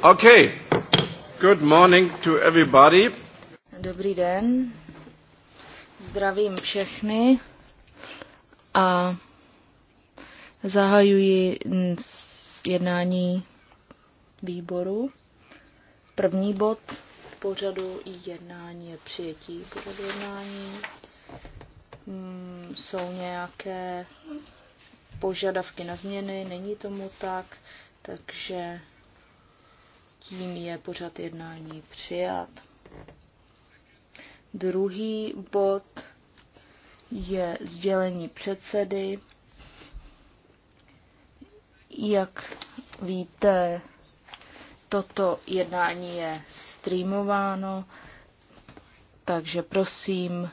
Okay. Good morning to everybody. Dobrý den. Zdravím všechny a zahajuji jednání výboru. První bod pořadu jednání je přijetí pořadu jednání. Hmm, jsou nějaké požadavky na změny, není tomu tak, takže tím je pořad jednání přijat. Druhý bod je sdělení předsedy. Jak víte, toto jednání je streamováno, takže prosím,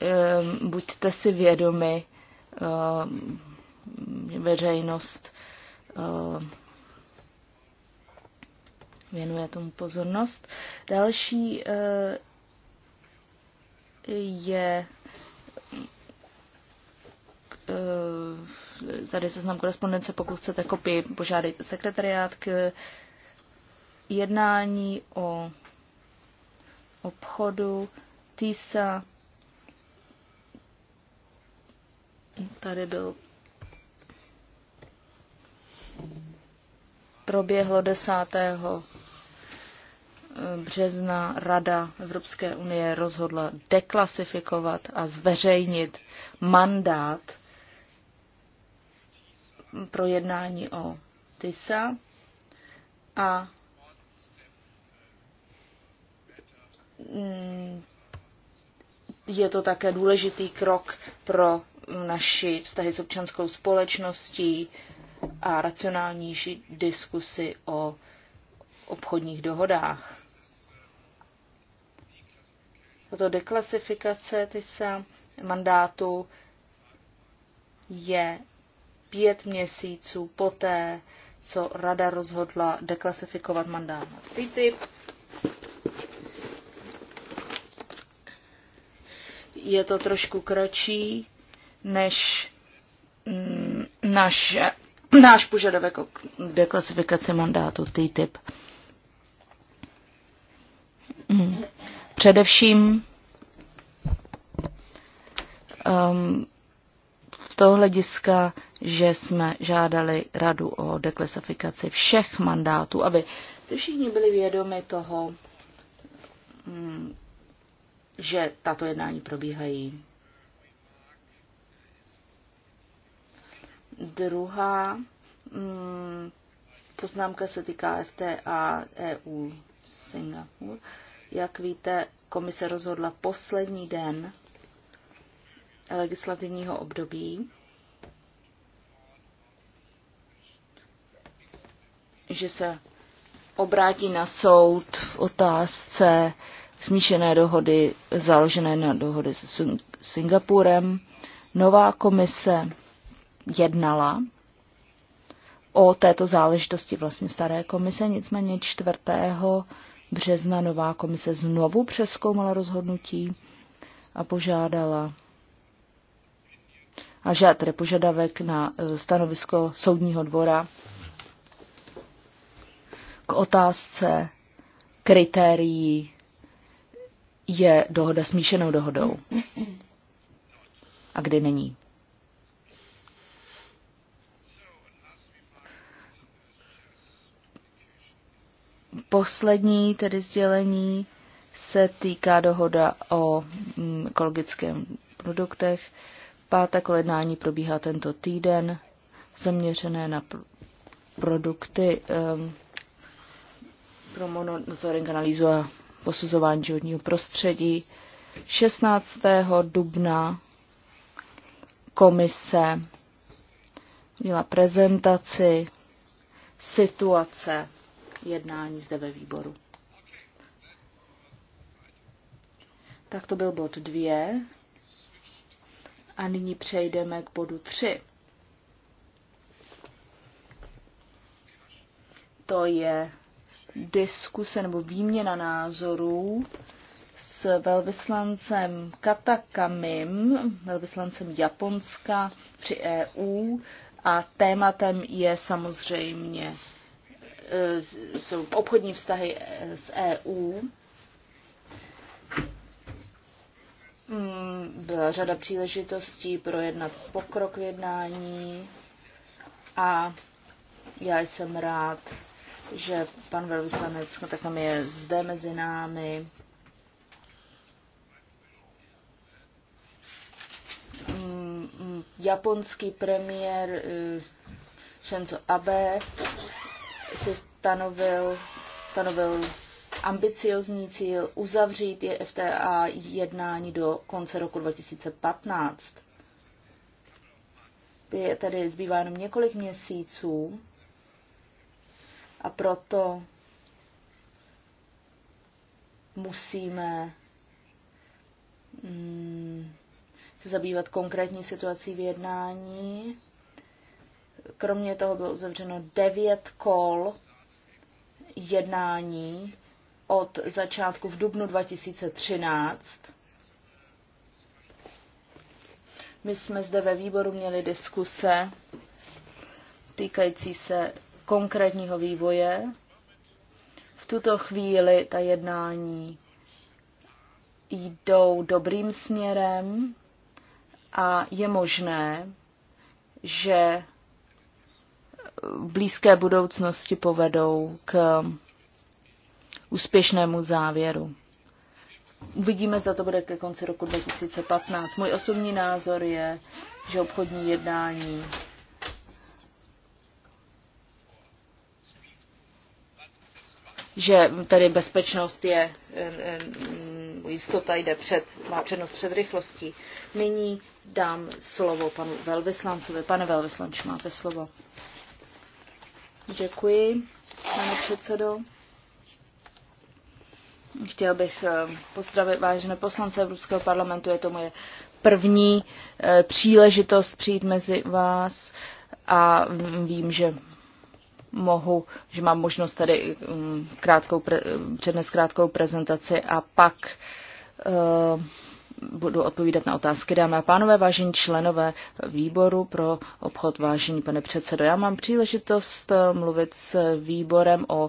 ehm, buďte si vědomi, ehm, veřejnost ehm, věnuje tomu pozornost. Další eh, je eh, tady seznam korespondence, pokud chcete kopii, požádejte sekretariát k jednání o obchodu TISA. Tady byl proběhlo 10 března Rada Evropské unie rozhodla deklasifikovat a zveřejnit mandát pro jednání o TISA a mm, je to také důležitý krok pro naši vztahy s občanskou společností a racionálnější diskusy o obchodních dohodách. Tato deklasifikace TISA mandátu je pět měsíců poté, co rada rozhodla deklasifikovat mandát na TTIP. Je to trošku kratší než mm, naš, náš požadavek o deklasifikaci mandátu TTIP. Hmm. Především um, z toho hlediska, že jsme žádali radu o deklasifikaci všech mandátů, aby si všichni byli vědomi toho, mm, že tato jednání probíhají. Druhá mm, poznámka se týká FTA EU Singapur. Jak víte, komise rozhodla poslední den legislativního období, že se obrátí na soud v otázce smíšené dohody založené na dohody s Singapurem. Nová komise jednala o této záležitosti vlastně staré komise, nicméně 4 března nová komise znovu přeskoumala rozhodnutí a požádala a žád, tedy požadavek na e, stanovisko soudního dvora k otázce kritérií je dohoda smíšenou dohodou a kdy není. poslední tedy sdělení se týká dohoda o mm, ekologickém produktech. Páté kolednání probíhá tento týden, zaměřené na pr- produkty um, pro monitoring, analýzu a posuzování životního prostředí. 16. dubna komise měla prezentaci situace jednání zde ve výboru. Tak to byl bod dvě. A nyní přejdeme k bodu tři. To je diskuse nebo výměna názorů s velvyslancem Katakamim, velvyslancem Japonska při EU a tématem je samozřejmě Eh, jsou obchodní vztahy eh, s EU. Hmm, byla řada příležitostí projednat pokrok v jednání a já jsem rád, že pan velvyslanec no takom je zde mezi námi. Hmm, hmm, japonský premiér eh, Shinzo Abe se stanovil, stanovil ambiciozní cíl uzavřít je FTA jednání do konce roku 2015. Je tedy zbývá jenom několik měsíců a proto musíme mm, se zabývat konkrétní situací v jednání. Kromě toho bylo uzavřeno devět kol jednání od začátku v dubnu 2013. My jsme zde ve výboru měli diskuse týkající se konkrétního vývoje. V tuto chvíli ta jednání jdou dobrým směrem a je možné, že v blízké budoucnosti povedou k úspěšnému závěru. Uvidíme, zda to bude ke konci roku 2015. Můj osobní názor je, že obchodní jednání že tady bezpečnost je, jistota jde před, má přednost před rychlostí. Nyní dám slovo panu velvyslancovi. Pane velvyslanče, máte slovo. Děkuji, pane předsedo. Chtěl bych eh, pozdravit vážené poslance Evropského parlamentu. Je to moje první eh, příležitost přijít mezi vás a vím, že mohu, že mám možnost tady mm, krátkou, přednes krátkou prezentaci a pak eh, budu odpovídat na otázky. Dámy a pánové, vážení členové výboru pro obchod, vážení pane předsedo, já mám příležitost eh, mluvit s výborem o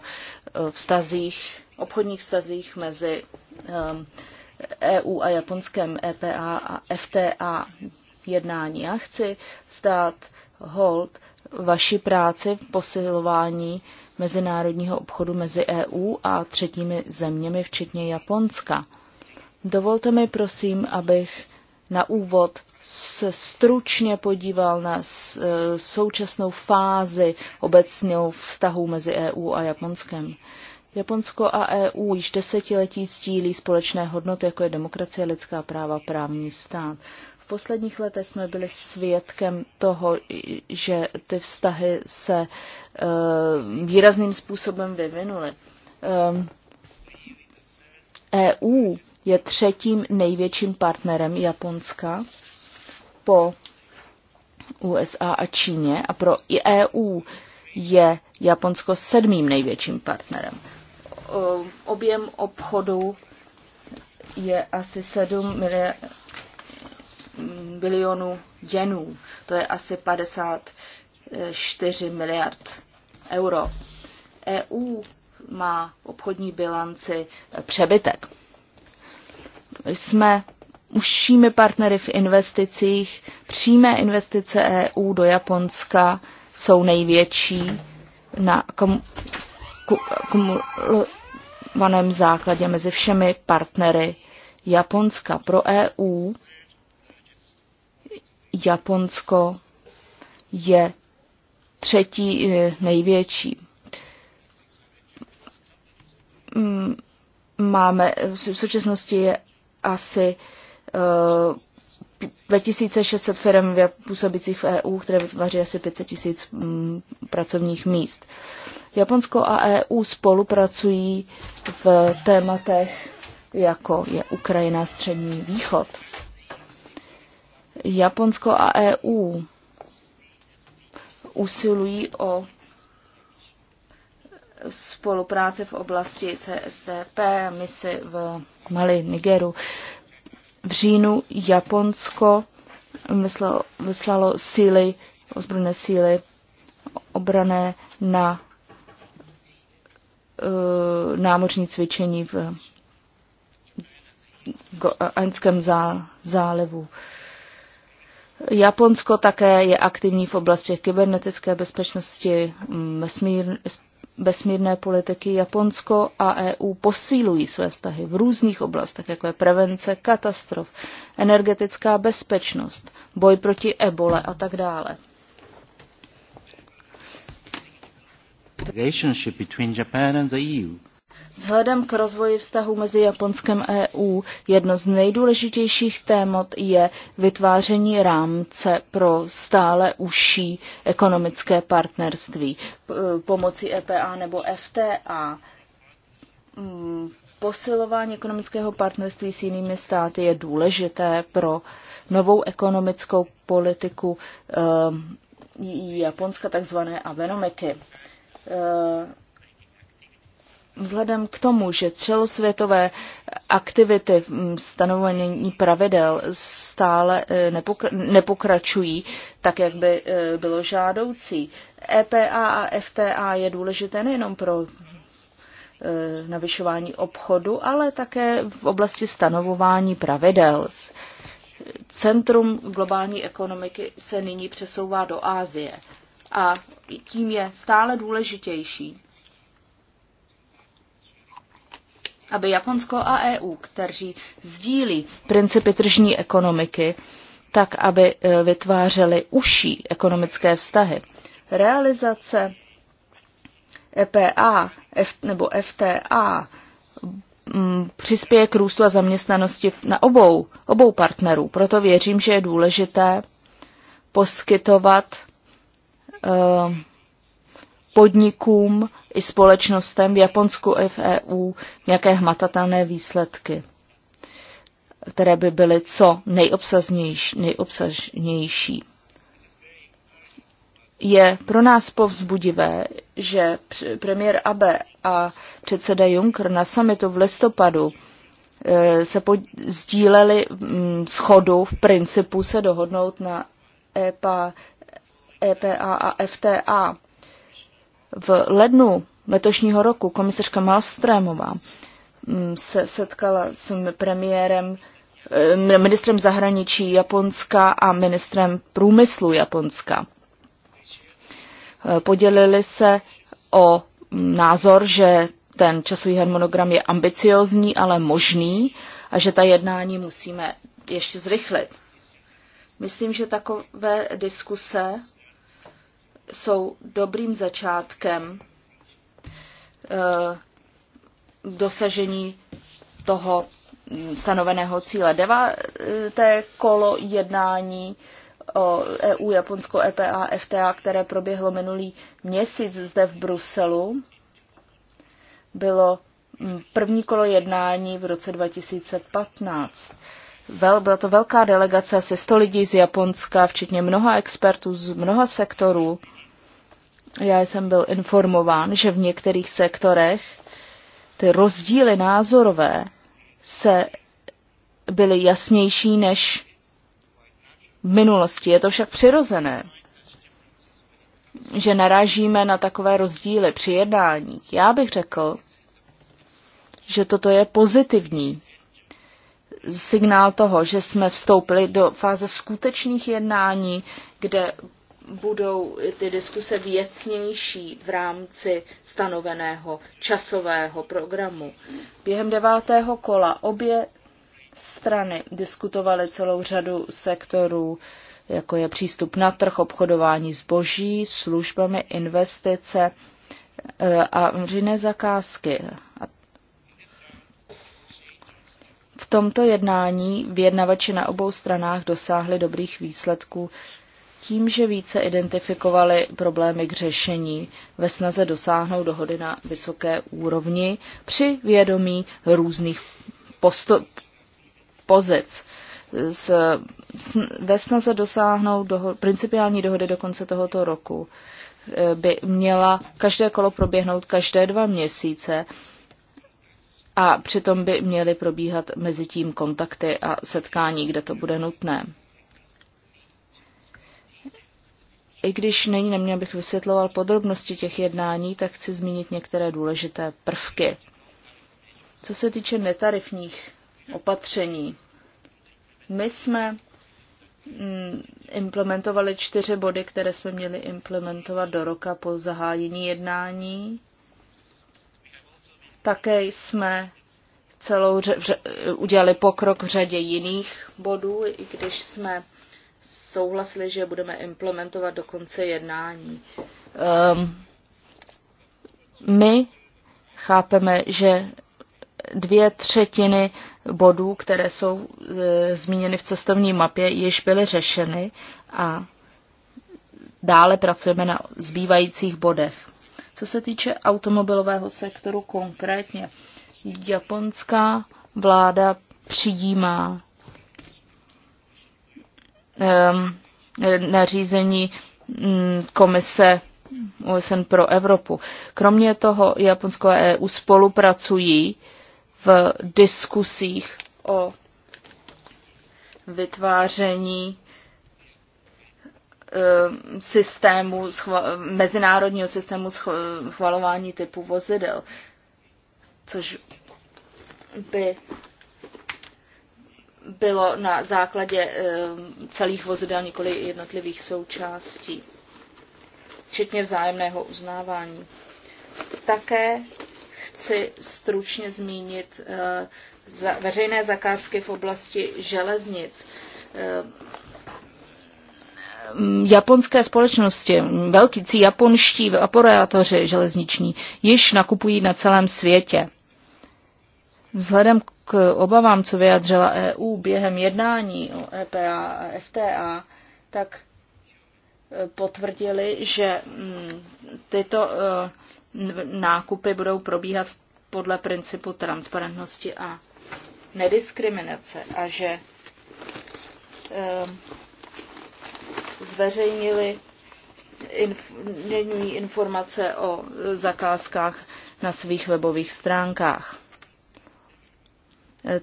eh, vztazích, obchodních vztazích mezi EU eh, e a japonském EPA a FTA jednání. Já chci stát hold vaší práci v posilování mezinárodního obchodu mezi EU a třetími zeměmi, včetně Japonska. Dovolte mi prosím, abych na úvod se stručně podíval na e, současnou fázi obecného vztahu mezi EU a Japonskem. Japonsko a EU již desetiletí sdílí společné hodnoty, jako je demokracie, lidská práva, právní stát. V posledních letech jsme byli svědkem toho, že ty vztahy se e, výrazným způsobem vyvinuly. E, EU je třetím největším partnerem Japonska po USA a Číně a pro EU je Japonsko sedmým největším partnerem. Ehm, objem obchodu je asi 7 miliard bilionů jenů. To je asi 54 miliard euro. EU má obchodní bilanci přebytek. Jsme užšími partnery v investicích. Přímé investice EU do Japonska jsou největší na kumulovaném základě mezi všemi partnery Japonska. Pro EU Japonsko je třetí eh, největší. Mm, máme v současnosti je asi 2600 eh, firm působících v EU, které vytváří asi 500 tisíc mm, pracovních míst. Japonsko a EU spolupracují v tématech, jako je Ukrajina, Střední východ. Japonsko a EU usilují o spolupráce v oblasti CSDP, misi v Mali, Nigeru. V říjnu Japonsko vyslalo, vyslalo síly, ozbrojené síly obrané na uh, námořní cvičení v eh, Aňském zá, zálevu. Japonsko také je aktivní v oblasti kybernetické bezpečnosti, mm, vesmír, vesmírné politiky Japonsko a EU posílují své vztahy v různých oblastech, jako je prevence katastrof, energetická bezpečnost, boj proti ebole a tak dále. Relationship between Japan and the EU Vzhledem k rozvoji vztahu mezi Japonskem a EU jedno z nejdůležitějších témat je vytváření rámce pro stále užší ekonomické partnerství pomocí EPA nebo FTA. Mm, posilování ekonomického partnerství s jinými státy je důležité pro novou ekonomickou politiku eh, Japonska, takzvané Avenomeky. Eh, Vzhledem k tomu, že celosvětové aktivity stanovení pravidel stále eh, nepokračují tak, jak by eh, bylo žádoucí, EPA a FTA je důležité nejenom pro eh, navyšování obchodu, ale také v oblasti stanovování pravidel. Centrum globální ekonomiky se nyní přesouvá do Ázie a tím je stále důležitější aby Japonsko a EU, kteří sdílí principy tržní ekonomiky, tak aby e, vytvářely užší ekonomické vztahy. Realizace EPA F, nebo FTA mm, přispěje k růstu a zaměstnanosti na obou, obou partnerů. Proto věřím, že je důležité poskytovat uh, podnikům i společnostem v Japonsku i v EU nějaké hmatatelné výsledky, které by byly co nejobsažnější. nejobsažnější. Je pro nás povzbudivé, že premiér Abe a předseda Juncker na summitu v listopadu e, se sdíleli mm, schodu v principu se dohodnout na EPA, EPA a FTA e v lednu letošního roku komisařka Malstrémová mm, se setkala s premiérem, eh, ministrem zahraničí Japonska a ministrem průmyslu Japonska. Eh, podělili se o mm, názor, že ten časový harmonogram je ambiciozní, ale možný a že ta jednání musíme ještě zrychlit. Myslím, že takové diskuse jsou dobrým začátkem eh, dosažení toho stanoveného cíle. Deváté kolo jednání o EU, Japonsko, EPA, FTA, které proběhlo minulý měsíc zde v Bruselu, bylo mm, první kolo jednání v roce 2015. Vel, byla to velká delegace, asi 100 lidí z Japonska, včetně mnoha expertů z mnoha sektorů. Já jsem byl informován, že v některých sektorech ty rozdíly názorové se byly jasnější než v minulosti. Je to však přirozené, že narážíme na takové rozdíly při jednáních. Já bych řekl, že toto je pozitivní signál toho, že jsme vstoupili do fáze skutečných jednání, kde budou ty diskuse věcnější v rámci stanoveného časového programu. Během devátého kola obě strany diskutovaly celou řadu sektorů, jako je přístup na trh, obchodování zboží, službami, investice e, a veřejné zakázky. A v tomto jednání vyjednavači na obou stranách dosáhli dobrých výsledků tím, že více identifikovali problémy k řešení ve snaze dosáhnout dohody na vysoké úrovni při vědomí různých postup, pozic. Z, s, ve snaze dosáhnout doho, principiální dohody do konce tohoto roku eh, by měla každé kolo proběhnout každé dva měsíce a přitom by měly probíhat mezi tím kontakty a setkání, kde to bude nutné. I když není na mě, abych vysvětloval podrobnosti těch jednání, tak chci zmínit některé důležité prvky. Co se týče netarifních opatření, my jsme mm, implementovali čtyři body, které jsme měli implementovat do roka po zahájení jednání také jsme celou ře- udělali pokrok v řadě jiných bodů, i když jsme souhlasili, že budeme implementovat do konce jednání. Um, my chápeme, že dvě třetiny bodů, které jsou e, zmíněny v cestovní mapě, již byly řešeny a dále pracujeme na zbývajících bodech. Co se týče automobilového sektoru konkrétně, japonská vláda přijímá um, nařízení mm, komise OSN pro Evropu. Kromě toho Japonsko a EU spolupracují v diskusích o vytváření Eh, systému, mezinárodního systému schvalování typu vozidel, což by bylo na základě eh, celých vozidel, nikoli jednotlivých součástí, včetně vzájemného uznávání. Také chci stručně zmínit eh, veřejné zakázky v oblasti železnic Mm, japonské společnosti, mm, velkící japonští operátoři železniční, již nakupují na celém světě. Vzhledem k obavám, co vyjadřila EU během jednání o EPA a FTA, tak e, potvrdili, že mm, tyto e, nákupy budou probíhat podle principu transparentnosti a nediskriminace a že e, zveřejnili denní informace o zakázkách na svých webových stránkách.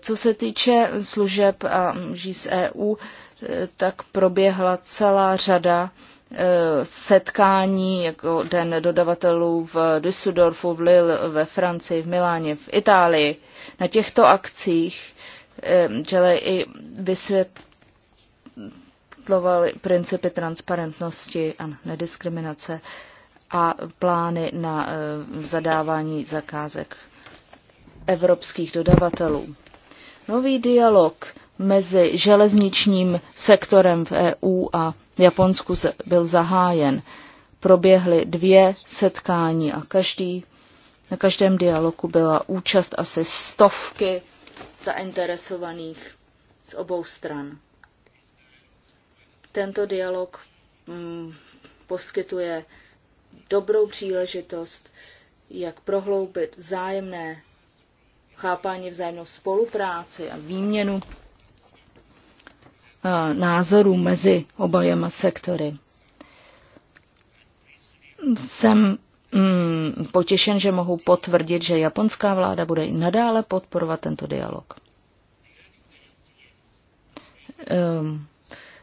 Co se týče služeb a z EU, tak proběhla celá řada eh, setkání jako den dodavatelů v Düsseldorfu, v Lille, ve Francii, v Miláně, v Itálii. Na těchto akcích eh, Jelly i vysvět, vysvětloval principy transparentnosti a nediskriminace a plány na e, zadávání zakázek evropských dodavatelů. Nový dialog mezi železničním sektorem v EU a Japonsku byl zahájen. Proběhly dvě setkání a každý, na každém dialogu byla účast asi stovky zainteresovaných z obou stran. Tento dialog mm, poskytuje dobrou příležitost, jak prohloubit vzájemné chápání, vzájemnou spolupráci a výměnu eh, názorů mezi obojema sektory. Jsem mm, potěšen, že mohu potvrdit, že japonská vláda bude i nadále podporovat tento dialog. Um,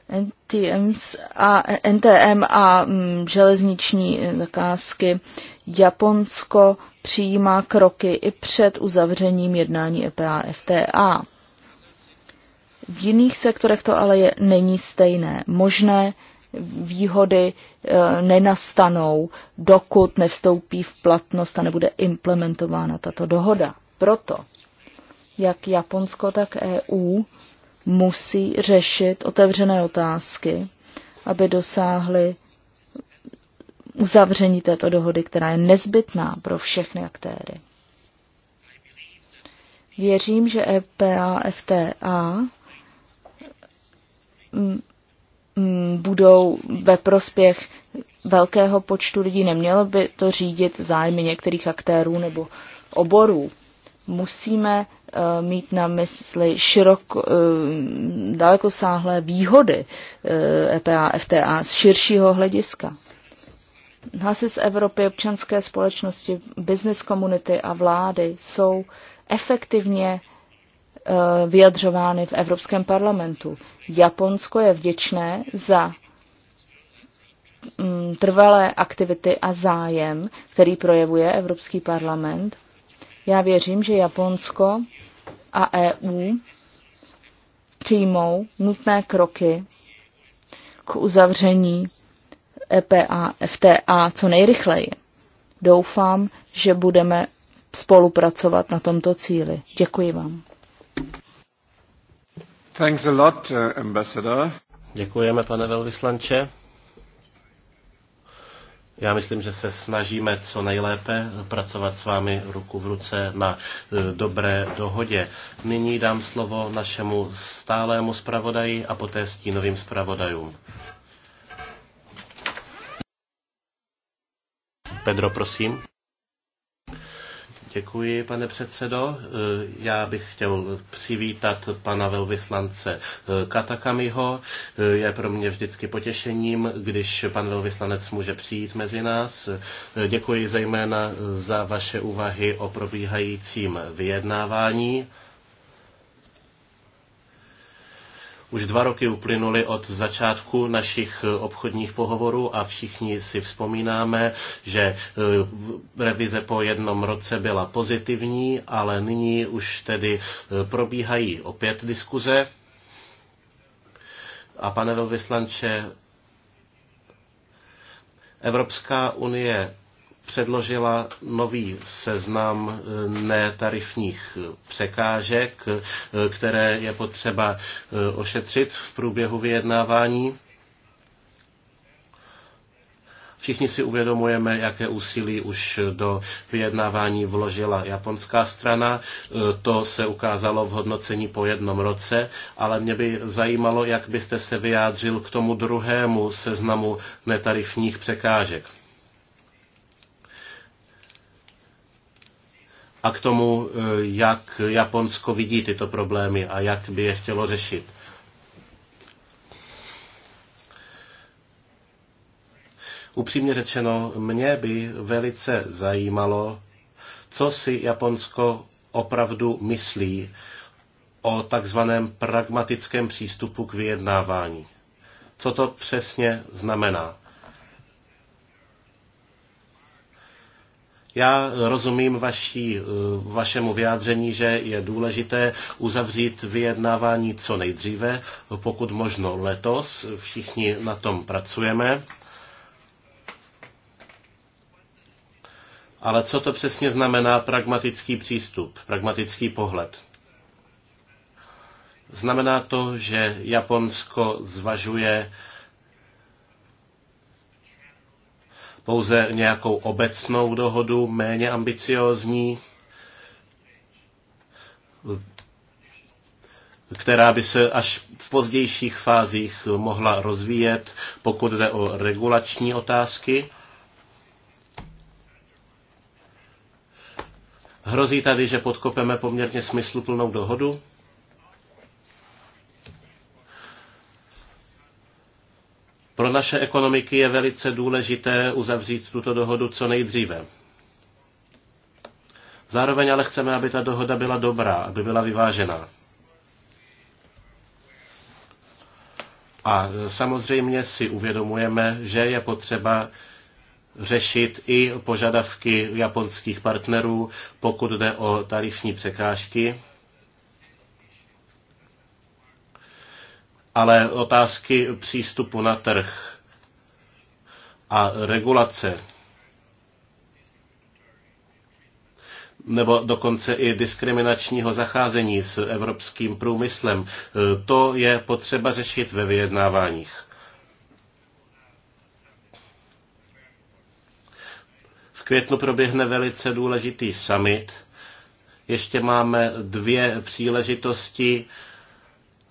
NTMs a, NTM a mm, železniční zakázky Japonsko přijímá kroky i před uzavřením jednání EPA FTA. V jiných sektorech to ale je, není stejné. Možné výhody e, nenastanou, dokud nevstoupí v platnost a nebude implementována tato dohoda. Proto jak Japonsko, tak EU musí řešit otevřené otázky, aby dosáhly uzavření této dohody, která je nezbytná pro všechny aktéry. Věřím, že EPA, FTA mm, mm, budou ve prospěch velkého počtu lidí. Nemělo by to řídit zájmy některých aktérů nebo oborů. Musíme Eh, mít na mysli širok eh, dalekosáhlé výhody EPA, eh, e FTA z širšího hlediska. Hlasy z Evropy, občanské společnosti, business komunity a vlády jsou efektivně vyjadřovány v Evropském parlamentu. Japonsko je vděčné za mm, trvalé aktivity a zájem, který projevuje Evropský parlament já věřím, že Japonsko a EU přijmou nutné kroky k uzavření EPA, FTA co nejrychleji. Doufám, že budeme spolupracovat na tomto cíli. Děkuji vám. Thanks a lot, uh, ambassador. Děkujeme, pane velvyslanče. Já myslím, že se snažíme co nejlépe pracovat s vámi ruku v ruce na e, dobré dohodě. Nyní dám slovo našemu stálému zpravodaji a poté stínovým zpravodajům. Pedro, prosím. Děkuji, pane předsedo. Eh, já bych chtěl přivítat pana velvyslance eh, Katakamiho. Eh, je pro mě vždycky potěšením, když pan velvyslanec může přijít mezi nás. Děkuji zejména za vaše úvahy o probíhajícím vyjednávání. Už dva roky uplynuly od začátku našich eh, obchodních pohovorů a všichni si vzpomínáme, že eh, revize po jednom roce byla pozitivní, ale nyní už tedy eh, probíhají opět diskuze. A pane velvyslanče, Evropská unie předložila nový seznam eh, netarifních překážek, eh, které je potřeba eh, ošetřit v průběhu vyjednávání. Všichni si uvědomujeme, jaké úsilí už do vyjednávání vložila japonská strana. To se ukázalo v hodnocení po jednom roce, ale mě by zajímalo, jak byste se vyjádřil k tomu druhému seznamu netarifních překážek. a k tomu, eh, jak Japonsko vidí tyto problémy a jak by je chtělo řešit. Upřímně řečeno, mě by velice zajímalo, co si Japonsko opravdu myslí o takzvaném pragmatickém přístupu k vyjednávání. Co to přesně znamená? Já rozumím vaší, eh, vašemu vyjádření, že je důležité uzavřít vyjednávání co nejdříve, pokud možno letos. Všichni na tom pracujeme. Ale co to přesně znamená pragmatický přístup, pragmatický pohled? Znamená to, že Japonsko zvažuje pouze nějakou obecnou dohodu, méně ambiciózní, která by se až v pozdějších fázích mohla rozvíjet, pokud jde o regulační otázky. Hrozí tady, že podkopeme poměrně smysluplnou dohodu? Pro naše ekonomiky je velice důležité uzavřít tuto dohodu co nejdříve. Zároveň ale chceme, aby ta dohoda byla dobrá, aby byla vyvážená. A samozřejmě si uvědomujeme, že je potřeba řešit i požadavky japonských partnerů, pokud jde o tarifní překážky. ale otázky přístupu na trh a regulace nebo dokonce i diskriminačního zacházení s evropským průmyslem. To je potřeba řešit ve vyjednáváních. V květnu proběhne velice důležitý summit. Ještě máme dvě příležitosti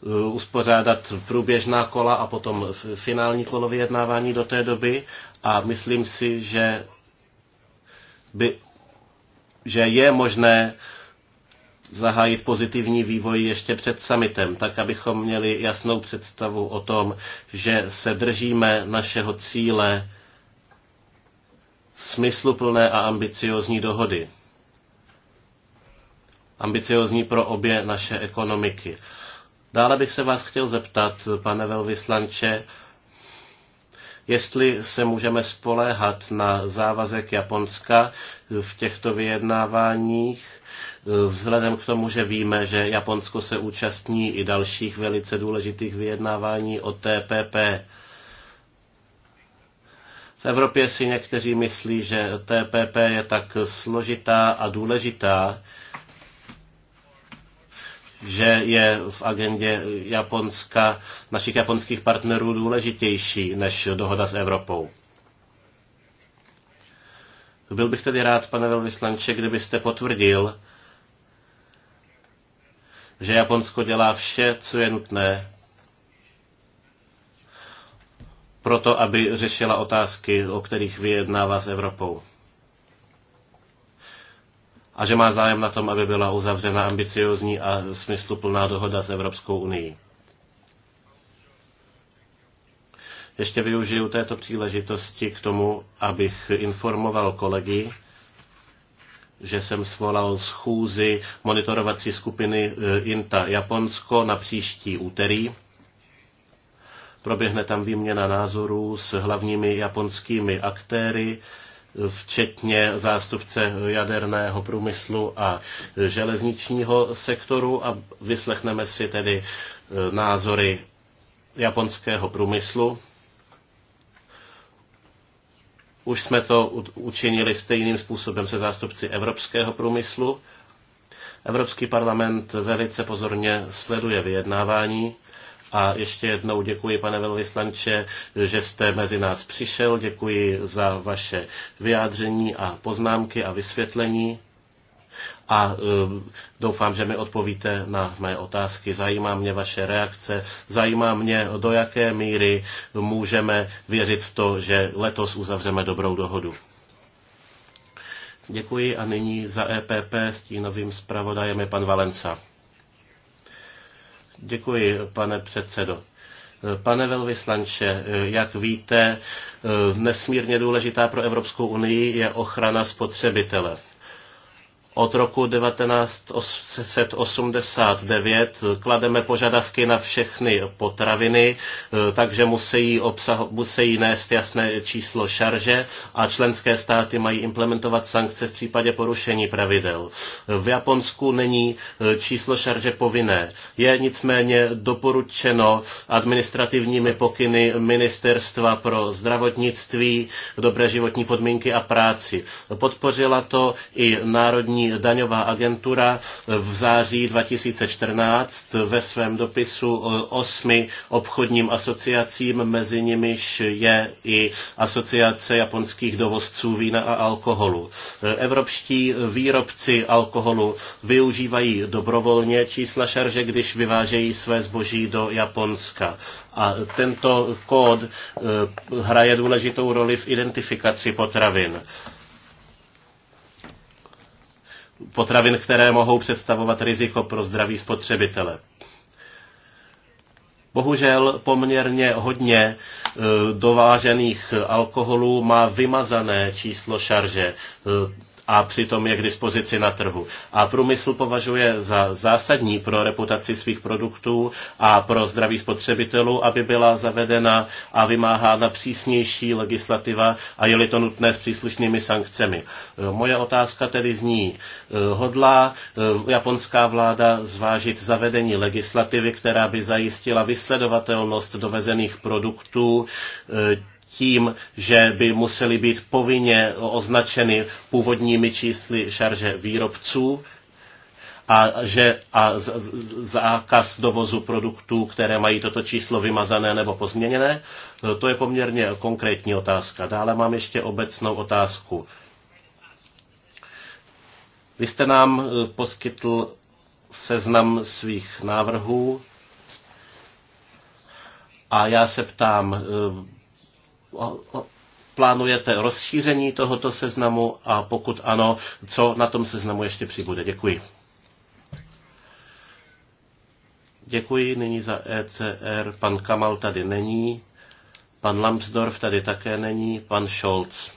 Eh, uspořádat průběžná kola a potom finální kolo vyjednávání do té doby a myslím si, že, by, že je možné zahájit pozitivní vývoj ještě před summitem, tak abychom měli jasnou představu o tom, že se držíme našeho cíle smysluplné a ambiciozní dohody. Ambiciozní pro obě naše ekonomiky. Dále bych se vás chtěl zeptat, pane velvyslanče, jestli se můžeme spoléhat na závazek Japonska v těchto vyjednáváních, vzhledem k tomu, že víme, že Japonsko se účastní i dalších velice důležitých vyjednávání o TPP. V Evropě si někteří myslí, že TPP je tak složitá a důležitá, že je v agendě Japonska, našich japonských partnerů důležitější než dohoda s Evropou. Byl bych tedy rád, pane velvyslanče, kdybyste potvrdil, že Japonsko dělá vše, co je nutné proto, aby řešila otázky, o kterých vyjednává s Evropou a že má zájem na tom, aby byla uzavřena ambiciozní a smysluplná dohoda s Evropskou unii. Ještě využiju této příležitosti k tomu, abych informoval kolegy, že jsem svolal schůzi monitorovací skupiny eh, INTA Japonsko na příští úterý. Proběhne tam výměna názorů s hlavními japonskými aktéry, včetně zástupce jaderného průmyslu a železničního sektoru a vyslechneme si tedy e, názory japonského průmyslu. Už jsme to učinili stejným způsobem se zástupci evropského průmyslu. Evropský parlament velice pozorně sleduje vyjednávání a ještě jednou děkuji, pane velvyslanče, že jste mezi nás přišel. Děkuji za vaše vyjádření a poznámky a vysvětlení. A e, doufám, že mi odpovíte na mé otázky. Zajímá mě vaše reakce, zajímá mě, do jaké míry můžeme věřit v to, že letos uzavřeme dobrou dohodu. Děkuji a nyní za EPP s novým zpravodajem je pan Valenca. Děkuji, pane předsedo. Pane velvyslanče, jak víte, nesmírně důležitá pro Evropskou unii je ochrana spotřebitele od roku 1989 klademe požadavky na všechny potraviny, e, takže musí, obsah, musí nést jasné číslo šarže a členské státy mají implementovat sankce v případě porušení pravidel. V Japonsku není e, číslo šarže povinné. Je nicméně doporučeno administrativními pokyny Ministerstva pro zdravotnictví, dobré životní podmínky a práci. Podpořila to i Národní daňová agentura v září 2014 ve svém dopisu osmi obchodním asociacím, mezi nimiž je i asociace japonských dovozců vína a alkoholu. Evropští výrobci alkoholu využívají dobrovolně čísla šarže, když vyvážejí své zboží do Japonska. A tento kód eh, hraje důležitou roli v identifikaci potravin potravin, které mohou představovat riziko pro zdraví spotřebitele. Bohužel poměrně hodně e, dovážených alkoholů má vymazané číslo šarže, e, a přitom je k dispozici na trhu. A průmysl považuje za zásadní pro reputaci svých produktů a pro zdraví spotřebitelů, aby byla zavedena a vymáhána přísnější legislativa a je-li to nutné s příslušnými sankcemi. Moje otázka tedy zní, hodlá eh, japonská vláda zvážit zavedení legislativy, která by zajistila vysledovatelnost dovezených produktů eh, tím, že by museli být povinně označeny původními čísly šarže výrobců a, že, a z, z, zákaz dovozu produktů, které mají toto číslo vymazané nebo pozměněné. E, to je poměrně konkrétní otázka. Dále mám ještě obecnou otázku. Vy jste nám e, poskytl seznam svých návrhů a já se ptám, e, plánujete rozšíření tohoto seznamu a pokud ano, co na tom seznamu ještě přibude. Děkuji. Děkuji nyní za ECR. Pan Kamal tady není. Pan Lambsdorff tady také není. Pan Scholz.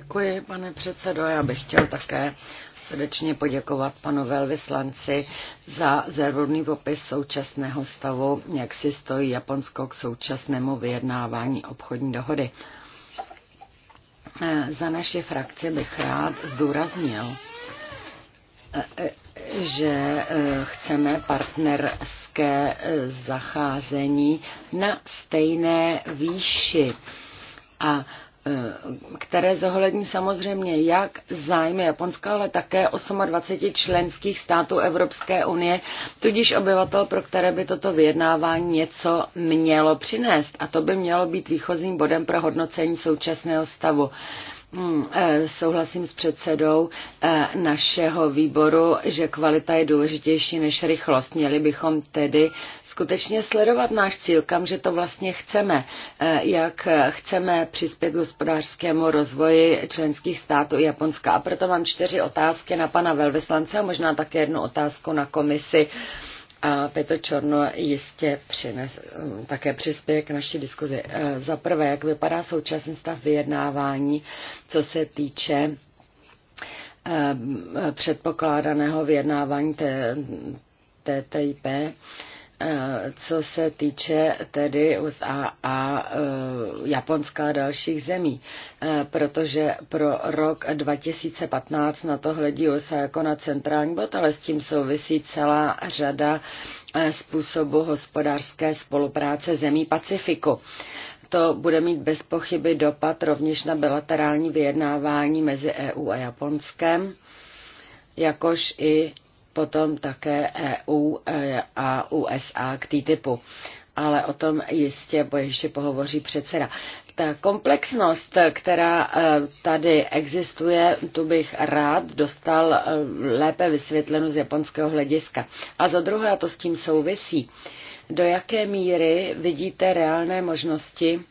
Děkuji, pane předsedo. Já bych chtěl také srdečně poděkovat panu velvyslanci za zervodný popis současného stavu, jak si stojí Japonsko k současnému vyjednávání obchodní dohody. Eh, za naši frakci bych rád zdůraznil, eh, že eh, chceme partnerské zacházení na stejné výši a Eh, které zohlední samozřejmě jak zájmy Japonska, ale také 28 členských států Evropské unie, tudíž obyvatel, pro které by toto vyjednávání něco mělo přinést. A to by mělo být výchozím bodem pro hodnocení současného stavu. Hmm, eh, souhlasím s předsedou eh, našeho výboru, že kvalita je důležitější než rychlost. Měli bychom tedy skutečně sledovat náš cíl, kam že to vlastně chceme, eh, jak chceme přispět k hospodářskému rozvoji členských států Japonska. A proto mám čtyři otázky na pana velvyslance a možná také jednu otázku na komisi. Uh, a Petr Čorno jistě přines, eh, také přispěje k naší diskuzi. Eh, za prvé, jak vypadá současný stav vyjednávání, co se týče eh, předpokládaného vyjednávání TTIP Eh, co se týče tedy USA a eh, Japonska a dalších zemí, eh, protože pro rok 2015 na to hledí USA jako na centrální bod, ale s tím souvisí celá řada způsobů hospodářské spolupráce zemí Pacifiku. To bude mít bez pochyby dopad rovněž na bilaterální vyjednávání mezi EU a Japonskem, jakož i potom také EU e a USA k TTIPu. Ale o tom jistě ještě pohovoří předseda. Ta komplexnost, která e, tady existuje, tu bych rád dostal e, lépe vysvětlenou z japonského hlediska. A za druhé, a to s tím souvisí, do jaké míry vidíte reálné možnosti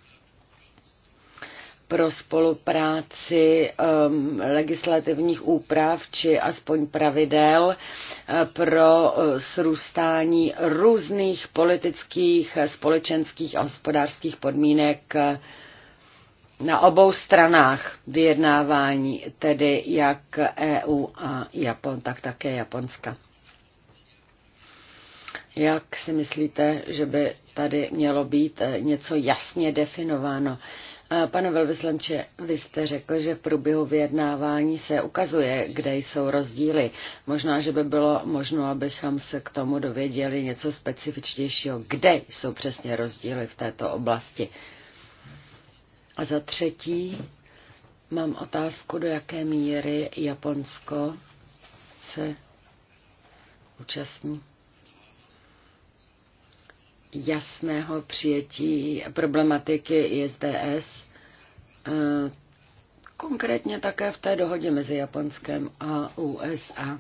pro spolupráci um, legislativních úprav či aspoň pravidel uh, pro uh, srůstání různých politických, společenských a hospodářských podmínek uh, na obou stranách vyjednávání, tedy jak EU a Japon, tak také Japonska. Jak si myslíte, že by tady mělo být eh, něco jasně definováno? Pane velvyslanče, vy jste řekl, že v průběhu vyjednávání se ukazuje, kde jsou rozdíly. Možná, že by bylo možno, abychom se k tomu dověděli něco specifičtějšího, kde jsou přesně rozdíly v této oblasti. A za třetí mám otázku, do jaké míry Japonsko se účastní jasného přijetí problematiky ISDS Eh, konkrétně také v té dohodě mezi Japonskem a USA.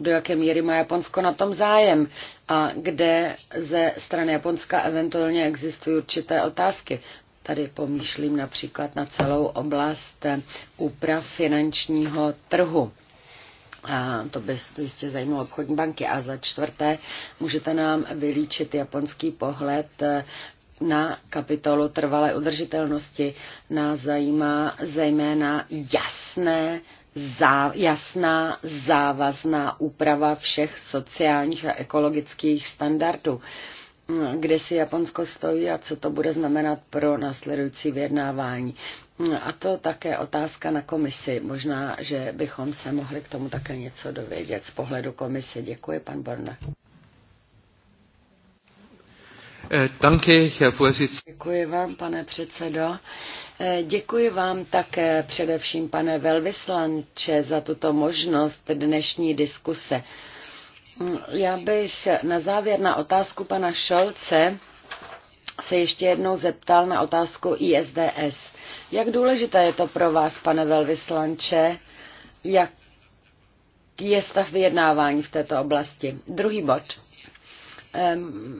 Do jaké míry má Japonsko na tom zájem a kde ze strany Japonska eventuálně existují určité otázky. Tady pomýšlím například na celou oblast úprav finančního trhu. A to by jistě zajímalo obchodní banky. A za čtvrté, můžete nám vylíčit japonský pohled na kapitolu trvalé udržitelnosti nás zajímá zejména jasné, zá, jasná závazná úprava všech sociálních a ekologických standardů. Kde si Japonsko stojí a co to bude znamenat pro následující vyjednávání. A to také otázka na komisi. Možná, že bychom se mohli k tomu také něco dovědět z pohledu komise. Děkuji, pan Borna. Eh, děkuji vám, pane předsedo. Eh, děkuji vám také především, pane velvyslanče, za tuto možnost dnešní diskuse. Mm, já bych na závěr na otázku pana Šolce se ještě jednou zeptal na otázku ISDS. Jak důležité je to pro vás, pane velvyslanče? Jak je stav vyjednávání v této oblasti? Druhý bod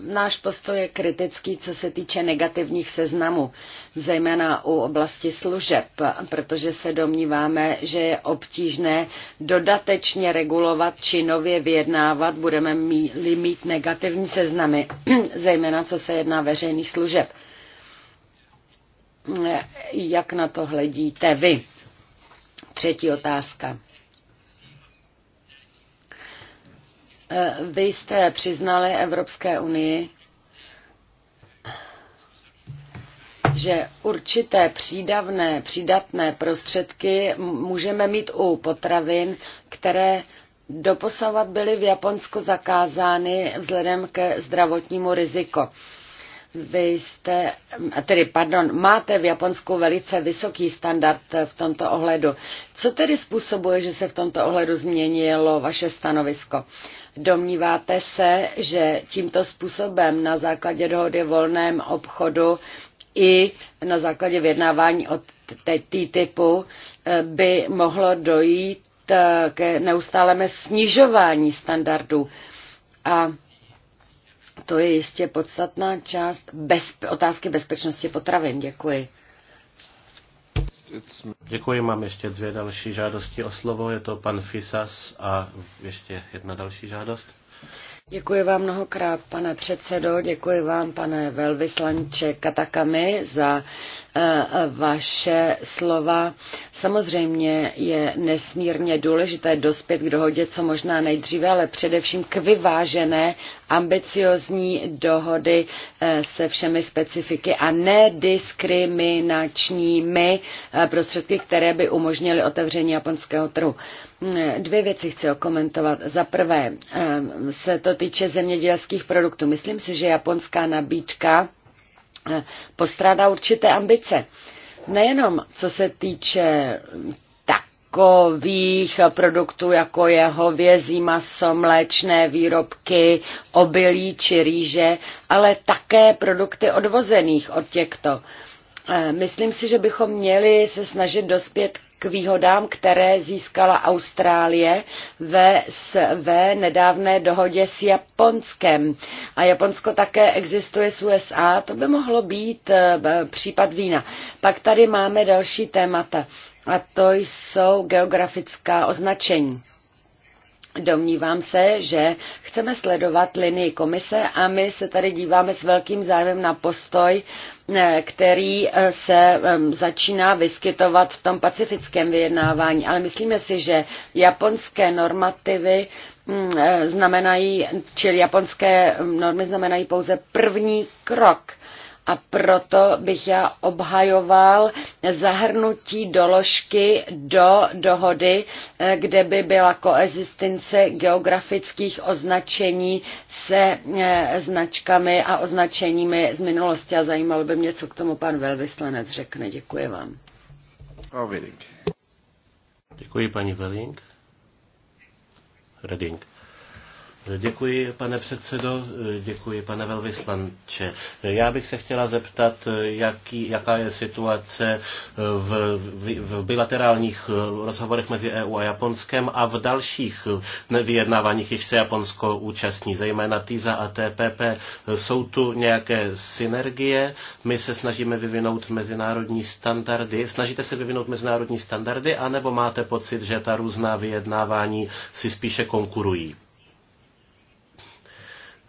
Náš postoj je kritický, co se týče negativních seznamů, zejména u oblasti služeb, protože se domníváme, že je obtížné dodatečně regulovat či nově vyjednávat, budeme mít, mít negativní seznamy, zejména co se jedná veřejných služeb. Jak na to hledíte vy? Třetí otázka. Eh, vy jste přiznali Evropské unii, že určité přídavné, přídatné prostředky můžeme mít u potravin, které doposavat byly v Japonsku zakázány vzhledem ke zdravotnímu riziku. Vy jste, tedy pardon, máte v Japonsku velice vysoký standard v tomto ohledu. Co tedy způsobuje, že se v tomto ohledu změnilo vaše stanovisko? Domníváte se, že tímto způsobem na základě dohody volném obchodu i na základě vyjednávání té typu, eh, by mohlo dojít eh, k neustálému snižování standardů. A to je jistě podstatná část bez, otázky bezpečnosti potravin. Děkuji. Děkuji, mám ještě dvě další žádosti o slovo. Je to pan Fisas a ještě jedna další žádost. Děkuji vám mnohokrát, pane předsedo, děkuji vám, pane velvyslanče Katakami, za eh, vaše slova. Samozřejmě je nesmírně důležité dospět k dohodě co možná nejdříve, ale především k vyvážené ambiciozní dohody eh, se všemi specifiky a nediskriminačními eh, prostředky, které by umožnily otevření japonského trhu. Dvě věci chci okomentovat. Za prvé se to týče zemědělských produktů. Myslím si, že japonská nabídka eh, postrádá určité ambice. Nejenom co se týče takových produktů, jako je hovězí maso, mléčné výrobky, obilí či rýže, ale také produkty odvozených od těchto. Eh, myslím si, že bychom měli se snažit dospět k výhodám, které získala Austrálie ve, ve nedávné dohodě s Japonskem. A Japonsko také existuje s USA, to by mohlo být eh, případ vína. Pak tady máme další témata a to jsou geografická označení. Domnívám se, že chceme sledovat linii komise a my se tady díváme s velkým zájmem na postoj Eh, který eh, se začíná vyskytovat v tom pacifickém vyjednávání. Ale myslíme si, že japonské normativy mm, eh, znamenají, čili japonské mm, normy znamenají pouze první krok a proto bych já obhajoval zahrnutí doložky do dohody, eh, kde by byla koexistence geografických označení se eh, značkami a označeními z minulosti. A zajímalo by mě, co k tomu pan velvyslanec řekne. Děkuji vám. Děkuji, paní Veling. Reding. Děkuji, pane předsedo, děkuji, pane velvyslanče. Já bych se chtěla zeptat, jaký, jaká je situace v, v, v bilaterálních rozhovorech mezi EU a Japonskem a v dalších vyjednáváních, když se Japonsko účastní, zejména TISA a TPP. Jsou tu nějaké synergie? My se snažíme vyvinout mezinárodní standardy. Snažíte se vyvinout mezinárodní standardy, anebo máte pocit, že ta různá vyjednávání si spíše konkurují?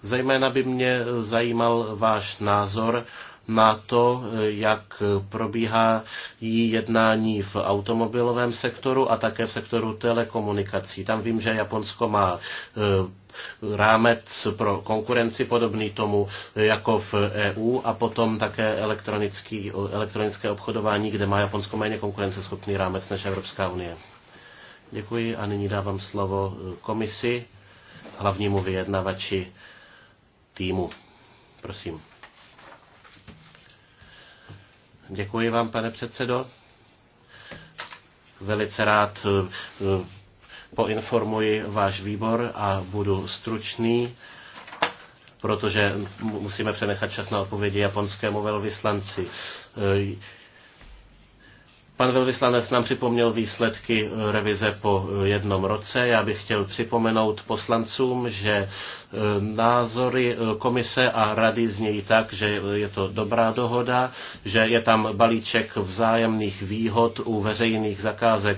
Zajména by mě zajímal váš názor na to, jak probíhá jednání v automobilovém sektoru a také v sektoru telekomunikací. Tam vím, že Japonsko má eh, rámec pro konkurenci podobný tomu eh, jako v EU a potom také elektronický, elektronické obchodování, kde má Japonsko méně konkurenceschopný rámec než Evropská unie. Děkuji a nyní dávám slovo eh, komisi, hlavnímu vyjednavači týmu. Prosím. Děkuji vám, pane předsedo. Velice rád eh, eh, poinformuji váš výbor a budu stručný, protože musíme přenechat čas na odpovědi japonskému velvyslanci. Eh, Pan velvyslanec nám připomněl výsledky eh, revize po eh, jednom roce. Já bych chtěl připomenout poslancům, že eh, názory komise a rady znějí tak, že je to dobrá dohoda, že je tam balíček vzájemných výhod u veřejných zakázek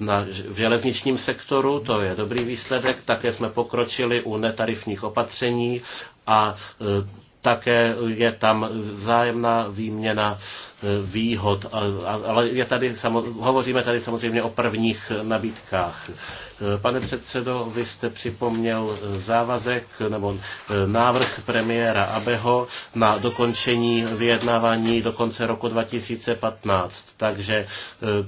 na, v železničním sektoru, to je dobrý výsledek, také jsme pokročili u netarifních opatření a také je tam vzájemná výměna E, výhod, ale je tady, hovoříme tady samozřejmě o prvních nabídkách. E, pane předsedo, vy jste připomněl e, závazek nebo návrh premiéra Abeho na dokončení vyjednávání do konce roku 2015. Takže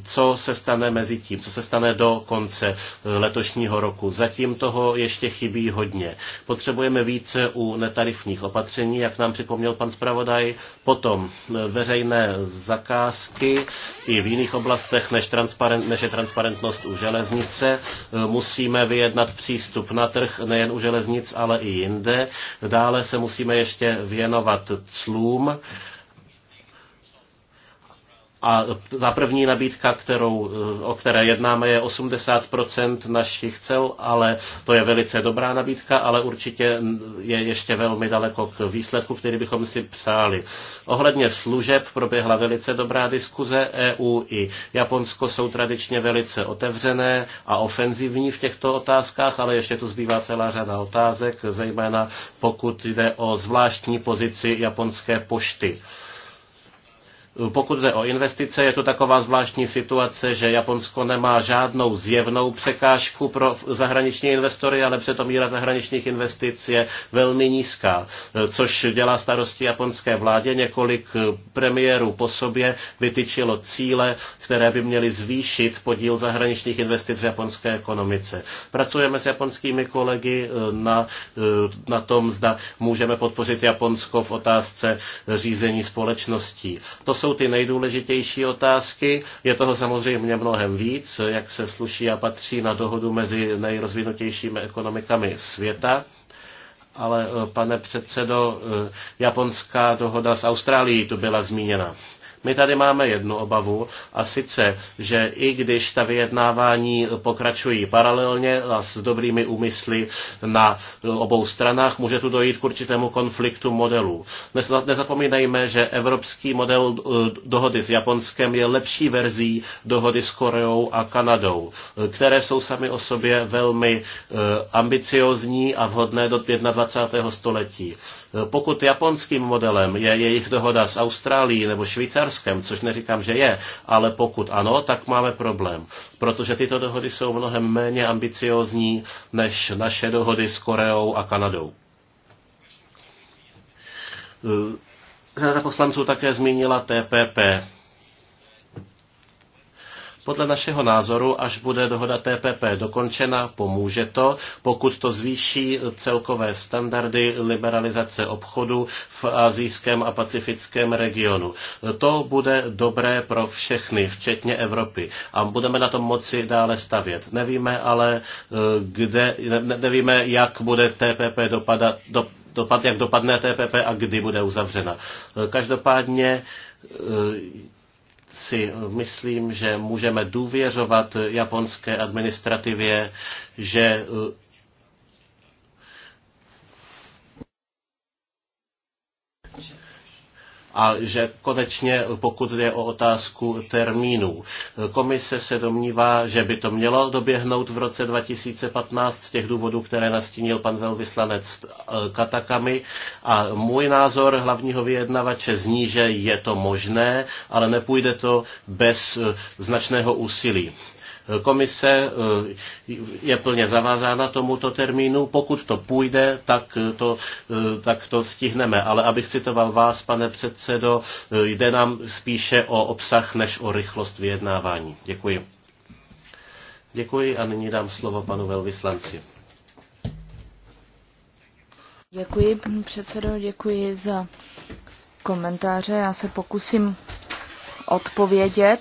co se stane mezi tím, co se stane do konce letošního roku? Zatím toho ještě chybí hodně. Potřebujeme více u netarifních opatření, jak nám připomněl pan zpravodaj. Potom veřejné zakázky i v jiných oblastech, než, transparent, než je transparentnost u železnice. E, musíme vyjednat přístup na trh nejen u železnic, ale i jinde. Dále se musíme ještě věnovat clům a ta první nabídka, kterou, o které jednáme, je 80% našich cel, ale to je velice dobrá nabídka, ale určitě je ještě velmi daleko k výsledku, který bychom si přáli. Ohledně služeb proběhla velice dobrá diskuze. EU i Japonsko jsou tradičně velice otevřené a ofenzivní v těchto otázkách, ale ještě tu zbývá celá řada otázek, zejména pokud jde o zvláštní pozici japonské pošty pokud jde o investice, je to taková zvláštní situace, že Japonsko nemá žádnou zjevnou překážku pro zahraniční investory, ale přitom míra zahraničních investic je velmi nízká, což dělá starosti japonské vládě. Několik premiérů po sobě vytyčilo cíle, které by měly zvýšit podíl zahraničních investic v japonské ekonomice. Pracujeme s japonskými kolegy eh, na, eh, na tom, zda můžeme podpořit Japonsko v otázce řízení společností. To jsou ty nejdůležitější otázky. Je toho samozřejmě mnohem víc, jak se sluší a patří na dohodu mezi nejrozvinutějšími ekonomikami světa ale eh, pane předsedo, eh, japonská dohoda s Austrálií tu byla zmíněna. My tady máme jednu obavu a sice, že i když ta vyjednávání pokračují paralelně a s dobrými úmysly na obou stranách, může tu dojít k určitému konfliktu modelů. Nezapomínejme, že evropský model eh, dohody s Japonskem je lepší verzí dohody s Koreou a Kanadou, eh, které jsou sami o sobě velmi eh, ambiciozní a vhodné do 21. století. Eh, pokud japonským modelem je jejich dohoda s Austrálií nebo Švýcarskem, což neříkám, že je, ale pokud ano, tak máme problém, protože tyto dohody jsou mnohem méně ambiciozní než naše dohody s Koreou a Kanadou. Eh, Řada poslanců také zmínila TPP. Podle našeho názoru, až bude dohoda TPP dokončena, pomůže to, pokud to zvýší celkové standardy liberalizace obchodu v azijském a pacifickém regionu. To bude dobré pro všechny, včetně Evropy. A budeme na tom moci dále stavět. Nevíme ale, eh, kde, ne, nevíme, jak bude TPP dopadat, do, dopad, jak dopadne TPP a kdy bude uzavřena. Eh, každopádně eh, si myslím, že můžeme důvěřovat japonské administrativě, že a že konečně, pokud jde o otázku termínů, komise se domnívá, že by to mělo doběhnout v roce 2015 z těch důvodů, které nastínil pan velvyslanec eh, Katakami. A můj názor hlavního vyjednavače zní, že je to možné, ale nepůjde to bez eh, značného úsilí. Komise eh, je plně zavázána tomuto termínu. Pokud to půjde, tak eh, to, eh, tak to stihneme. Ale abych citoval vás, pane předsedo, jde nám spíše o obsah než o rychlost vyjednávání. Děkuji. Děkuji a nyní dám slovo panu velvyslanci. Děkuji, pane předsedo, děkuji za komentáře. Já se pokusím odpovědět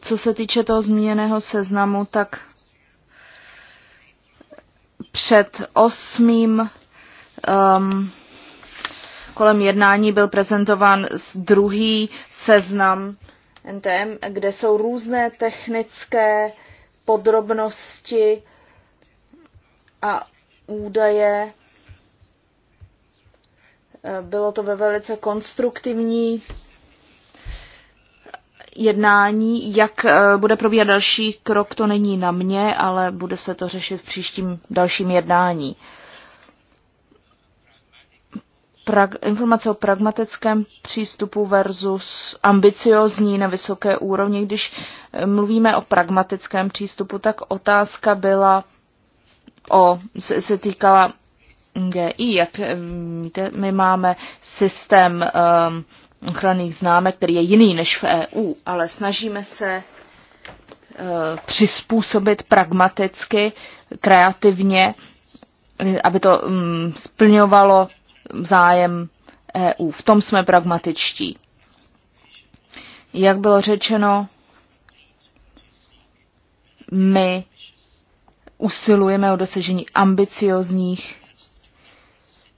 co se týče toho zmíněného seznamu, tak před osmým um, kolem jednání byl prezentován druhý seznam NTM, kde jsou různé technické podrobnosti a údaje. Bylo to ve velice konstruktivní jednání. Jak eh, bude probíhat další krok, to není na mě, ale bude se to řešit v příštím dalším jednání. Pra, informace o pragmatickém přístupu versus ambiciozní na vysoké úrovni. Když eh, mluvíme o pragmatickém přístupu, tak otázka byla o, se, se týkala GI, jak eh, víte, my máme systém um, ochranných známek, který je jiný než v EU, ale snažíme se e, přizpůsobit pragmaticky, kreativně, aby to mm, splňovalo zájem EU. V tom jsme pragmatičtí. Jak bylo řečeno, my usilujeme o dosažení ambiciozních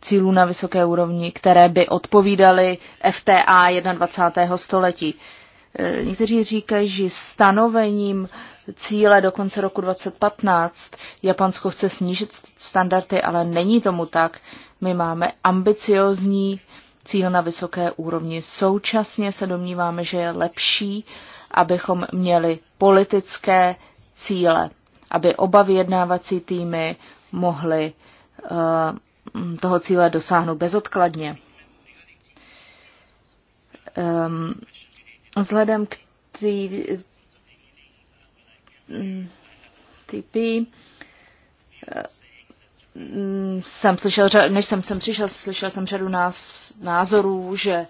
cílů na vysoké úrovni, které by odpovídaly FTA 21. století. E, někteří říkají, že stanovením cíle do konce roku 2015 Japonsko chce snížit standardy, ale není tomu tak. My máme ambiciozní cíl na vysoké úrovni. Současně se domníváme, že je lepší, abychom měli politické cíle, aby oba vyjednávací týmy mohly uh, Mm, toho cíle dosáhnout bezodkladně. Um, vzhledem k tý, typy eh, mm, jsem slyšel, než jsem sem přišel, slyšel jsem řadu nás, názorů, že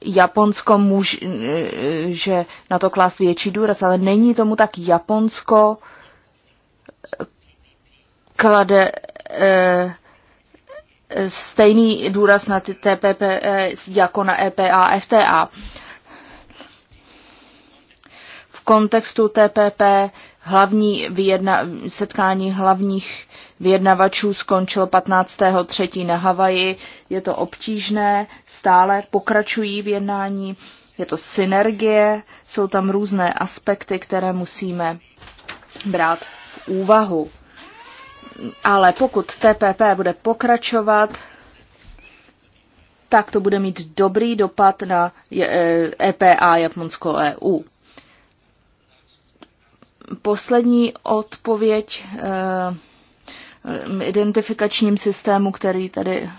Japonsko může, eh, že na to klást větší důraz, ale není tomu tak Japonsko klade eh, stejný důraz na ty TPP eh, jako na EPA a FTA. V kontextu TPP hlavní vyjedna, setkání hlavních vyjednavačů skončilo 15.3. na Havaji. Je to obtížné, stále pokračují v jednání, je to synergie, jsou tam různé aspekty, které musíme brát v úvahu ale pokud TPP bude pokračovat, tak to bude mít dobrý dopad na EPA e, e Japonsko EU. Poslední odpověď e, identifikačním systému, který tady,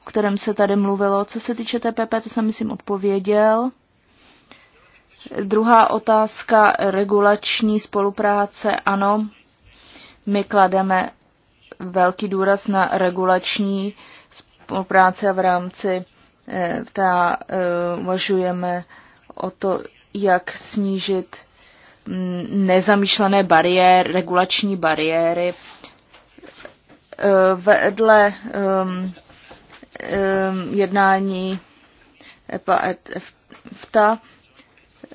o kterém se tady mluvilo. Co se týče TPP, to jsem, myslím, odpověděl. Druhá otázka, regulační spolupráce, ano. My klademe velký důraz na regulační spolupráce v rámci eh, ta eh, uvažujeme o to, jak snížit mm, nezamýšlené bariéry, regulační bariéry. Eh, vedle ehm, ehm, jednání EPA EFTA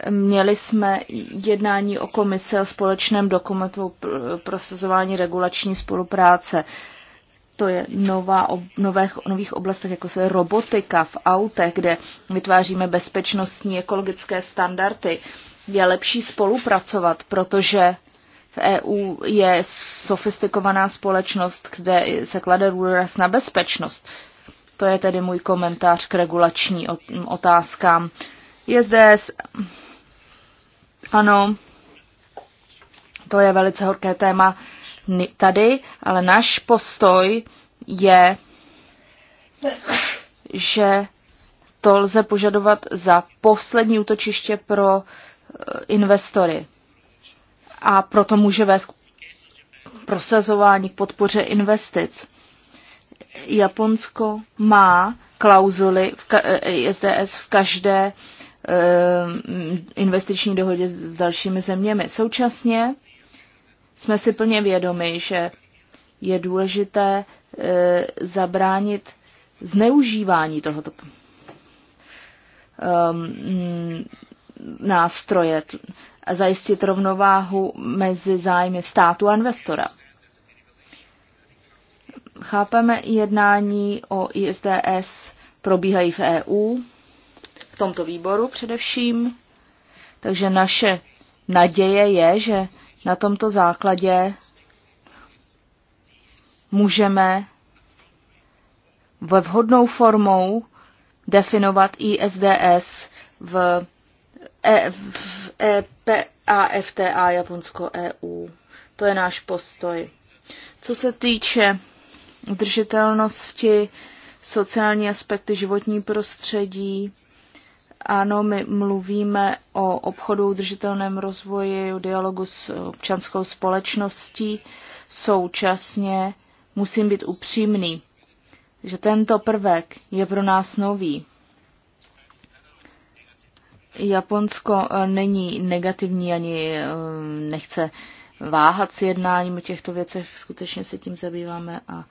Měli jsme jednání o komise o společném dokumentu prosazování regulační spolupráce. To je nová, ob, nových, nových oblastech, jako se robotika v autech, kde vytváříme bezpečnostní ekologické standardy. Je lepší spolupracovat, protože v EU je sofistikovaná společnost, kde se klade důraz na bezpečnost. To je tedy můj komentář k regulační otázkám. Je zde ano, to je velice horké téma tady, ale náš postoj je, že to lze požadovat za poslední útočiště pro eh, investory. A proto může vést prosazování, k podpoře investic. Japonsko má klauzuly v eh, eh, ISDS v každé Eh, investiční dohodě s dalšími zeměmi. Současně jsme si plně vědomi, že je důležité eh, zabránit zneužívání tohoto ehm, mm, nástroje a zajistit rovnováhu mezi zájmy státu a investora. Chápeme jednání o ISDS probíhají v EU v tomto výboru především. Takže naše naděje je, že na tomto základě můžeme ve vhodnou formou definovat ISDS v, e, v EPAFTA Japonsko-EU. To je náš postoj. Co se týče udržitelnosti, sociální aspekty, životní prostředí, ano, my mluvíme o obchodu, udržitelném rozvoji, o dialogu s občanskou společností. Současně musím být upřímný, že tento prvek je pro nás nový. Japonsko eh, není negativní ani eh, nechce váhat s jednáním o těchto věcech, skutečně se tím zabýváme a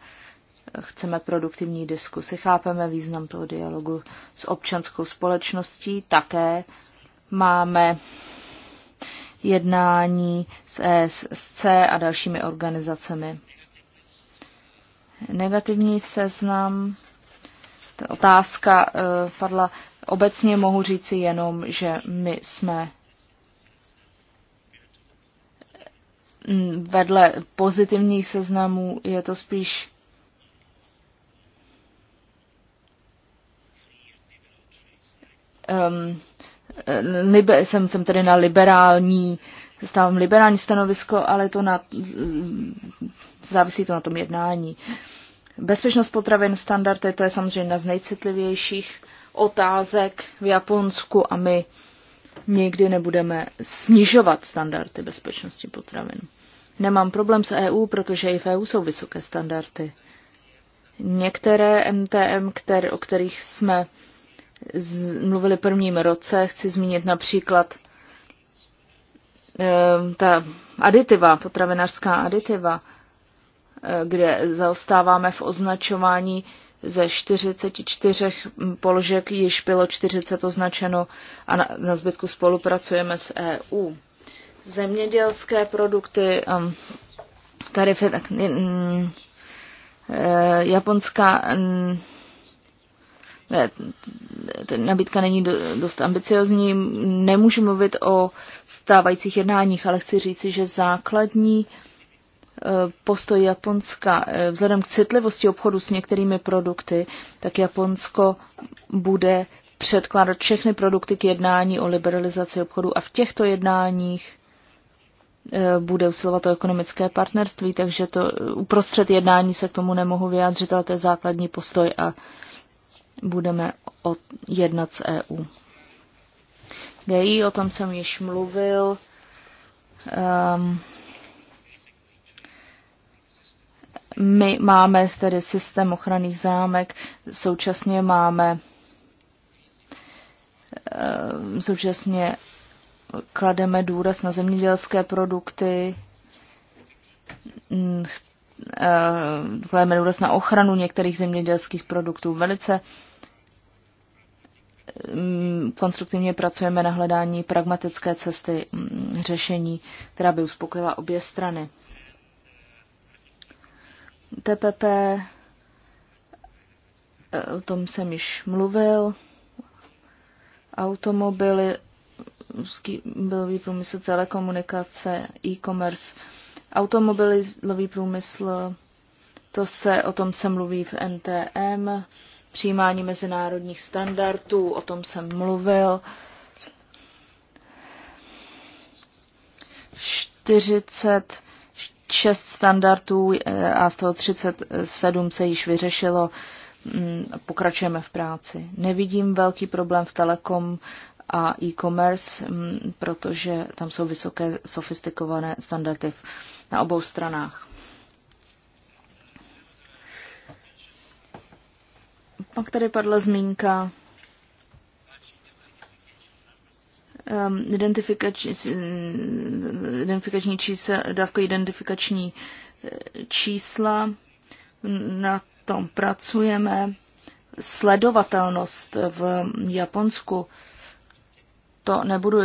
chceme produktivní diskusy, chápeme význam toho dialogu s občanskou společností, také máme jednání s ESC a dalšími organizacemi. Negativní seznam, ta otázka eh, padla, obecně mohu říci jenom, že my jsme vedle pozitivních seznamů je to spíš um, libe, jsem, jsem tedy na liberální, stávám liberální stanovisko, ale to na, závisí to na tom jednání. Bezpečnost potravin standardy, to je samozřejmě jedna z nejcitlivějších otázek v Japonsku a my nikdy nebudeme snižovat standardy bezpečnosti potravin. Nemám problém s EU, protože i v EU jsou vysoké standardy. Některé MTM, kter, o kterých jsme mluvili prvním roce. Chci zmínit například ehm, ta aditiva, potravinářská aditiva, eh, kde zaostáváme v označování ze 44 položek již bylo 40 označeno a na, na zbytku spolupracujeme s EU. Zemědělské produkty, ehm, tarify, tak, eh, japonská ne, nabídka není dost ambiciozní, nemůžu mluvit o stávajících jednáních, ale chci říci, že základní e, postoj Japonska e, vzhledem k citlivosti obchodu s některými produkty, tak Japonsko bude předkládat všechny produkty k jednání o liberalizaci obchodu a v těchto jednáních e, bude usilovat o ekonomické partnerství, takže to uprostřed jednání se k tomu nemohu vyjádřit, ale to je základní postoj a budeme jednat s EU. GI, o tom jsem již mluvil. Um, my máme tedy systém ochranných zámek, současně máme ehm, současně klademe důraz na zemědělské produkty, mm, ehm, klademe důraz na ochranu některých zemědělských produktů. Velice Mm, konstruktivně pracujeme na hledání pragmatické cesty mm, řešení, která by uspokojila obě strany. TPP, eh, o tom jsem již mluvil, automobily, bylový průmysl, telekomunikace, e-commerce, automobilový průmysl, to se, o tom se mluví v NTM, přijímání mezinárodních standardů, o tom jsem mluvil. 46 standardů eh, a z toho 37 se již vyřešilo. Mm, pokračujeme v práci. Nevidím velký problém v Telekom a e-commerce, mm, protože tam jsou vysoké sofistikované standardy na obou stranách. Pak tady padla zmínka um, identifikační, identifikační čísla, dávko identifikační eh, čísla. Na tom pracujeme. Sledovatelnost v Japonsku. To nebudu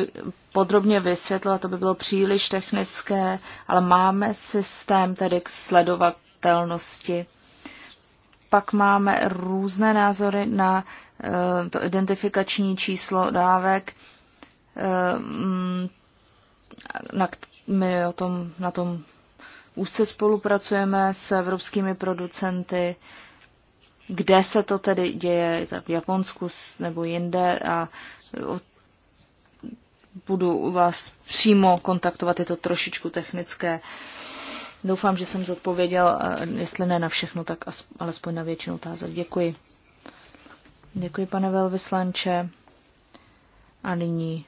podrobně vysvětlovat, to by bylo příliš technické, ale máme systém tedy k sledovatelnosti pak máme různé názory na eh, to identifikační číslo dávek, eh, mm, na, my o tom, na tom úzce spolupracujeme s evropskými producenty, kde se to tedy děje, v Japonsku nebo jinde a eh, budu vás přímo kontaktovat, je to trošičku technické. Uh, Doufám, že jsem zodpověděl, eh, jestli ne na všechno, tak alespoň na většinu otázek. Děkuji. Děkuji, pane velvyslanče. A nyní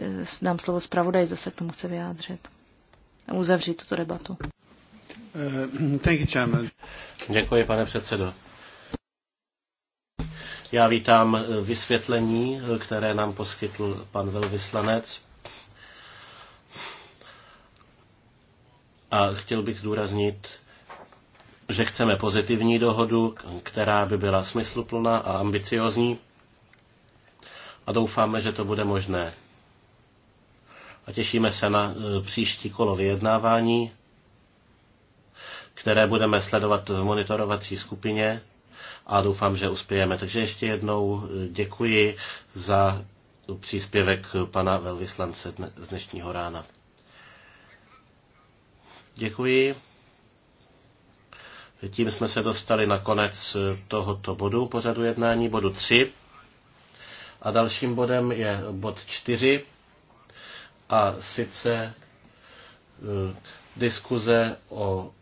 eh, dám slovo zpravodaj, zase k tomu chce vyjádřit a uzavřít tuto debatu. Eh, Děkuji, pane předsedo. Já vítám vysvětlení, které nám poskytl pan velvyslanec. A chtěl bych zdůraznit, že chceme pozitivní dohodu, která by byla smysluplná a ambiciozní. A doufáme, že to bude možné. A těšíme se na e, příští kolo vyjednávání, které budeme sledovat v monitorovací skupině a doufám, že uspějeme. Takže ještě jednou e, děkuji za příspěvek pana velvyslance z dnešního rána. Děkuji. Tím jsme se dostali na konec tohoto bodu, pořadu jednání, bodu 3. A dalším bodem je bod 4. A sice eh, diskuze o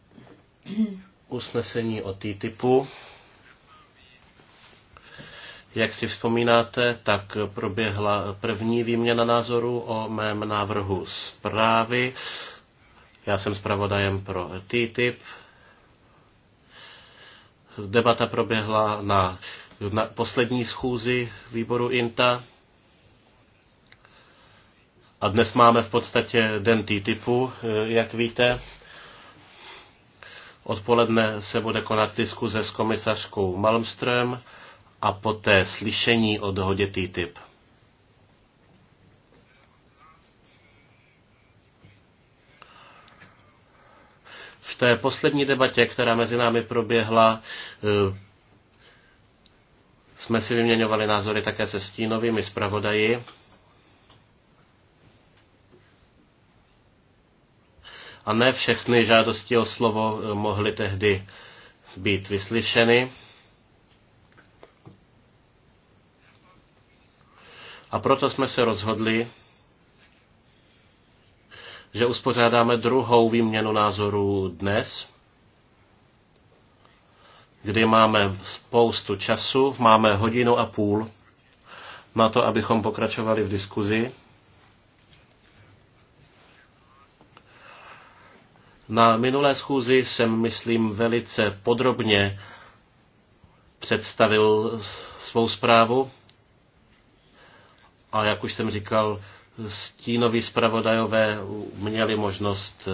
usnesení o TTIPu. Jak si vzpomínáte, tak proběhla první výměna názorů o mém návrhu zprávy já jsem zpravodajem pro TTIP. Debata proběhla na, na poslední schůzi výboru INTA. A dnes máme v podstatě den TTIPu, eh, jak víte. Odpoledne se bude konat diskuze s komisařkou Malmström a poté slyšení o dohodě TTIP. té poslední debatě, která mezi námi proběhla, eh, jsme si vyměňovali názory také se stínovými zpravodaji. A ne všechny žádosti o slovo eh, mohly tehdy být vyslyšeny. A proto jsme se rozhodli, že uspořádáme druhou výměnu názorů dnes, kdy máme spoustu času, máme hodinu a půl na to, abychom pokračovali v diskuzi. Na minulé schůzi jsem, myslím, velice podrobně představil svou zprávu a jak už jsem říkal, stínoví zpravodajové měli možnost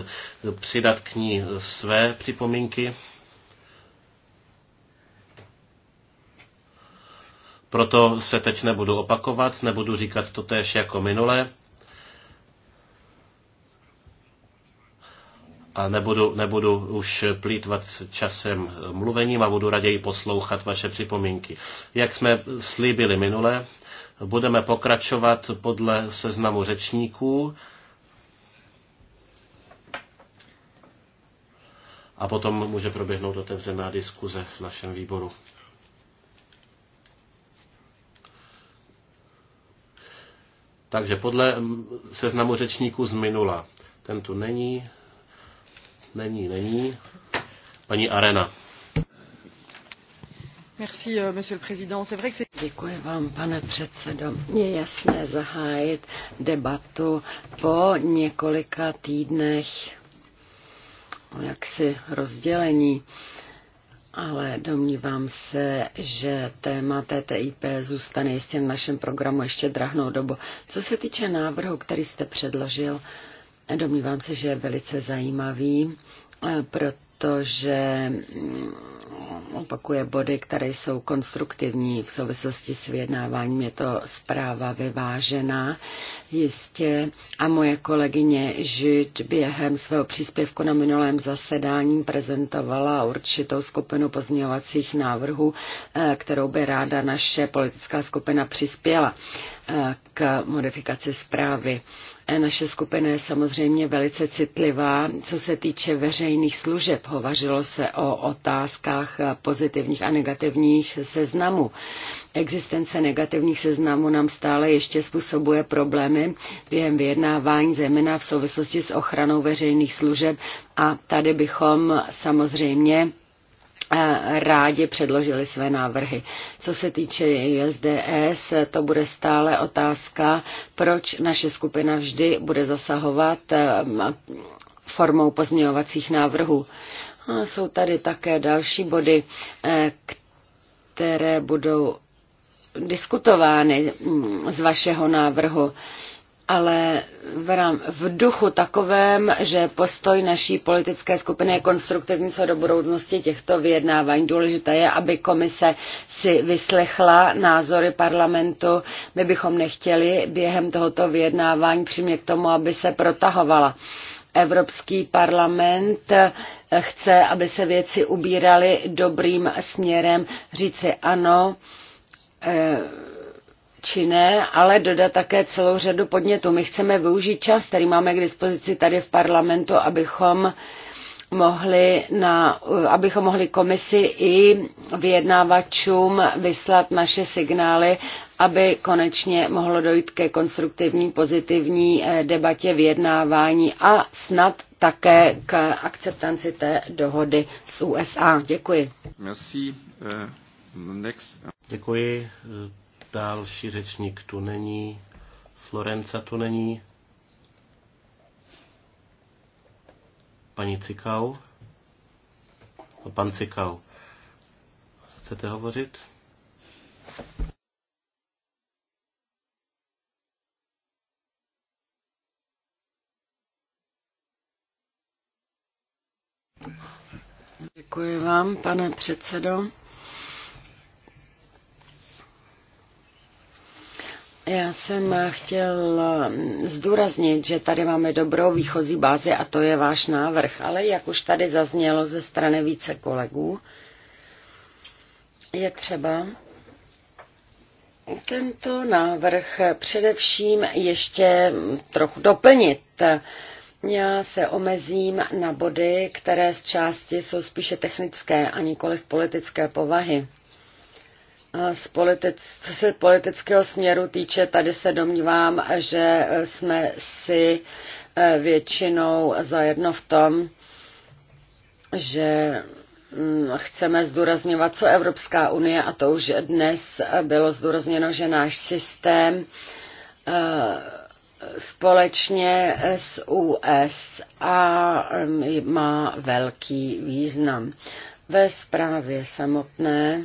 přidat k ní své připomínky. Proto se teď nebudu opakovat, nebudu říkat to též jako minule. A nebudu, nebudu už plítvat časem mluvením a budu raději poslouchat vaše připomínky. Jak jsme slíbili minule, Budeme pokračovat podle seznamu řečníků. A potom může proběhnout otevřená diskuze v našem výboru. Takže podle seznamu řečníků z minula. Ten tu není. Není, není. Paní Arena. Euh, Děkuji vám, pane předsedo. Je jasné zahájit debatu po několika týdnech jaksi rozdělení, ale domnívám se, že téma TTIP zůstane jistě v našem programu ještě drahnou dobu. Co se týče návrhu, který jste předložil, domnívám se, že je velice zajímavý protože mm, opakuje body, které jsou konstruktivní v souvislosti s vyjednáváním. Je to zpráva vyvážená, jistě. A moje kolegyně Žid během svého příspěvku na minulém zasedání prezentovala určitou skupinu pozměňovacích návrhů, eh, kterou by ráda naše politická skupina přispěla eh, k modifikaci zprávy. Naše skupina je samozřejmě velice citlivá, co se týče veřejných služeb. Hovařilo se o otázkách pozitivních a negativních seznamů. Existence negativních seznamů nám stále ještě způsobuje problémy během vyjednávání, zejména v souvislosti s ochranou veřejných služeb a tady bychom samozřejmě rádi předložili své návrhy. Co se týče JSDS, to bude stále otázka, proč naše skupina vždy bude zasahovat eh, formou pozměňovacích návrhů. A jsou tady také další body, eh, které budou diskutovány mm, z vašeho návrhu ale v, rám, v duchu takovém, že postoj naší politické skupiny je konstruktivní co do budoucnosti těchto vyjednávání. Důležité je, aby komise si vyslechla názory parlamentu. My bychom nechtěli během tohoto vyjednávání přimět k tomu, aby se protahovala. Evropský parlament eh, chce, aby se věci ubíraly dobrým směrem, říci ano, eh, či ne, ale dodat také celou řadu podnětů. My chceme využít čas, který máme k dispozici tady v parlamentu, abychom mohli, na, abychom mohli komisi i vyjednávačům vyslat naše signály, aby konečně mohlo dojít ke konstruktivní, pozitivní eh, debatě vyjednávání a snad také k akceptanci té dohody s USA. Děkuji. Merci. Eh, next. Děkuji. Další řečník tu není. Florenca tu není. Paní Cikau? No, pan Cikau. Chcete hovořit? Děkuji vám, pane předsedo. Já jsem chtěl eh, zdůraznit, že tady máme dobrou výchozí bázi a to je váš návrh, ale jak už tady zaznělo ze strany více kolegů, je třeba tento návrh především ještě trochu doplnit. Já se omezím na body, které z části jsou spíše technické a nikoli v politické povahy. Z politic, co se politického směru týče, tady se domnívám, že jsme si eh, většinou zajedno v tom, že mm, chceme zdůrazňovat, co Evropská unie, a to už dnes bylo zdůrazněno, že náš systém eh, společně s USA mm, má velký význam. Ve zprávě samotné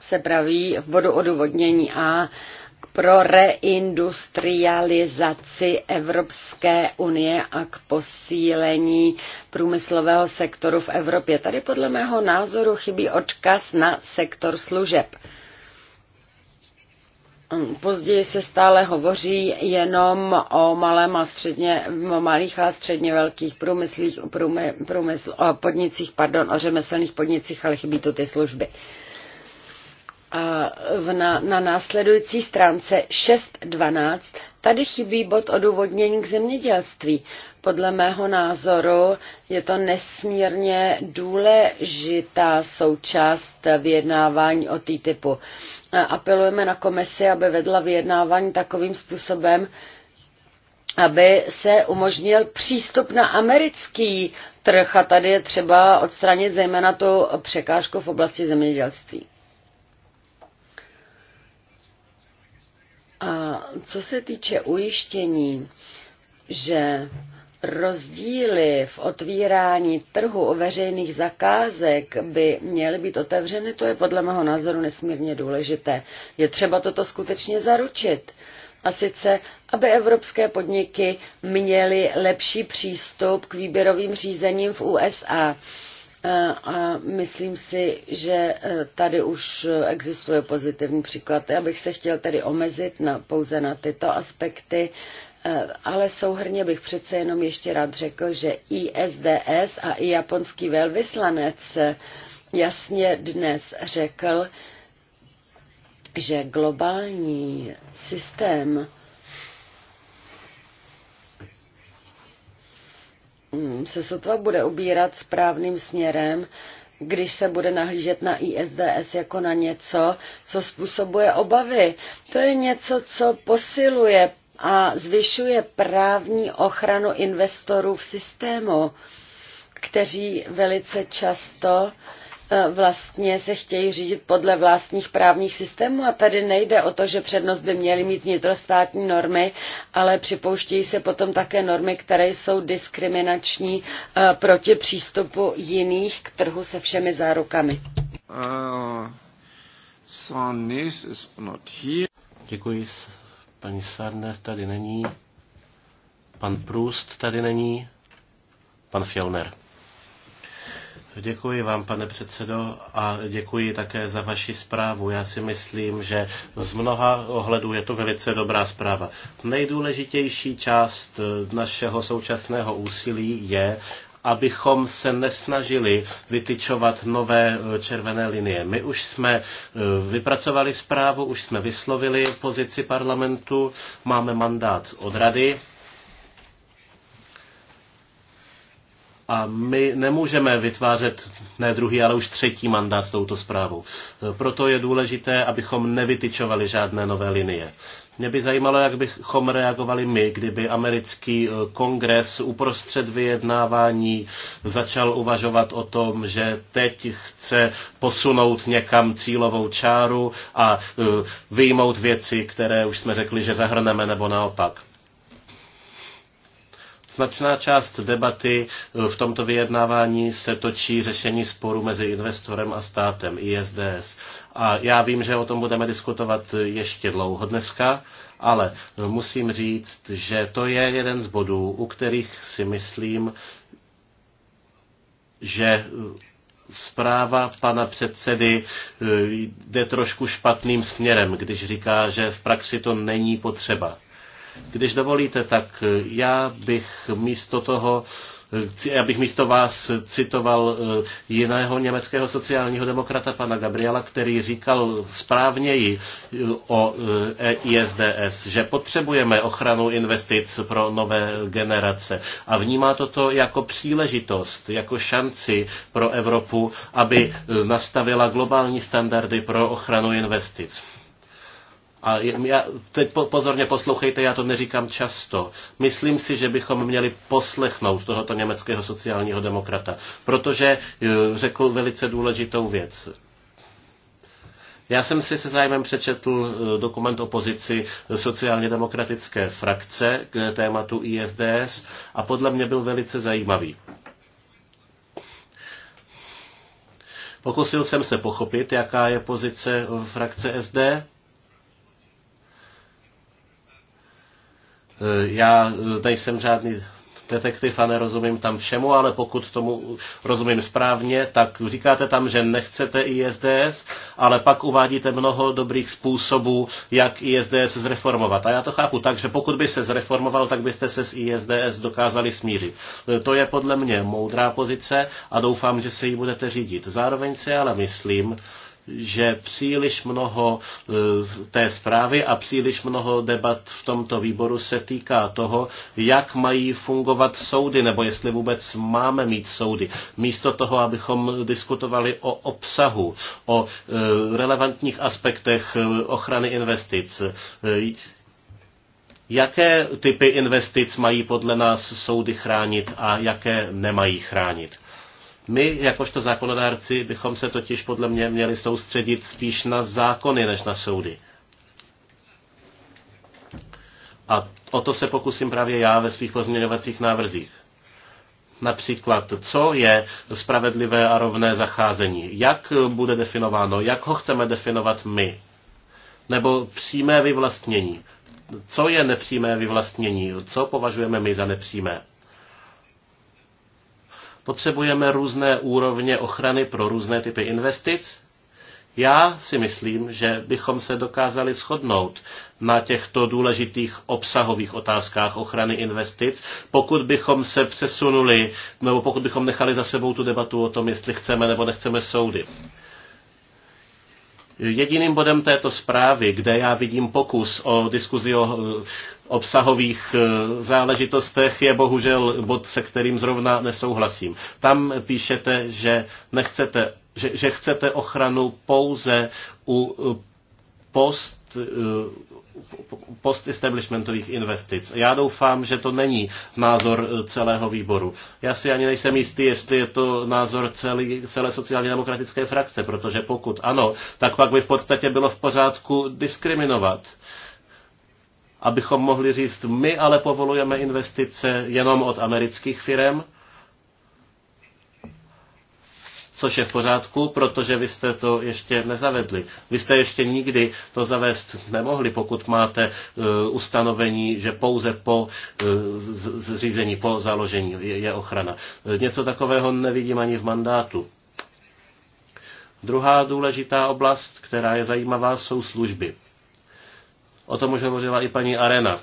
se praví v bodu odůvodnění A k pro reindustrializaci Evropské unie a k posílení průmyslového sektoru v Evropě. Tady podle mého názoru chybí odkaz na sektor služeb. Později se stále hovoří jenom o malém a středně, o malých a středně velkých průmyslích, průmysl, průmysl, o podnicích, pardon, o řemeslných podnicích, ale chybí tu ty služby. A v na, na následující stránce 6.12 tady chybí bod odůvodnění k zemědělství. Podle mého názoru je to nesmírně důležitá součást vyjednávání o TTIPu. Apelujeme na komisi, aby vedla vyjednávání takovým způsobem, aby se umožnil přístup na americký trh a tady je třeba odstranit zejména tu překážku v oblasti zemědělství. A co se týče ujištění, že rozdíly v otvírání trhu o veřejných zakázek by měly být otevřeny, to je podle mého názoru nesmírně důležité. Je třeba toto skutečně zaručit. A sice, aby evropské podniky měly lepší přístup k výběrovým řízením v USA E, a myslím si, že e, tady už existuje pozitivní příklad. Já bych se chtěl tedy omezit na, pouze na tyto aspekty, e, ale souhrně bych přece jenom ještě rád řekl, že ISDS a i japonský velvyslanec jasně dnes řekl, že globální systém Hmm, se sotva bude ubírat správným směrem, když se bude nahlížet na ISDS jako na něco, co způsobuje obavy. To je něco, co posiluje a zvyšuje právní ochranu investorů v systému, kteří velice často uh, E, vlastně se chtějí řídit podle vlastních právních systémů a tady nejde o to, že přednost by měly mít vnitrostátní normy, ale připouštějí se potom také normy, které jsou diskriminační e, proti přístupu jiných k trhu se všemi zárukami. Uh, Děkuji, paní Sarnes tady není. Pan Průst tady není. Pan Fjellner. Děkuji vám, pane předsedo, a děkuji také za vaši zprávu. Já si myslím, že z mnoha ohledů je to velice dobrá zpráva. Nejdůležitější část eh, našeho současného úsilí je, abychom se nesnažili vytyčovat nové eh, červené linie. My už jsme eh, vypracovali zprávu, už jsme vyslovili pozici parlamentu, máme mandát od rady A my nemůžeme vytvářet ne druhý, ale už třetí mandát touto zprávou. Proto je důležité, abychom nevytyčovali žádné nové linie. Mě by zajímalo, jak bychom reagovali my, kdyby americký eh, kongres uprostřed vyjednávání začal uvažovat o tom, že teď chce posunout někam cílovou čáru a eh, vyjmout věci, které už jsme řekli, že zahrneme, nebo naopak. Značná část debaty v tomto vyjednávání se točí řešení sporu mezi investorem a státem, ISDS. A já vím, že o tom budeme diskutovat ještě dlouho dneska, ale musím říct, že to je jeden z bodů, u kterých si myslím, že zpráva pana předsedy eh, jde trošku špatným směrem, když říká, že v praxi to není potřeba. Když dovolíte, tak já bych místo toho já bych místo vás citoval eh, jiného německého sociálního demokrata, pana Gabriela, který říkal správněji eh, o eh, e ISDS, že potřebujeme ochranu investic pro nové generace a vnímá toto jako příležitost, jako šanci pro Evropu, aby nastavila globální standardy pro ochranu investic. A já, teď pozorně poslouchejte, já to neříkám často. Myslím si, že bychom měli poslechnout tohoto německého sociálního demokrata, protože eh, řekl velice důležitou věc. Já jsem si se zájmem přečetl eh, dokument o pozici sociálně demokratické frakce k tématu ISDS a podle mě byl velice zajímavý. Pokusil jsem se pochopit, jaká je pozice eh, frakce SD Eh, já eh, tady jsem žádný detektiv a nerozumím tam všemu, ale pokud tomu rozumím správně, tak říkáte tam, že nechcete ISDS, ale pak uvádíte mnoho dobrých způsobů, jak ISDS zreformovat. A já to chápu tak, že pokud by se zreformoval, tak byste se s ISDS dokázali smířit. Eh, to je podle mě moudrá pozice a doufám, že se jí budete řídit. Zároveň si ale myslím, že příliš mnoho eh, té zprávy a příliš mnoho debat v tomto výboru se týká toho, jak mají fungovat soudy, nebo jestli vůbec máme mít soudy. Místo toho, abychom diskutovali o obsahu, o eh, relevantních aspektech eh, ochrany investic. Jaké typy investic mají podle nás soudy chránit a jaké nemají chránit? My, jakožto zákonodárci, bychom se totiž podle mě měli soustředit spíš na zákony než na soudy. A o to se pokusím právě já ve svých pozměňovacích návrzích. Například, co je spravedlivé a rovné zacházení? Jak bude definováno? Jak ho chceme definovat my? Nebo přímé vyvlastnění? Co je nepřímé vyvlastnění? Co považujeme my za nepřímé? Potřebujeme různé úrovně ochrany pro různé typy investic. Já si myslím, že bychom se dokázali shodnout na těchto důležitých obsahových otázkách ochrany investic, pokud bychom se přesunuli, nebo pokud bychom nechali za sebou tu debatu o tom, jestli chceme nebo nechceme soudy. Jediným bodem této zprávy, kde já vidím pokus o diskuzi o obsahových eh, záležitostech je bohužel bod, se kterým zrovna nesouhlasím. Tam píšete, že nechcete, že, že chcete ochranu pouze u eh, post eh, post-establishmentových investic. Já doufám, že to není názor celého výboru. Já si ani nejsem jistý, jestli je to názor celý, celé sociálně demokratické frakce, protože pokud ano, tak pak by v podstatě bylo v pořádku diskriminovat. Uh, abychom mohli říct, my ale povolujeme investice jenom od amerických firm, což je v pořádku, protože vy jste to ještě nezavedli. Vy jste ještě nikdy to zavést nemohli, pokud máte uh, ustanovení, že pouze po uh, eh, zřízení, po založení je, je ochrana. Eh, něco takového nevidím ani v mandátu. Druhá důležitá oblast, která je zajímavá, jsou služby. O tom už hovořila i paní Arena.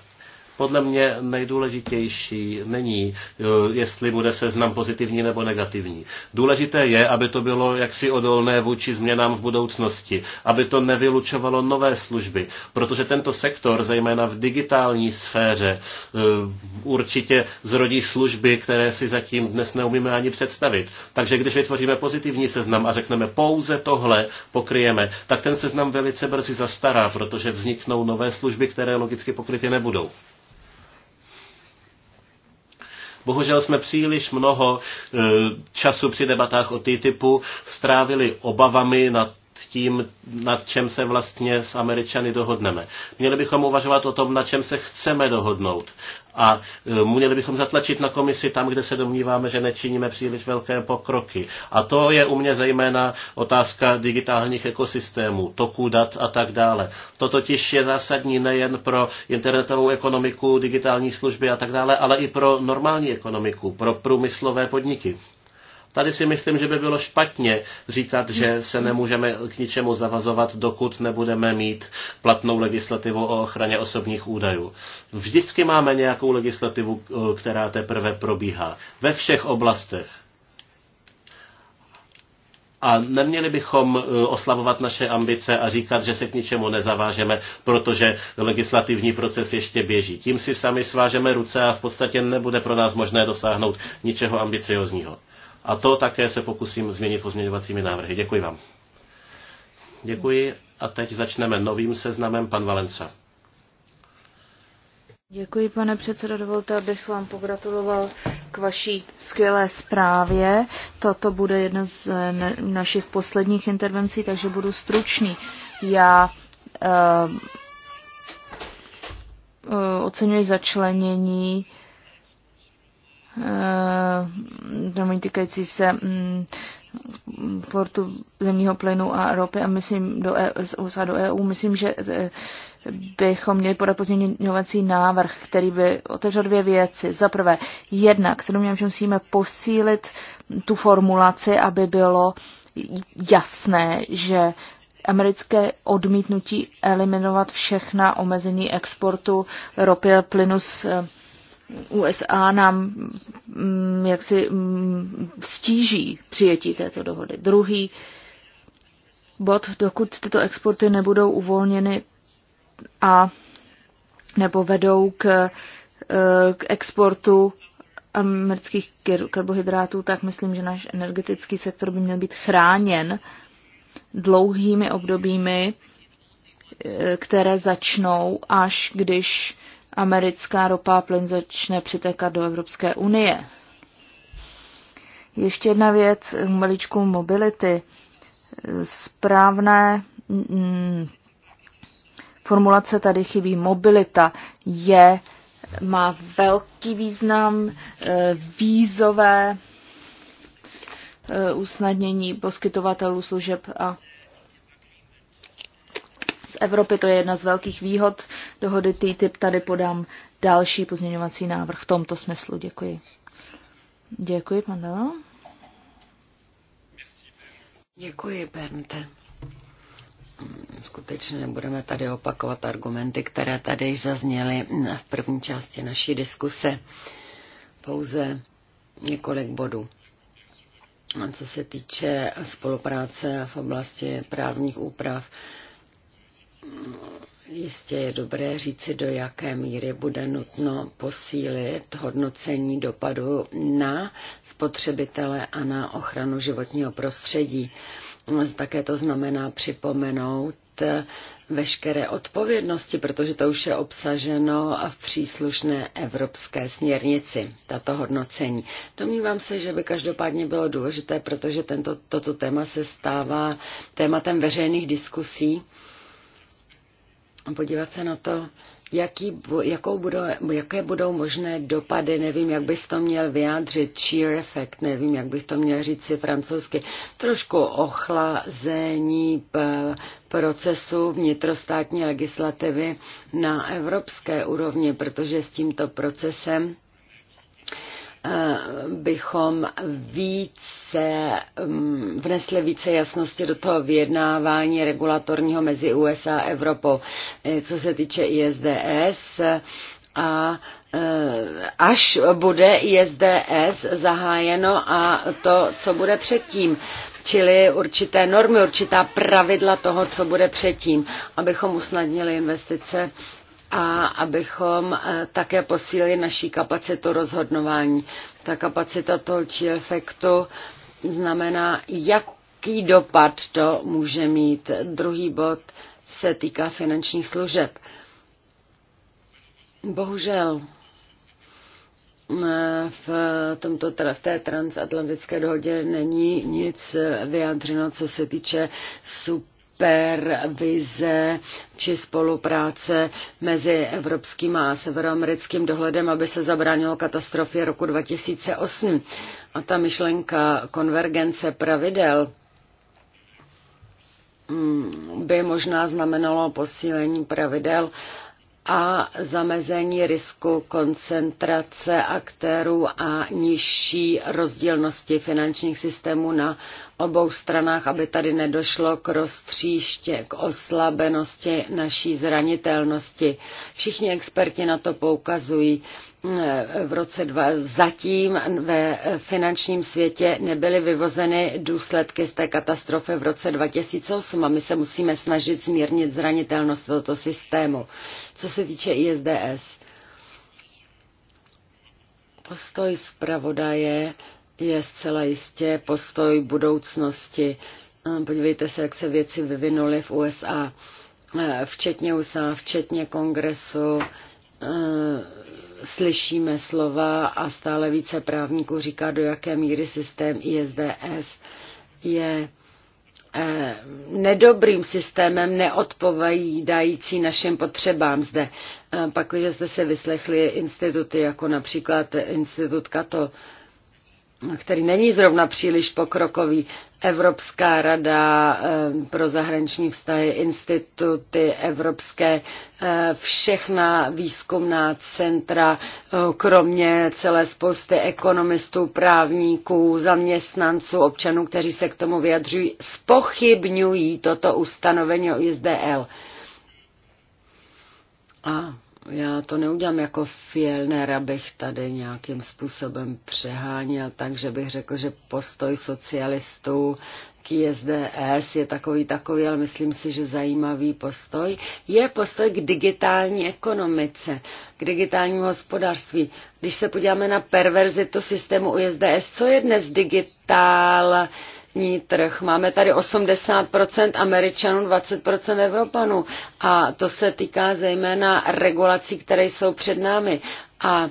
Podle mě nejdůležitější není, eh, jestli bude seznam pozitivní nebo negativní. Důležité je, aby to bylo jaksi odolné vůči změnám v budoucnosti, aby to nevylučovalo nové služby, protože tento sektor, zejména v digitální sféře, eh, určitě zrodí služby, které si zatím dnes neumíme ani představit. Takže když vytvoříme pozitivní seznam a řekneme pouze tohle pokryjeme, tak ten seznam velice brzy zastará, protože vzniknou nové služby, které logicky pokryty nebudou. Bohužel jsme příliš mnoho eh, času při debatách o TTIPu strávili obavami na tím, nad čem se vlastně s Američany dohodneme. Měli bychom uvažovat o tom, na čem se chceme dohodnout. A e, měli bychom zatlačit na komisi tam, kde se domníváme, že nečiníme příliš velké pokroky. A to je u mě zejména otázka digitálních ekosystémů, toků dat a tak dále. To totiž je zásadní nejen pro internetovou ekonomiku, digitální služby a tak dále, ale i pro normální ekonomiku, pro průmyslové podniky. Tady si myslím, že by bylo špatně říkat, že se nemůžeme k ničemu zavazovat, dokud nebudeme mít platnou legislativu o ochraně osobních údajů. Vždycky máme nějakou legislativu, která teprve probíhá. Ve všech oblastech. A neměli bychom e, oslabovat naše ambice a říkat, že se k ničemu nezavážeme, protože legislativní proces ještě běží. Tím si sami svážeme ruce a v podstatě nebude pro nás možné dosáhnout ničeho ambiciozního. A to také se pokusím změnit pozměňovacími návrhy. Děkuji vám. Děkuji a teď začneme novým seznamem pan Valenca. Děkuji, pane předsedo. Dovolte, abych vám pogratuloval k vaší skvělé zprávě. Toto bude jedna z našich posledních intervencí, takže budu stručný. Já uh, oceňuji začlenění uh, Eh, domů týkající se mm, portu zemního plynu a ropy a myslím do EU, z USA do EU, myslím, že eh, bychom měli podat pozměňovací návrh, který by otevřel dvě věci. Za prvé, jednak se domnívám, že musíme posílit tu formulaci, aby bylo jasné, že americké odmítnutí eliminovat všechna omezení exportu ropy a plynu z eh, USA nám mm, jaksi mm, stíží přijetí této dohody. Druhý bod, dokud tyto exporty nebudou uvolněny a nebo vedou k, e, k exportu amerických karbohydrátů, tak myslím, že náš energetický sektor by měl být chráněn dlouhými obdobími, e, které začnou, až když americká ropa a plyn začne přitékat do Evropské unie. Ještě jedna věc, maličku mobility. Správné mm, formulace tady chybí. Mobilita je, má velký význam, eh, vízové eh, usnadnění poskytovatelů služeb a z Evropy. To je jedna z velkých výhod dohody TTIP. Tady podám další pozměňovací návrh v tomto smyslu. Děkuji. Děkuji, pan Děkuji, Bernte. Skutečně nebudeme tady opakovat argumenty, které tady již zazněly v první části naší diskuse. Pouze několik bodů. Co se týče spolupráce v oblasti právních úprav, Jistě je dobré říci, do jaké míry bude nutno posílit hodnocení dopadu na spotřebitele a na ochranu životního prostředí. Také to znamená připomenout veškeré odpovědnosti, protože to už je obsaženo v příslušné evropské směrnici, tato hodnocení. Domnívám se, že by každopádně bylo důležité, protože tento, toto téma se stává tématem veřejných diskusí podívat se na to, jaký, jakou budou, jaké budou možné dopady, nevím, jak bys to měl vyjádřit, cheer effect, nevím, jak bych to měl říct si francouzsky, trošku ochlazení procesu vnitrostátní legislativy na evropské úrovni, protože s tímto procesem bychom více, mm, vnesli více jasnosti do toho vyjednávání regulatorního mezi USA a Evropou, eh, co se týče ISDS a eh, až bude ISDS zahájeno a to, co bude předtím čili určité normy, určitá pravidla toho, co bude předtím, abychom usnadnili investice a abychom eh, také posílili naší kapacitu rozhodování. Ta kapacita toho či efektu znamená, jaký dopad to může mít. Druhý bod se týká finančních služeb. Bohužel eh, v, tomto, v té transatlantické dohodě není nic vyjádřeno, co se týče super supervize či spolupráce mezi evropským a severoamerickým dohledem, aby se zabránilo katastrofě roku 2008. A ta myšlenka konvergence pravidel mm, by možná znamenalo posílení pravidel a zamezení risku koncentrace aktérů a nižší rozdílnosti finančních systémů na obou stranách, aby tady nedošlo k roztříště, k oslabenosti naší zranitelnosti. Všichni experti na to poukazují v roce dva, zatím ve finančním světě nebyly vyvozeny důsledky z té katastrofy v roce 2008 a my se musíme snažit zmírnit zranitelnost tohoto systému. Co se týče ISDS, postoj zpravodaje je zcela jistě postoj budoucnosti. Ehm, podívejte se, jak se věci vyvinuly v USA, eh, včetně USA, včetně kongresu, Eh, slyšíme slova a stále více právníků říká, do jaké míry systém ISDS je eh, nedobrým systémem neodpovídající našim potřebám zde. Eh, Pak, když jste se vyslechli instituty, jako například Institut Kato, který není zrovna příliš pokrokový. Evropská rada eh, pro zahraniční vztahy, instituty evropské, eh, všechna výzkumná centra, eh, kromě celé spousty ekonomistů, právníků, zaměstnanců, občanů, kteří se k tomu vyjadřují, spochybňují toto ustanovení o ISDL. A já to neudělám jako Fielner, abych tady nějakým způsobem přeháněl, takže bych řekl, že postoj socialistů k ISDS je takový takový, ale myslím si, že zajímavý postoj je postoj k digitální ekonomice, k digitálnímu hospodářství. Když se podíváme na perverzitu systému ISDS, co je dnes digitál, vlastní trh. Máme tady 80% Američanů, 20% Evropanů a to se týká zejména regulací, které jsou před námi. A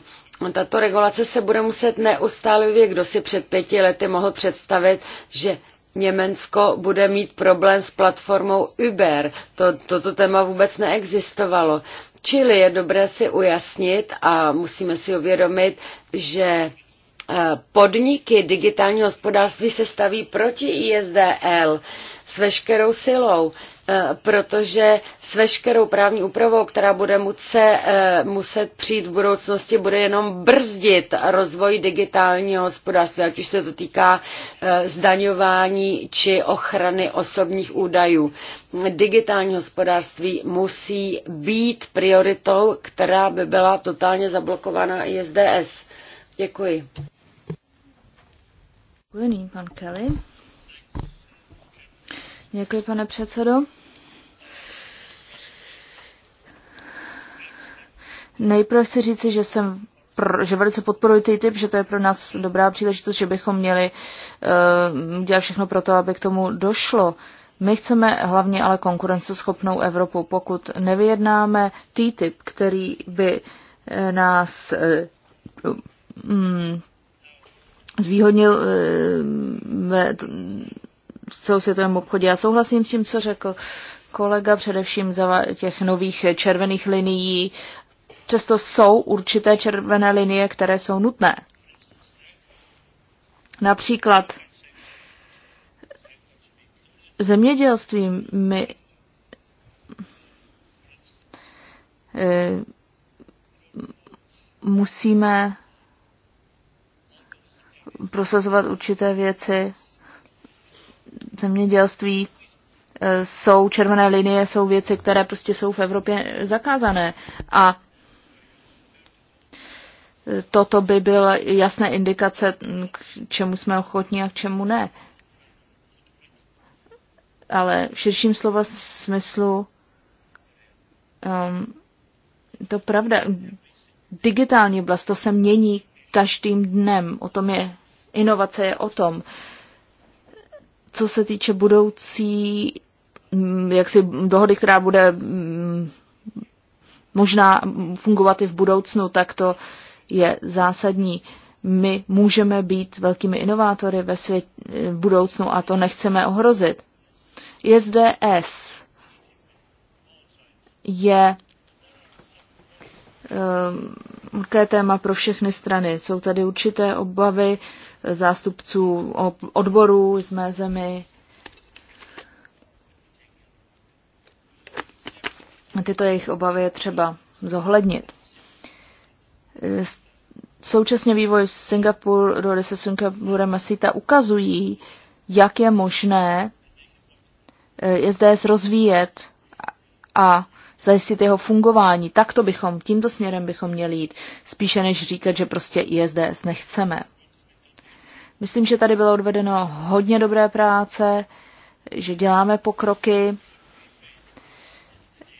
tato regulace se bude muset neustále vyvíjet. Kdo si před pěti lety mohl představit, že Německo bude mít problém s platformou Uber. To, toto téma vůbec neexistovalo. Čili je dobré si ujasnit a musíme si uvědomit, že Eh, podniky digitálního hospodářství se staví proti ISDL s veškerou silou, eh, protože s veškerou právní úpravou, která bude muset, eh, muset přijít v budoucnosti, bude jenom brzdit rozvoj digitálního hospodářství, ať už se to týká zdaňování či ochrany osobních údajů. Digitální hospodářství musí být prioritou, která by byla totálně zablokována ISDS. Děkuji. Děkuji, pan Kelly. Děkuji, pane předsedo. Nejprve chci říci, že jsem pro, že velice podporuji typ, že to je pro nás dobrá příležitost, že bychom měli uh, dělat všechno pro to, aby k tomu došlo. My chceme hlavně ale konkurenceschopnou Evropu. Pokud nevyjednáme TTIP, který by eh, nás uh, zvýhodnil eh, v celosvětovém obchodě. Já souhlasím s tím, co řekl kolega, především za těch nových červených linií. Přesto jsou určité červené linie, které jsou nutné. Například zemědělství my eh, musíme prosazovat určité věci. Zemědělství e, jsou červené linie, jsou věci, které prostě jsou v Evropě zakázané. A toto by byla jasné indikace, k čemu jsme ochotní a k čemu ne. Ale v širším slova smyslu um, to pravda. Digitální oblast, to se mění každým dnem. O tom je inovace je o tom. Co se týče budoucí mm, jaksi dohody, která bude mm, možná fungovat i v budoucnu, tak to je zásadní. My můžeme být velkými inovátory ve svět, eh, v budoucnu a to nechceme ohrozit. ISDS je určité eh, téma pro všechny strany. Jsou tady určité obavy zástupců odborů z mé zemi. Tyto jejich obavy je třeba zohlednit. Současně vývoj Singapuru dohody se Singapurem a SITA ukazují, jak je možné SDS eh, rozvíjet a zajistit jeho fungování. Takto bychom, tímto směrem bychom měli jít, spíše než říkat, že prostě ISDS nechceme. Myslím, že tady bylo odvedeno hodně dobré práce, že děláme pokroky,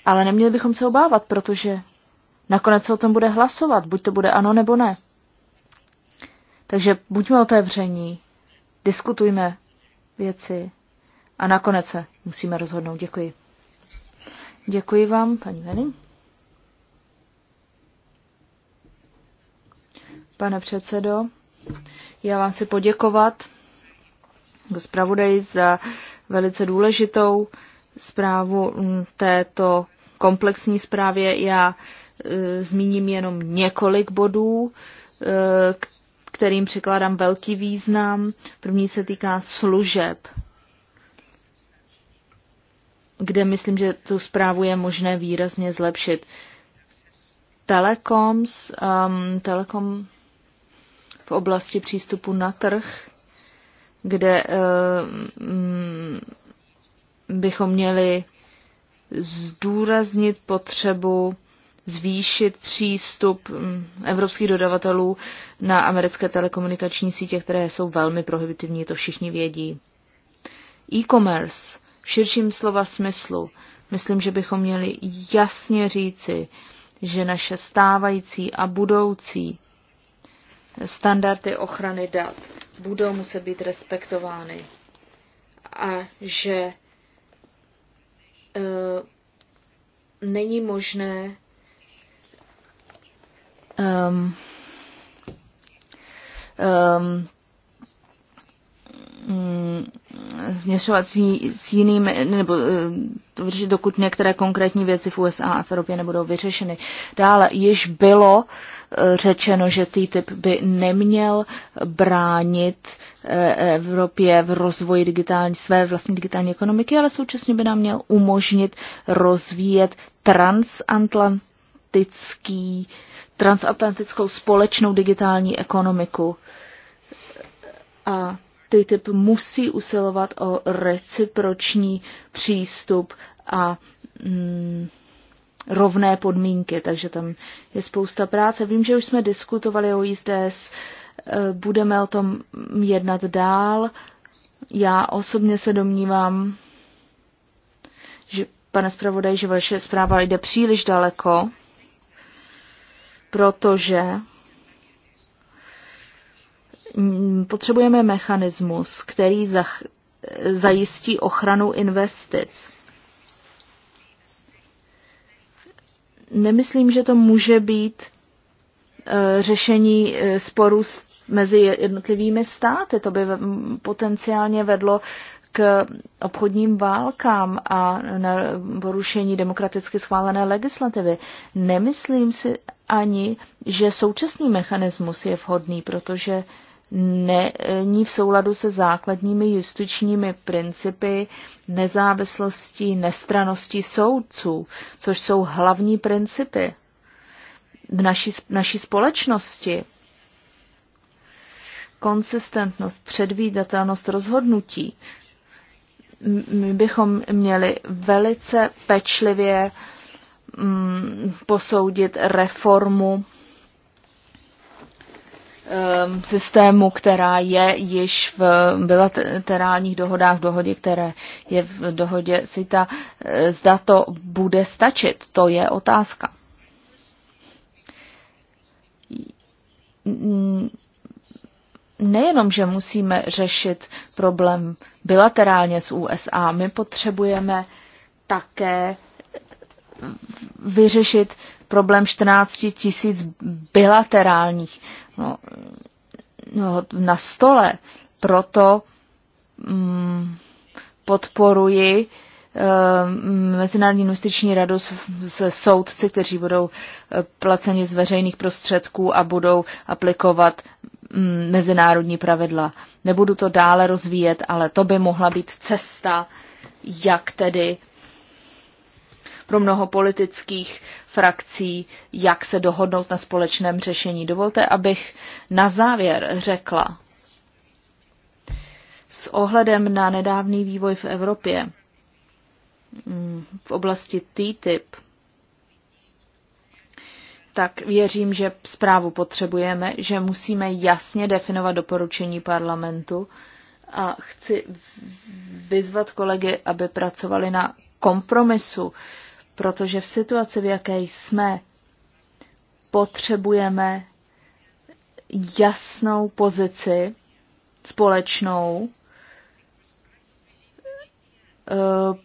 ale neměli bychom se obávat, protože nakonec se o tom bude hlasovat, buď to bude ano nebo ne. Takže buďme otevření, diskutujme věci a nakonec se musíme rozhodnout. Děkuji. Děkuji vám, paní Veny. Pane předsedo, já vám chci poděkovat jako Zpravodaj za velice důležitou zprávu této komplexní zprávě. Já e, zmíním jenom několik bodů, e, kterým překládám velký význam. První se týká služeb, kde myslím, že tu zprávu je možné výrazně zlepšit. Telekoms, um, telekom v oblasti přístupu na trh, kde eh, mm, bychom měli zdůraznit potřebu zvýšit přístup mm, evropských dodavatelů na americké telekomunikační sítě, které jsou velmi prohibitivní, to všichni vědí. E-commerce v širším slova smyslu. Myslím, že bychom měli jasně říci, že naše stávající a budoucí standardy ochrany dat budou muset být respektovány a že e, není možné um, um, Mm, směřovat s jinými, nebo eh, dokud některé konkrétní věci v USA a v Evropě nebudou vyřešeny. Dále již bylo eh, řečeno, že TTIP by neměl bránit eh, Evropě v rozvoji digitální, své vlastní digitální ekonomiky, ale současně by nám měl umožnit rozvíjet transatlantický, transatlantickou společnou digitální ekonomiku. A TTIP musí usilovat o reciproční přístup a mm, rovné podmínky, takže tam je spousta práce. Vím, že už jsme diskutovali o ISDS, e, budeme o tom jednat dál. Já osobně se domnívám, že pane zpravodaj, že vaše zpráva jde příliš daleko, protože Mm, potřebujeme mechanismus, který zajistí ochranu investic. Nemyslím, že to může být eh, řešení eh, sporů mezi jednotlivými státy. To by potenciálně vedlo k obchodním válkám a na porušení demokraticky schválené legislativy. Nemyslím si ani, že současný mechanismus je vhodný, protože není v souladu se základními justičními principy nezávislosti, nestranosti soudců, což jsou hlavní principy v naší, naší společnosti. Konsistentnost, předvídatelnost rozhodnutí. My bychom měli velice pečlivě mm, posoudit reformu Um, systému, která je již v bilaterálních dohodách, v dohodě, které je v dohodě CITA, eh, zda to bude stačit, to je otázka. Nejenom, že musíme řešit problém bilaterálně s USA, my potřebujeme také vyřešit problém 14 tisíc bilaterálních no, no, na stole. Proto mm, podporuji eh, Mezinárodní investiční radu se soudci, kteří budou eh, placeni z veřejných prostředků a budou aplikovat mm, mezinárodní pravidla. Nebudu to dále rozvíjet, ale to by mohla být cesta, jak tedy pro mnoho politických frakcí, jak se dohodnout na společném řešení. Dovolte, abych na závěr řekla s ohledem na nedávný vývoj v Evropě mm, v oblasti TTIP, tak věřím, že zprávu potřebujeme, že musíme jasně definovat doporučení parlamentu a chci vyzvat kolegy, aby pracovali na kompromisu, protože v situaci, v jaké jsme, potřebujeme jasnou pozici společnou, eh,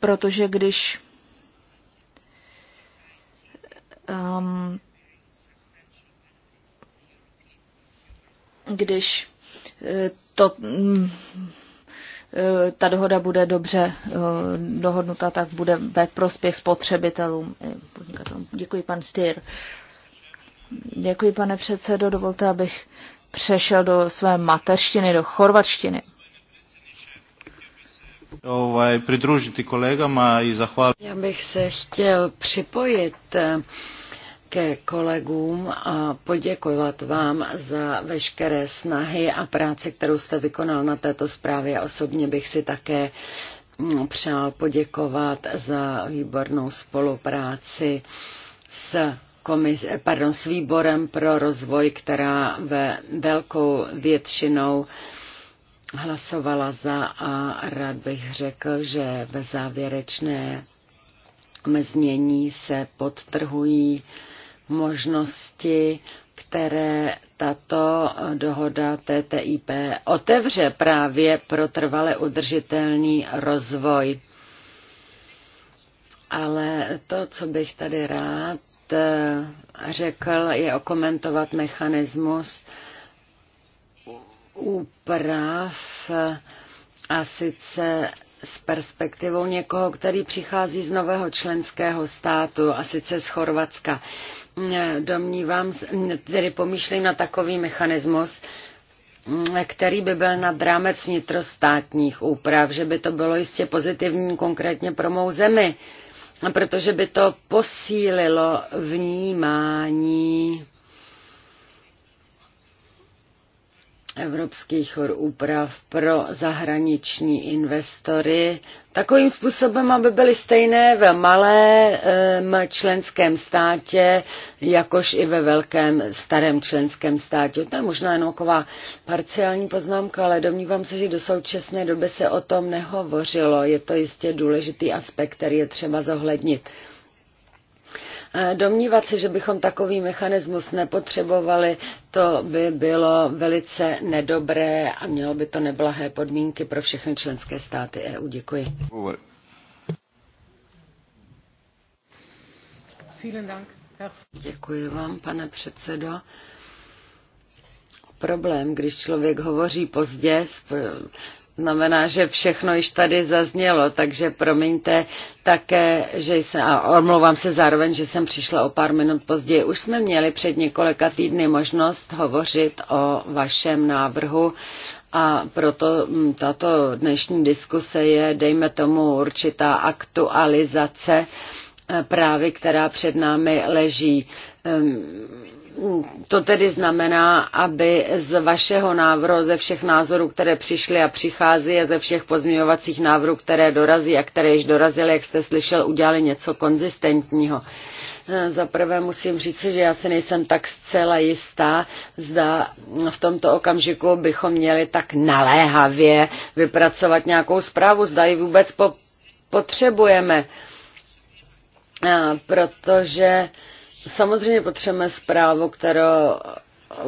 protože když um, když eh, to mm, Eh, ta dohoda bude dobře eh, dohodnuta, tak bude ve prospěch spotřebitelům. Děkuji, pan Styr. Děkuji, pane předsedo. Dovolte, abych přešel do své mateřštiny, do chorvatštiny. Pridružit kolegama i zachválit. Já bych se chtěl připojit eh, ke kolegům a poděkovat vám za veškeré snahy a práci, kterou jste vykonal na této zprávě. Osobně bych si také mm, přál poděkovat za výbornou spolupráci s komis, pardon, s výborem pro rozvoj, která ve velkou většinou hlasovala za a rád bych řekl, že ve závěrečné znění se podtrhují možnosti, které tato dohoda TTIP otevře právě pro trvale udržitelný rozvoj. Ale to, co bych tady rád eh, řekl, je okomentovat mechanismus úprav a sice s perspektivou někoho, který přichází z nového členského státu, a sice z Chorvatska. Domnívám, tedy pomýšlím na takový mechanismus, který by byl nad rámec vnitrostátních úprav, že by to bylo jistě pozitivní konkrétně pro mou zemi, protože by to posílilo vnímání evropských úprav pro zahraniční investory takovým způsobem, aby byly stejné ve malém členském státě, jakož i ve velkém starém členském státě. To je možná jenom taková parciální poznámka, ale domnívám se, že do současné doby se o tom nehovořilo. Je to jistě důležitý aspekt, který je třeba zohlednit. E, domnívat se, že bychom takový mechanismus nepotřebovali, to by bylo velice nedobré a mělo by to neblahé podmínky pro všechny členské státy EU. Děkuji. Děkuji vám, pane předsedo. Problém, když člověk hovoří pozdě, znamená, že všechno již tady zaznělo, takže promiňte také, že jsem, a omlouvám se zároveň, že jsem přišla o pár minut později. Už jsme měli před několika týdny možnost hovořit o vašem návrhu a proto mm, tato dnešní diskuse je, dejme tomu, určitá aktualizace eh, právě, která před námi leží ehm, to tedy znamená, aby z vašeho návrhu, ze všech názorů, které přišly a přichází a ze všech pozměňovacích návrhů, které dorazí a které již dorazily, jak jste slyšel, udělali něco konzistentního. Eh, za prvé musím říct, že já si nejsem tak zcela jistá, zda v tomto okamžiku bychom měli tak naléhavě vypracovat nějakou zprávu, zda ji vůbec po potřebujeme, eh, protože Samozřejmě potřebujeme zprávu, kterou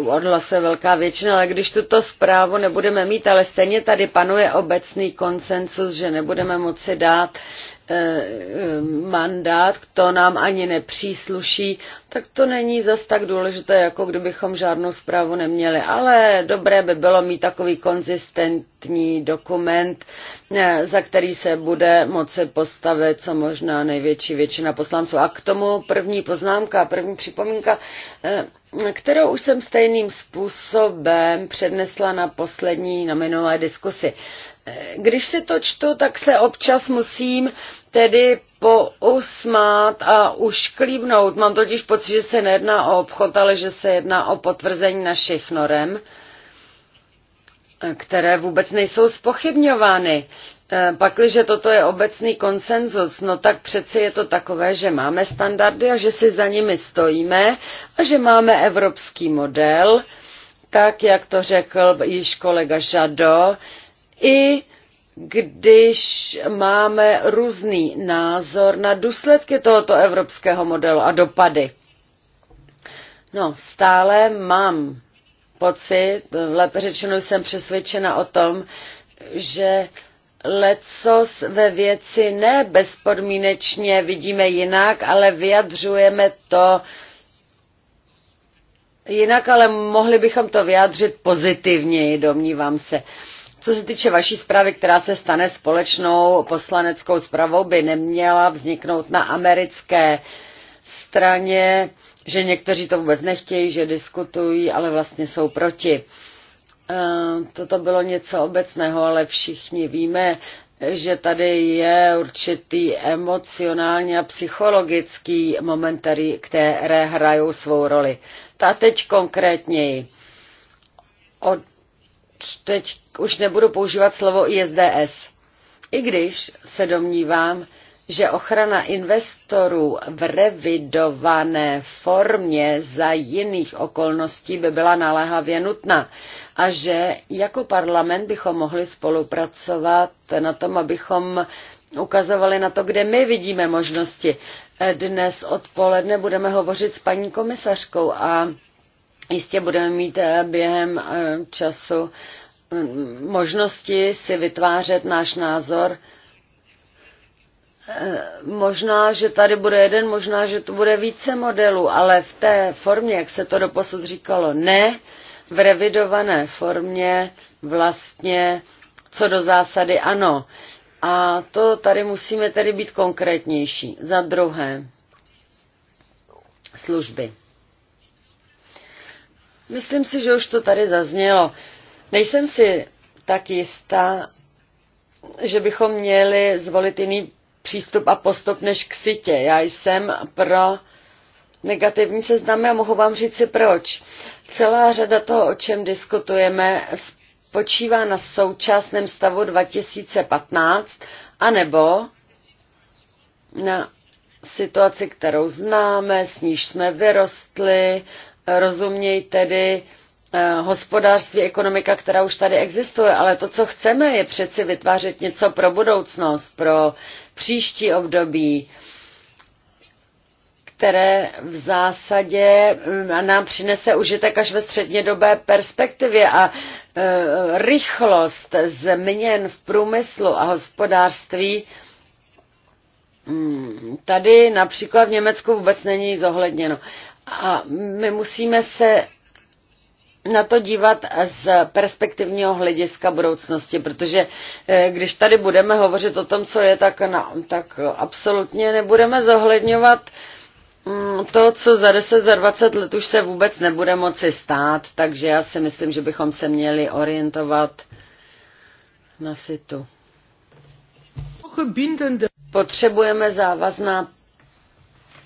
odhlasuje velká většina, ale když tuto zprávu nebudeme mít, ale stejně tady panuje obecný konsensus, že nebudeme moci dát Eh, mandát, to nám ani nepřísluší, tak to není zas tak důležité, jako kdybychom žádnou zprávu neměli. Ale dobré by bylo mít takový konzistentní dokument, eh, za který se bude moci postavit co možná největší většina poslanců. A k tomu první poznámka, první připomínka, eh, kterou už jsem stejným způsobem přednesla na poslední, na minulé diskusi. Když si to čtu, tak se občas musím tedy pousmát a ušklíbnout. Mám totiž pocit, že se nejedná o obchod, ale že se jedná o potvrzení našich norem, které vůbec nejsou spochybňovány. E, Pakliže toto je obecný konsenzus, no tak přeci je to takové, že máme standardy a že si za nimi stojíme a že máme evropský model, tak jak to řekl již kolega Žado, i když máme různý názor na důsledky tohoto evropského modelu a dopady. No, stále mám pocit, lépe řečeno jsem přesvědčena o tom, že lecos ve věci ne bezpodmínečně vidíme jinak, ale vyjadřujeme to jinak, ale mohli bychom to vyjádřit pozitivněji, domnívám se. Co se týče vaší zprávy, která se stane společnou poslaneckou zprávou, by neměla vzniknout na americké straně, že někteří to vůbec nechtějí, že diskutují, ale vlastně jsou proti. Eh, toto bylo něco obecného, ale všichni víme, že tady je určitý emocionální a psychologický moment, které hrajou svou roli. Ta teď konkrétněji. Od teď už nebudu používat slovo ISDS. I když se domnívám, že ochrana investorů v revidované formě za jiných okolností by byla naléhavě nutná a že jako parlament bychom mohli spolupracovat na tom, abychom ukazovali na to, kde my vidíme možnosti. Dnes odpoledne budeme hovořit s paní komisařkou a Jistě budeme mít eh, během eh, času mm, možnosti si vytvářet náš názor. Eh, možná, že tady bude jeden, možná, že tu bude více modelů, ale v té formě, jak se to doposud říkalo, ne, v revidované formě vlastně co do zásady ano. A to tady musíme tedy být konkrétnější. Za druhé, služby. Myslím si, že už to tady zaznělo. Nejsem si tak jistá, že bychom měli zvolit jiný přístup a postup než k sitě. Já jsem pro negativní seznamy a mohu vám říct si proč. Celá řada toho, o čem diskutujeme, spočívá na současném stavu 2015 anebo na situaci, kterou známe, s níž jsme vyrostli rozuměj tedy eh, hospodářství, ekonomika, která už tady existuje, ale to, co chceme, je přeci vytvářet něco pro budoucnost, pro příští období, které v zásadě mm, nám přinese užitek až ve střednědobé perspektivě a eh, rychlost změn v průmyslu a hospodářství mm, Tady například v Německu vůbec není zohledněno. A my musíme se na to dívat z perspektivního hlediska budoucnosti, protože eh, když tady budeme hovořit o tom, co je, tak, na, tak absolutně nebudeme zohledňovat mm, to, co za 10, za 20 let už se vůbec nebude moci stát, takže já si myslím, že bychom se měli orientovat na situ. Potřebujeme závazná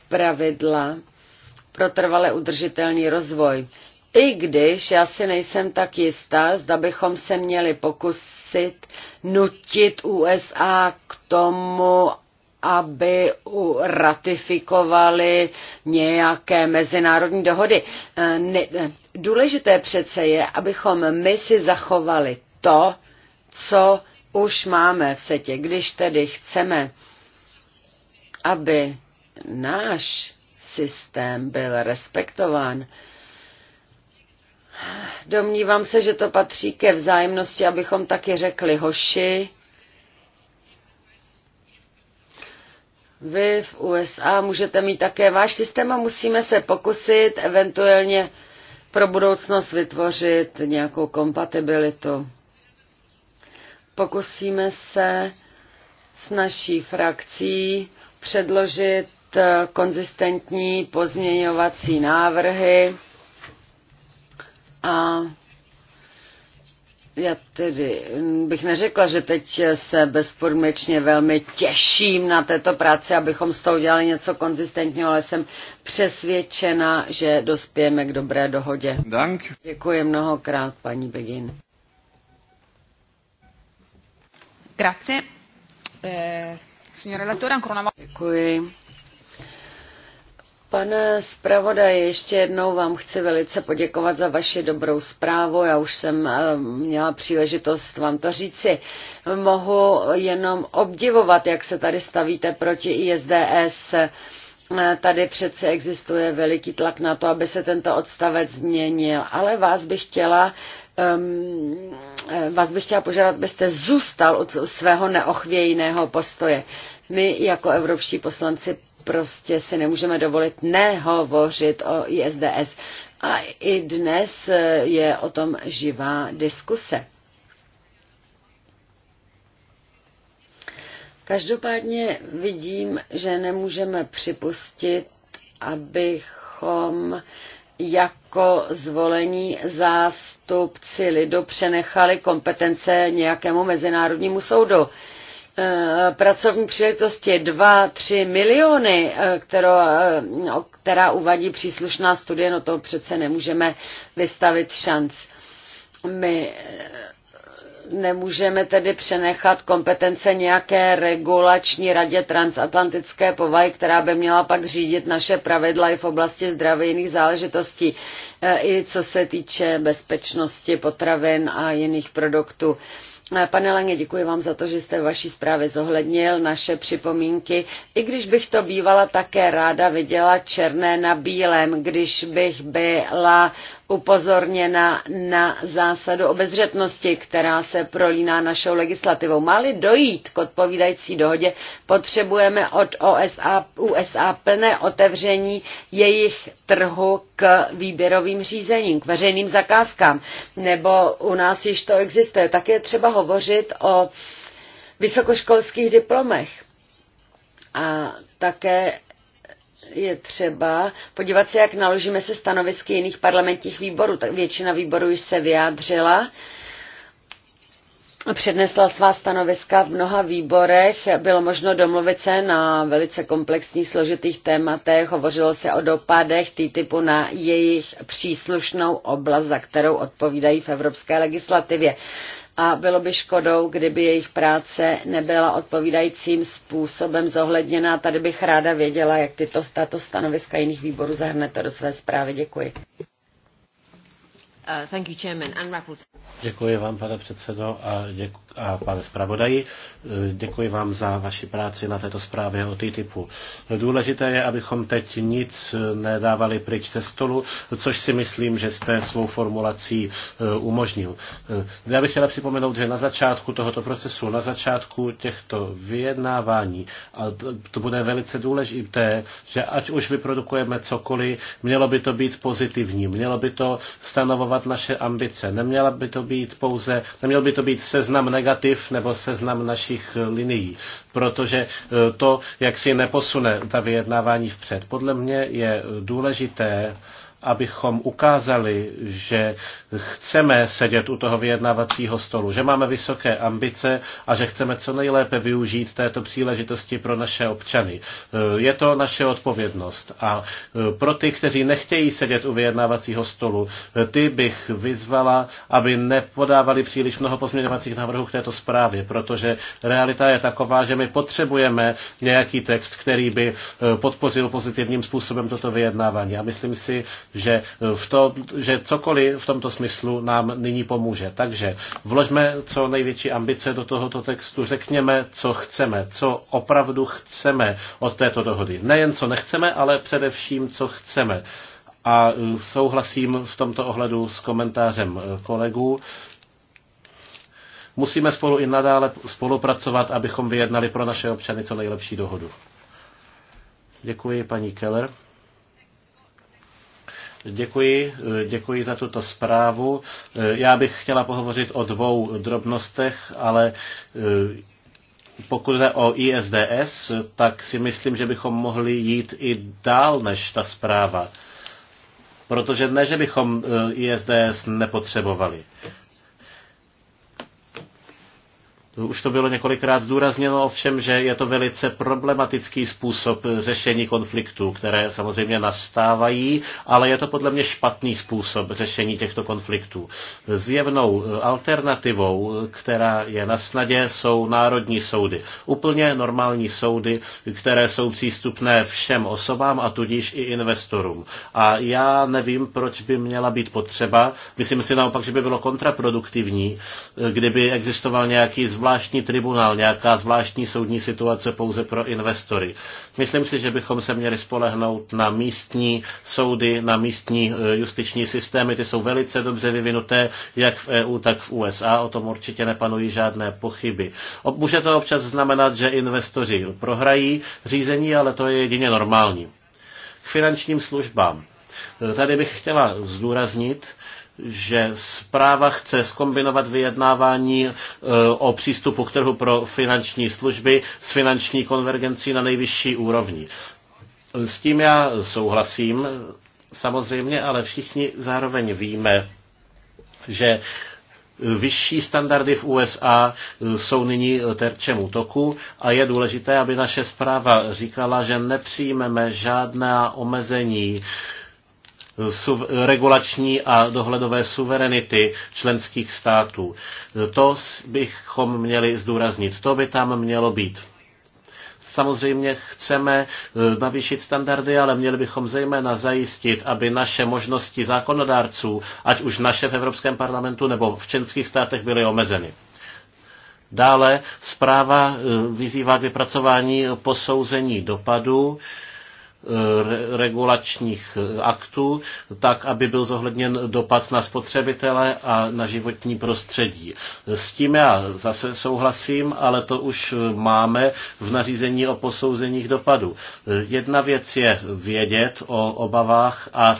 pravidla pro trvale udržitelný rozvoj. I když já si nejsem tak jistá, zda bychom se měli pokusit nutit USA k tomu, aby ratifikovali nějaké mezinárodní dohody. Eh, eh, důležité přece je, abychom my si zachovali to, co už máme v setě. Když tedy chceme, aby náš systém byl respektován. Domnívám se, že to patří ke vzájemnosti, abychom taky řekli hoši. Vy v USA můžete mít také váš systém a musíme se pokusit eventuálně pro budoucnost vytvořit nějakou kompatibilitu. Pokusíme se s naší frakcí předložit Eh, konzistentní pozměňovací návrhy a já tedy hm, bych neřekla, že teď se bezpodmečně velmi těším na této práci, abychom s toho udělali něco konzistentního, ale jsem přesvědčena, že dospějeme k dobré dohodě. Dank. Děkuji mnohokrát, paní Begin. Grazie. Eh, signor relatore, ancora una volta. Děkuji. Pane zpravodaj, ještě jednou vám chci velice poděkovat za vaši dobrou zprávu. Já už jsem eh, měla příležitost vám to říci. Mohu jenom obdivovat, jak se tady stavíte proti ISDS. Eh, tady přece existuje veliký tlak na to, aby se tento odstavec změnil. Ale vás bych chtěla um, vás bych chtěla požádat, abyste zůstal od svého neochvějného postoje. My jako evropští poslanci prostě si nemůžeme dovolit nehovořit o ISDS. A i dnes je o tom živá diskuse. Každopádně vidím, že nemůžeme připustit, abychom jako zvolení zástupci lidu přenechali kompetence nějakému mezinárodnímu soudu. Eh, pracovní příležitosti 2-3 miliony, eh, kterou, eh, která uvadí příslušná studie, no to přece nemůžeme vystavit šanc. My nemůžeme tedy přenechat kompetence nějaké regulační radě transatlantické povahy, která by měla pak řídit naše pravidla i v oblasti zdraví jiných záležitostí, i co se týče bezpečnosti potravin a jiných produktů. Eh, pane Lange, děkuji vám za to, že jste vaší zprávě zohlednil naše připomínky. I když bych to bývala také ráda viděla černé na bílém, když bych byla upozorněna na zásadu obezřetnosti, která se prolíná našou legislativou. Máli dojít k odpovídající dohodě, potřebujeme od OSA, USA plné otevření jejich trhu k výběrovým řízením, k veřejným zakázkám. Nebo u nás již to existuje. Tak je třeba hovořit o vysokoškolských diplomech. A také je třeba podívat se, jak naložíme se stanovisky jiných parlamentních výborů. Tak většina výborů již se vyjádřila přednesla svá stanoviska v mnoha výborech, bylo možno domluvit se na velice komplexních složitých tématech, hovořilo se o dopadech tý typu na jejich příslušnou oblast, za kterou odpovídají v evropské legislativě a bylo by škodou, kdyby jejich práce nebyla odpovídajícím způsobem zohledněna. Tady bych ráda věděla, jak tyto, tato stanoviska jiných výborů zahrnete do své zprávy. Děkuji. Uh, děkuji vám, pane předsedo a, děku, a pane zpravodaji. Uh, děkuji vám za vaši práci na této zprávě o TTIPu. Důležité je, abychom teď nic nedávali pryč ze stolu, což si myslím, že jste svou formulací uh, umožnil. Já bych chtěla připomenout, že na začátku tohoto procesu, na začátku těchto vyjednávání, a to bude velice důležité, že ať už vyprodukujeme cokoliv, mělo by to být pozitivní, mělo by to stanovovat definovat naše ambice. Neměla by to být pouze, neměl by to být seznam negativ nebo seznam našich eh, linií, protože eh, to, jak si neposune ta vyjednávání vpřed. Podle mě je eh, důležité, abychom ukázali, že chceme sedět u toho vyjednávacího stolu, že máme vysoké ambice a že chceme co nejlépe využít této příležitosti pro naše občany. Eh, je to naše odpovědnost a eh, pro ty, kteří nechtějí sedět u vyjednávacího stolu, eh, ty bych vyzvala, aby nepodávali příliš mnoho pozměňovacích návrhů k této zprávě, protože realita je taková, že my potřebujeme nějaký text, který by podpořil pozitivním způsobem toto vyjednávání. A myslím si, že, v to, že cokoliv v tomto smyslu nám nyní pomůže. Takže vložme co největší ambice do tohoto textu, řekněme, co chceme, co opravdu chceme od této dohody. Nejen co nechceme, ale především co chceme. A e, souhlasím v tomto ohledu s komentářem e, kolegů, musíme spolu i nadále spolupracovat, abychom vyjednali pro naše občany co nejlepší dohodu. Děkuji, paní Keller. Děkuji, děkuji za tuto zprávu. Já bych chtěla pohovořit o dvou drobnostech, ale eh, pokud jde o ISDS, tak si myslím, že bychom mohli jít i dál než ta zpráva. Protože ne, že bychom eh, ISDS nepotřebovali. Už to bylo několikrát zdůrazněno ovšem, že je to velice problematický způsob řešení konfliktů, které samozřejmě nastávají, ale je to podle mě špatný způsob řešení těchto konfliktů. Zjevnou alternativou, která je na snadě, jsou národní soudy. Úplně normální soudy, které jsou přístupné všem osobám a tudíž i investorům. A já nevím, proč by měla být potřeba. Myslím si naopak, že by bylo kontraproduktivní, kdyby existoval nějaký zvláštní zvláštní tribunál, nějaká zvláštní soudní situace pouze pro investory. Myslím si, že bychom se měli spolehnout na místní soudy, na místní e, justiční systémy. Ty jsou velice dobře vyvinuté, jak v EU, tak v USA. O tom určitě nepanují žádné pochyby. Může to občas znamenat, že investoři prohrají řízení, ale to je jedině normální. K finančním službám. E, tady bych chtěla zdůraznit, že zpráva chce skombinovat vyjednávání e, o přístupu k trhu pro finanční služby s finanční konvergencí na nejvyšší úrovni. S tím já souhlasím samozřejmě, ale všichni zároveň víme, že Vyšší standardy v USA jsou nyní terčem útoku a je důležité, aby naše zpráva říkala, že nepřijmeme žádná omezení regulační a dohledové suverenity členských států. To bychom měli zdůraznit. To by tam mělo být. Samozřejmě chceme e, navýšit standardy, ale měli bychom zejména zajistit, aby naše možnosti zákonodárců, ať už naše v Evropském parlamentu nebo v členských státech, byly omezeny. Dále zpráva e, vyzývá k vypracování posouzení dopadu Eh, regulačních eh, aktů, tak, aby byl zohledněn dopad na spotřebitele a na životní prostředí. S tím já zase souhlasím, ale to už eh, máme v nařízení o posouzeních dopadů. Jedna věc je vědět o obavách a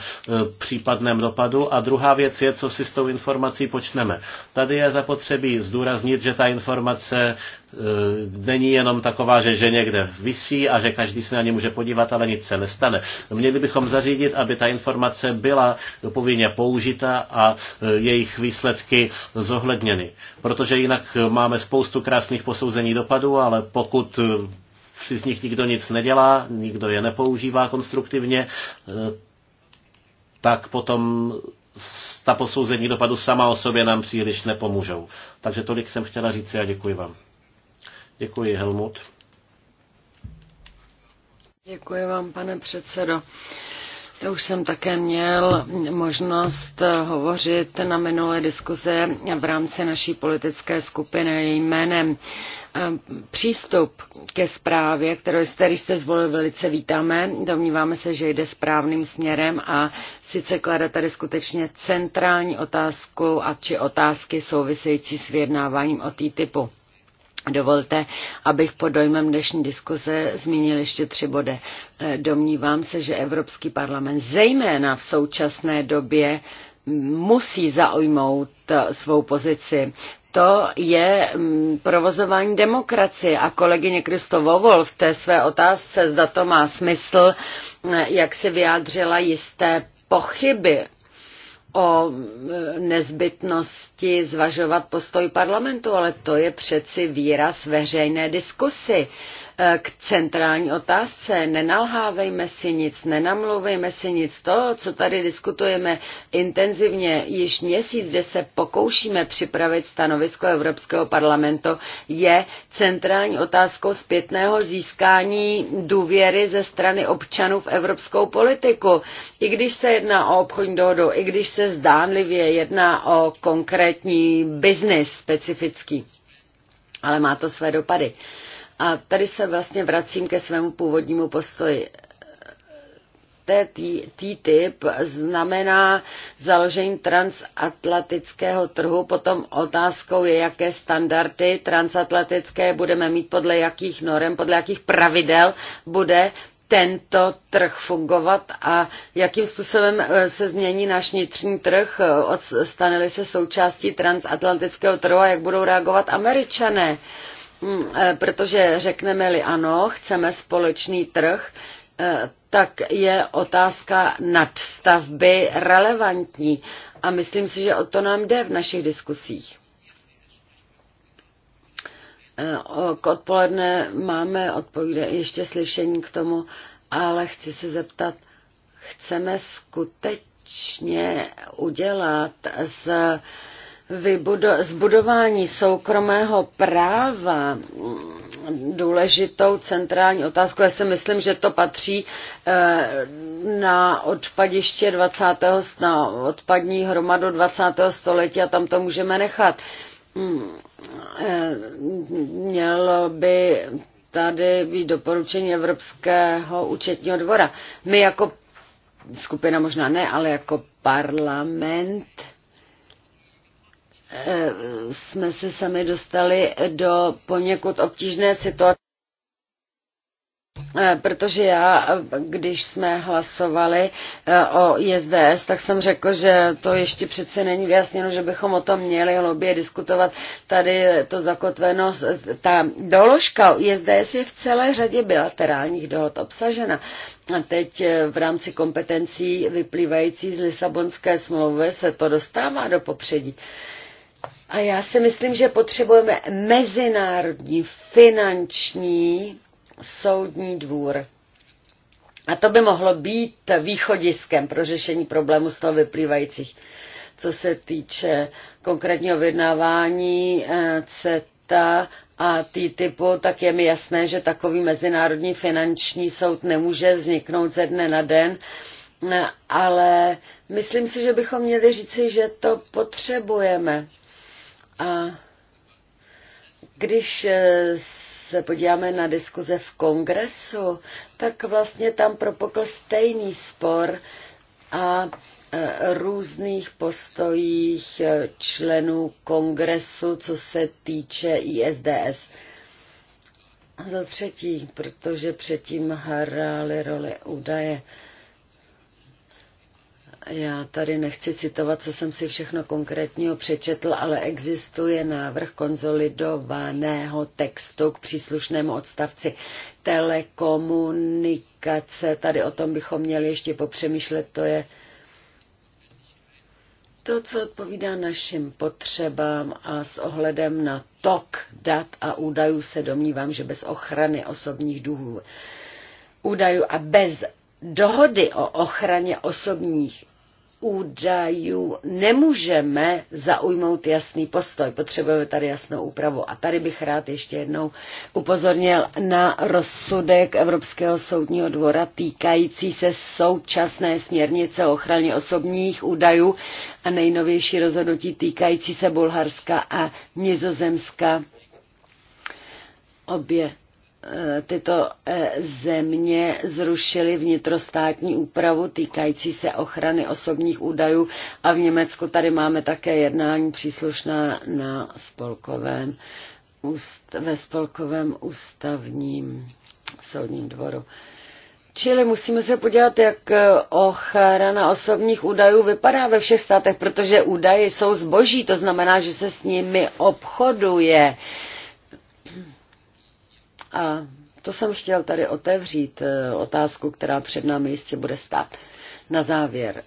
případném dopadu a druhá věc je, co si s tou informací počneme. Tady je zapotřebí zdůraznit, že ta informace Eh, není jenom taková, že, že někde visí a že každý se na ně může podívat, ale nic se nestane. Měli bychom zařídit, aby ta informace byla povinně použita a eh, jejich výsledky zohledněny. Protože jinak máme spoustu krásných posouzení dopadů, ale pokud eh, si z nich nikdo nic nedělá, nikdo je nepoužívá konstruktivně, tak potom ta posouzení dopadu sama o sobě nám příliš nepomůžou. Takže tolik jsem chtěla říct a děkuji vám. Děkuji, Helmut. Děkuji vám, pane předsedo. To už jsem také měl možnost hovořit na minulé diskuze v rámci naší politické skupiny jménem. Eh, přístup ke zprávě, kterou, který jste zvolil, velice vítáme. Domníváme se, že jde správným směrem a sice klade tady skutečně centrální otázku a či otázky související s vyjednáváním o TTIPu. Dovolte, abych pod dojmem dnešní diskuze zmínil ještě tři body. Eh, domnívám se, že Evropský parlament zejména v současné době musí zaujmout eh, svou pozici. To je mm, provozování demokracie a kolegyně Kristovovol v té své otázce, zda to má smysl, eh, jak se vyjádřila jisté pochyby o e, nezbytnosti zvažovat postoj parlamentu, ale to je přeci výraz veřejné diskusy. E, k centrální otázce. Nenalhávejme si nic, nenamluvejme si nic. To, co tady diskutujeme intenzivně již měsíc, kde se pokoušíme připravit stanovisko Evropského parlamentu, je centrální otázkou zpětného získání důvěry ze strany občanů v evropskou politiku. I když se jedná o obchodní dohodu, i když se zdánlivě jedná o konkrétní biznis specifický ale má to své dopady. A tady se vlastně vracím ke svému původnímu postoji. TTIP znamená založení transatlantického trhu. Potom otázkou je, jaké standardy transatlantické budeme mít, podle jakých norem, podle jakých pravidel bude tento trh fungovat a jakým způsobem eh, se změní náš vnitřní trh, eh, stane se součástí transatlantického trhu a jak budou reagovat američané Mm, eh, protože řekneme-li ano, chceme společný trh, eh, tak je otázka nadstavby relevantní. A myslím si, že o to nám jde v našich diskusích. Eh, k odpoledne máme odpověde, ještě slyšení k tomu, ale chci se zeptat, chceme skutečně udělat z vybudo- zbudování soukromého práva důležitou centrální otázku. Já si myslím, že to patří eh, na odpadiště 20. na odpadní hromadu 20. století a tam to můžeme nechat. Hmm, eh, mělo by tady být doporučení Evropského účetního dvora. My jako skupina možná ne, ale jako parlament Eh, jsme se sami dostali do poněkud obtížné situace, eh, protože já, když jsme hlasovali eh, o ISDS, tak jsem řekl, že to ještě přece není vyjasněno, že bychom o tom měli hlubě diskutovat. Tady to zakotveno, ta doložka ISDS je v celé řadě bilaterálních dohod obsažena. A teď v rámci kompetencí vyplývající z Lisabonské smlouvy se to dostává do popředí. A já si myslím, že potřebujeme mezinárodní finanční soudní dvůr. A to by mohlo být východiskem pro řešení problémů z toho vyplývajících. Co se týče konkrétního vyjednávání eh, CETA a TTIPu, tak je mi jasné, že takový mezinárodní finanční soud nemůže vzniknout ze dne na den, eh, ale myslím si, že bychom měli říci, že to potřebujeme. A když eh, se podíváme na diskuze v kongresu, tak vlastně tam propokl stejný spor a eh, různých postojích eh, členů kongresu, co se týče ISDS. Za třetí, protože předtím hrály roli údaje. Uh, já tady nechci citovat, co jsem si všechno konkrétního přečetl, ale existuje návrh konzolidovaného textu k příslušnému odstavci telekomunikace. Tady o tom bychom měli ještě popřemýšlet, to je to, co odpovídá našim potřebám a s ohledem na tok dat a údajů se domnívám, že bez ochrany osobních duhů, údajů a bez dohody o ochraně osobních údajů nemůžeme zaujmout jasný postoj. Potřebujeme tady jasnou úpravu. A tady bych rád ještě jednou upozornil na rozsudek Evropského soudního dvora týkající se současné směrnice o ochraně osobních údajů a nejnovější rozhodnutí týkající se Bulharska a Nizozemska. Obě Eh, tyto eh, země zrušily vnitrostátní úpravu týkající se ochrany osobních údajů a v Německu tady máme také jednání příslušná na spolkovém, ve spolkovém ústavním soudním dvoru. Čili musíme se podívat, jak eh, ochrana osobních údajů vypadá ve všech státech, protože údaje jsou zboží, to znamená, že se s nimi obchoduje. Uh, a to jsem chtěl tady otevřít eh, otázku, která před námi jistě bude stát. Na závěr,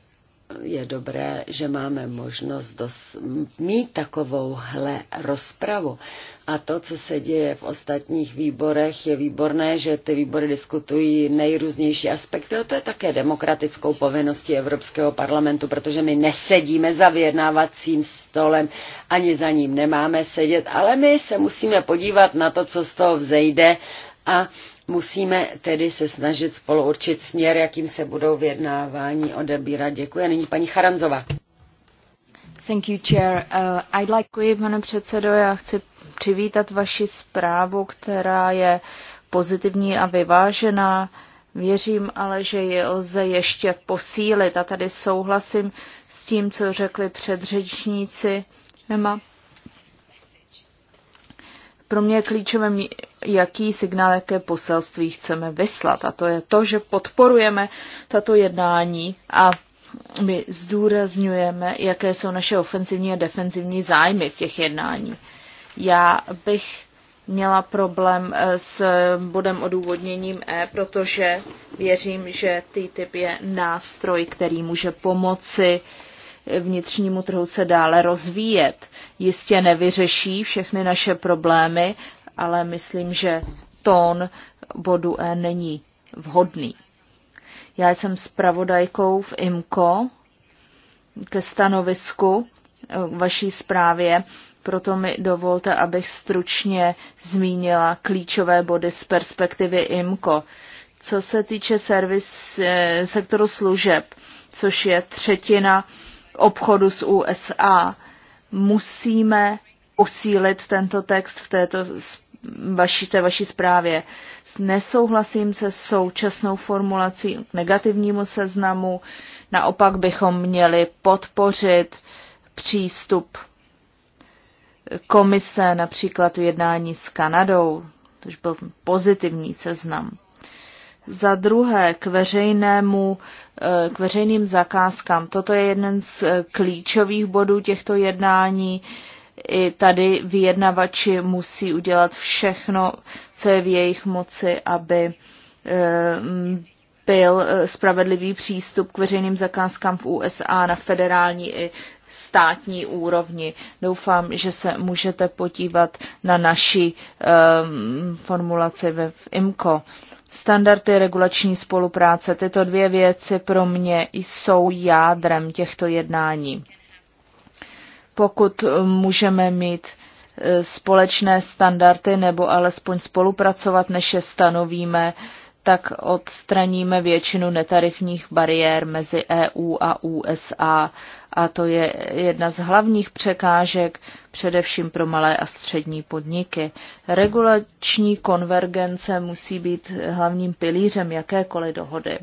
je dobré, že máme možnost dos- mít takovouhle rozpravu. A to, co se děje v ostatních výborech, je výborné, že ty výbory diskutují nejrůznější aspekty. A to je také demokratickou povinností Evropského parlamentu, protože my nesedíme za vyjednávacím stolem, ani za ním nemáme sedět, ale my se musíme podívat na to, co z toho vzejde a Musíme tedy se snažit spolu určit směr, jakým se budou vyjednávání odebírat. Děkuji. A nyní paní Charanzova. Thank you, Chair. Uh, I'd like... Děkuji, pane předsedo. Já chci přivítat vaši zprávu, která je pozitivní a vyvážená. Věřím ale, že je lze ještě posílit a tady souhlasím s tím, co řekli předřečníci. Emma pro mě je klíčovým, jaký signál, jaké poselství chceme vyslat. A to je to, že podporujeme tato jednání a my zdůrazňujeme, jaké jsou naše ofenzivní a defenzivní zájmy v těch jednání. Já bych měla problém eh, s bodem odůvodněním E, protože věřím, že TTIP je nástroj, který může pomoci uh, vnitřnímu trhu se dále rozvíjet. Jistě nevyřeší všechny naše problémy, ale myslím, že tón bodu E není vhodný. Já jsem zpravodajkou v IMCO ke stanovisku eh, vaší zprávě, proto mi dovolte, abych stručně zmínila klíčové body z perspektivy IMCO. Co se týče servis, eh, sektoru služeb, což je třetina obchodu s USA. Musíme posílit tento text v této vaší, té vaší zprávě. Nesouhlasím se současnou formulací k negativnímu seznamu, naopak bychom měli podpořit přístup komise například v jednání s Kanadou, což byl pozitivní seznam. Za druhé, k, veřejnému, eh, k veřejným zakázkám. Toto je jeden z eh, klíčových bodů těchto jednání. I tady vyjednavači musí udělat všechno, co je v jejich moci, aby eh, byl spravedlivý přístup k veřejným zakázkám v USA na federální i státní úrovni. Doufám, že se můžete podívat na naši um, formulaci ve v IMCO. Standardy regulační spolupráce, tyto dvě věci pro mě jsou jádrem těchto jednání. Pokud můžeme mít e, společné standardy nebo alespoň spolupracovat, než je stanovíme, tak odstraníme většinu netarifních bariér mezi EU a USA. A to je jedna z hlavních překážek, především pro malé a střední podniky. Regulační konvergence musí být hlavním pilířem jakékoliv dohody.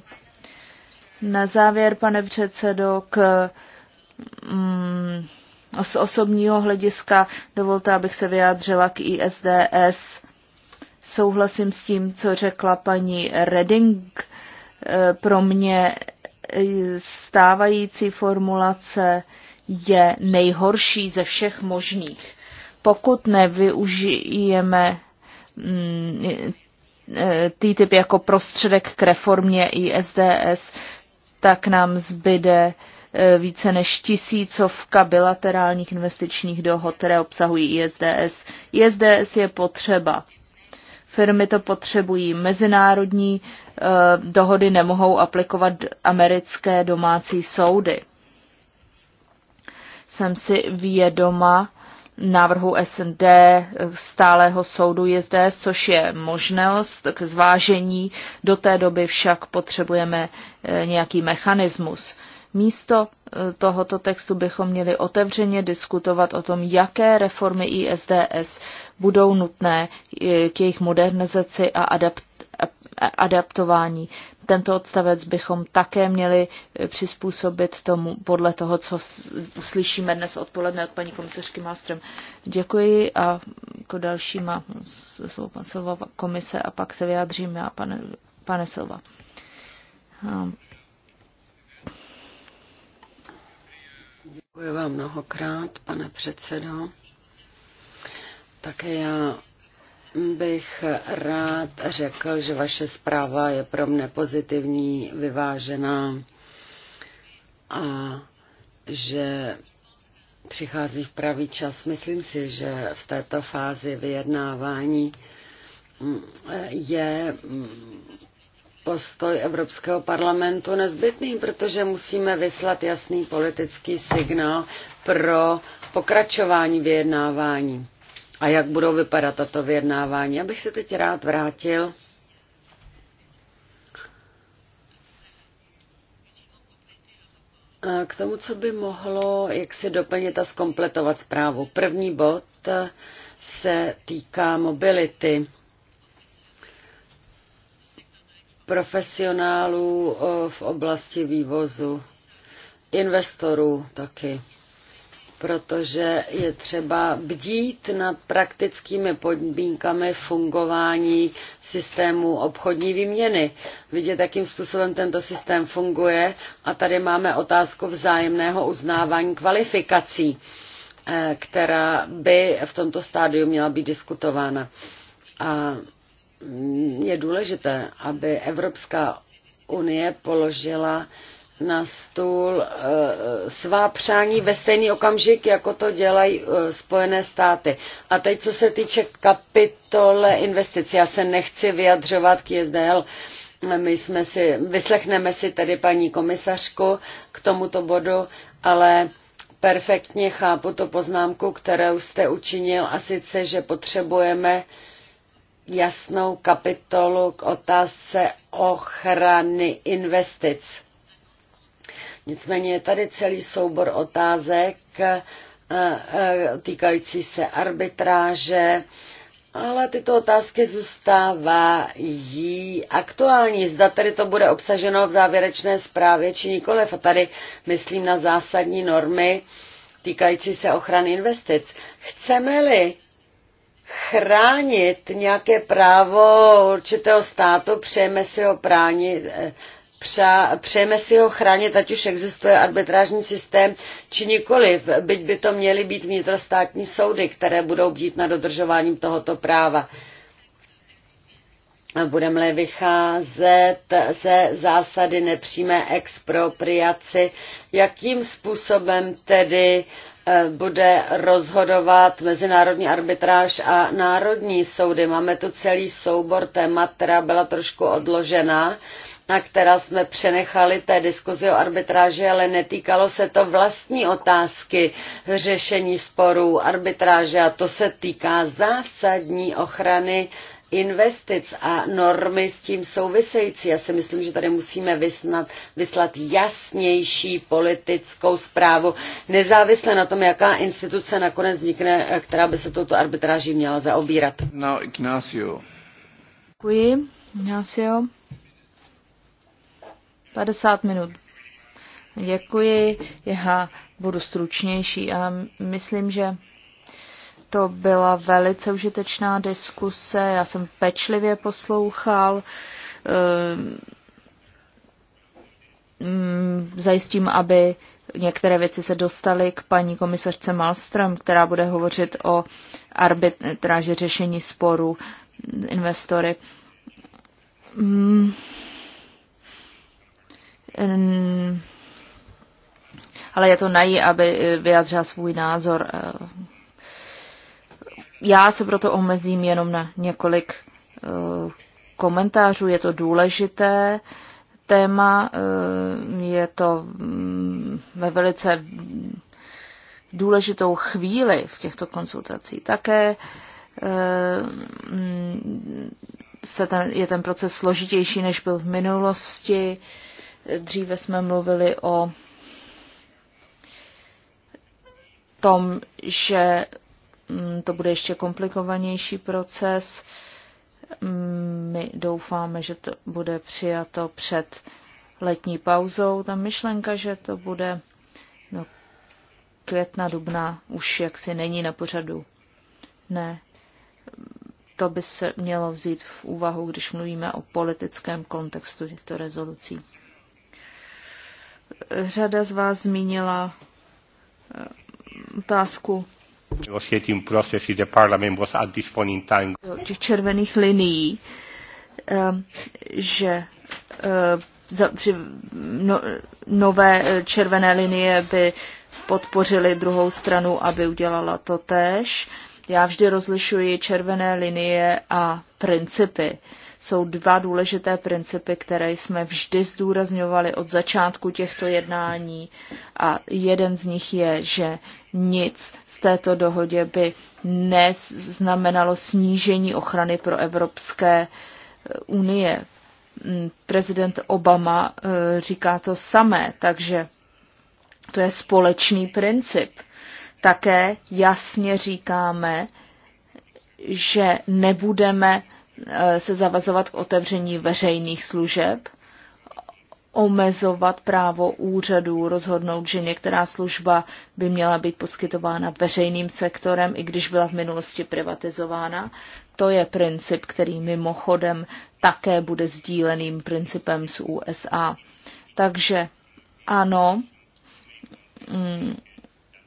Na závěr, pane předsedo, k mm, z osobního hlediska dovolte, abych se vyjádřila k ISDS Souhlasím s tím, co řekla paní Redding. E, pro mě e, stávající formulace je nejhorší ze všech možných. Pokud nevyužijeme mm, e, TTIP jako prostředek k reformě ISDS, tak nám zbyde více než tisícovka bilaterálních investičních dohod, které obsahují ISDS. ISDS je potřeba. Firmy to potřebují. Mezinárodní eh, dohody nemohou aplikovat americké domácí soudy. Jsem si vědoma návrhu SND stálého soudu je zde, což je možnost k zvážení. Do té doby však potřebujeme eh, nějaký mechanismus. Místo eh, tohoto textu bychom měli otevřeně diskutovat o tom, jaké reformy ISDS budou nutné eh, k jejich modernizaci a adapt, eh, adaptování. Tento odstavec bychom také měli přizpůsobit tomu podle toho, co uslyšíme dnes odpoledne od paní komisařky Mástrem. Děkuji a jako další má pan Silva komise a pak se vyjádříme a pane, pane Silva. Hm. Děkuji vám mnohokrát, pane předsedo. Také já bych rád řekl, že vaše zpráva je pro mne pozitivní, vyvážená a že přichází v pravý čas. Myslím si, že v této fázi vyjednávání je postoj Evropského parlamentu nezbytný, protože musíme vyslat jasný politický signál pro pokračování vyjednávání. A jak budou vypadat tato vyjednávání? Já bych se teď rád vrátil k tomu, co by mohlo jak si doplnit a zkompletovat zprávu. První bod se týká mobility profesionálů v oblasti vývozu, investorů taky, protože je třeba bdít nad praktickými podmínkami fungování systému obchodní výměny. Vidět, jakým způsobem tento systém funguje a tady máme otázku vzájemného uznávání kvalifikací, e, která by v tomto stádiu měla být diskutována. A je důležité, aby Evropská unie položila na stůl eh, svá přání ve stejný okamžik, jako to dělají eh, Spojené státy. A teď, co se týče kapitole investic, já se nechci vyjadřovat k JSDL, my jsme si, vyslechneme si tedy paní komisařku k tomuto bodu, ale perfektně chápu tu poznámku, kterou jste učinil, a sice, že potřebujeme uh, jasnou kapitolu k otázce ochrany investic. Nicméně je tady celý soubor otázek eh, eh, týkající se arbitráže, ale tyto otázky zůstávají aktuální. Zda tedy to bude obsaženo v závěrečné zprávě či nikoliv. A tady myslím na zásadní normy týkající se ochrany investic. Chceme-li chránit nějaké právo určitého státu, přejeme si ho bránit, eh, přejeme si ho chránit, ať už existuje arbitrážní systém, či nikoliv, byť by to měly být vnitrostátní soudy, které budou bdít na dodržováním tohoto práva. Budeme-li vycházet ze zásady nepřímé expropriaci, jakým způsobem tedy uh, E, bude rozhodovat mezinárodní arbitráž a národní soudy. Máme tu celý soubor témat, která byla trošku odložena na která jsme přenechali té diskuzi o arbitráži, ale netýkalo se to vlastní otázky řešení sporů arbitráže a to se týká zásadní ochrany investic a normy s tím související. Já si myslím, že tady musíme vysnat, vyslat jasnější politickou zprávu, nezávisle na tom, jaká instituce nakonec vznikne, která by se touto arbitráží měla zaobírat. No, Ignacio. Děkuji, Ignacio. 50 minut. Děkuji, já budu stručnější a myslím, že to byla velice užitečná diskuse, já jsem pečlivě poslouchal. Ehm, mm, zajistím, aby některé věci se dostaly k paní komisařce Malström, která bude hovořit o arbitráži řešení sporu mm, investory. Mm. Ehm, ale je to na jí, aby vyjadřila svůj názor eh, já se proto omezím jenom na několik eh, komentářů. Je to důležité téma, eh, je to mm, ve velice důležitou chvíli v těchto konzultacích Také eh, mm, se ten, je ten proces složitější, než byl v minulosti. Dříve jsme mluvili o tom, že Mm, to bude ještě komplikovanější proces. Mm, my doufáme, že to bude přijato před letní pauzou. Ta myšlenka, že to bude no, května, dubna, už jaksi není na pořadu. Ne. To by se mělo vzít v úvahu, když mluvíme o politickém kontextu těchto rezolucí. Řada z vás zmínila eh, otázku Er těch červených linií, ehm, že eh, no, nové eh, červené linie by podpořily druhou stranu, aby udělala to též. Já vždy rozlišuji červené linie a principy. Uh, jsou dva důležité principy, které jsme vždy zdůrazňovali od začátku těchto jednání a jeden z nich je, že nic z této dohodě by neznamenalo snížení ochrany pro Evropské eh, unie. Mm, prezident Obama eh, říká to samé, takže to je společný princip. Také jasně říkáme, že nebudeme Eh, se zavazovat k otevření veřejných služeb, omezovat právo úřadů rozhodnout, že některá služba by měla být poskytována veřejným sektorem, i když byla v minulosti privatizována. To je princip, který mimochodem také bude sdíleným principem z USA. Takže ano, mm,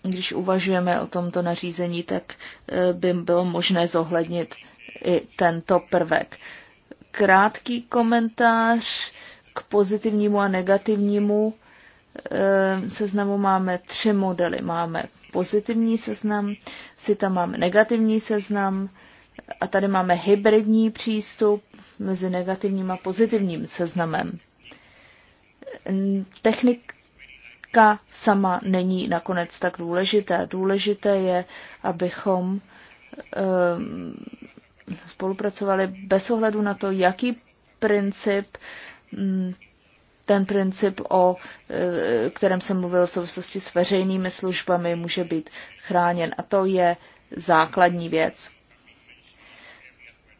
když uvažujeme o tomto nařízení, tak eh, by bylo možné zohlednit i tento prvek. Krátký komentář k pozitivnímu a negativnímu eh, seznamu máme tři modely. Máme pozitivní seznam, si tam máme negativní seznam a tady máme hybridní přístup mezi negativním a pozitivním seznamem. Technika sama není nakonec tak důležitá. Důležité je, abychom eh, spolupracovali bez ohledu na to, jaký princip, mm, ten princip, o e, kterém jsem mluvil v souvislosti s veřejnými službami, může být chráněn. A to je základní věc.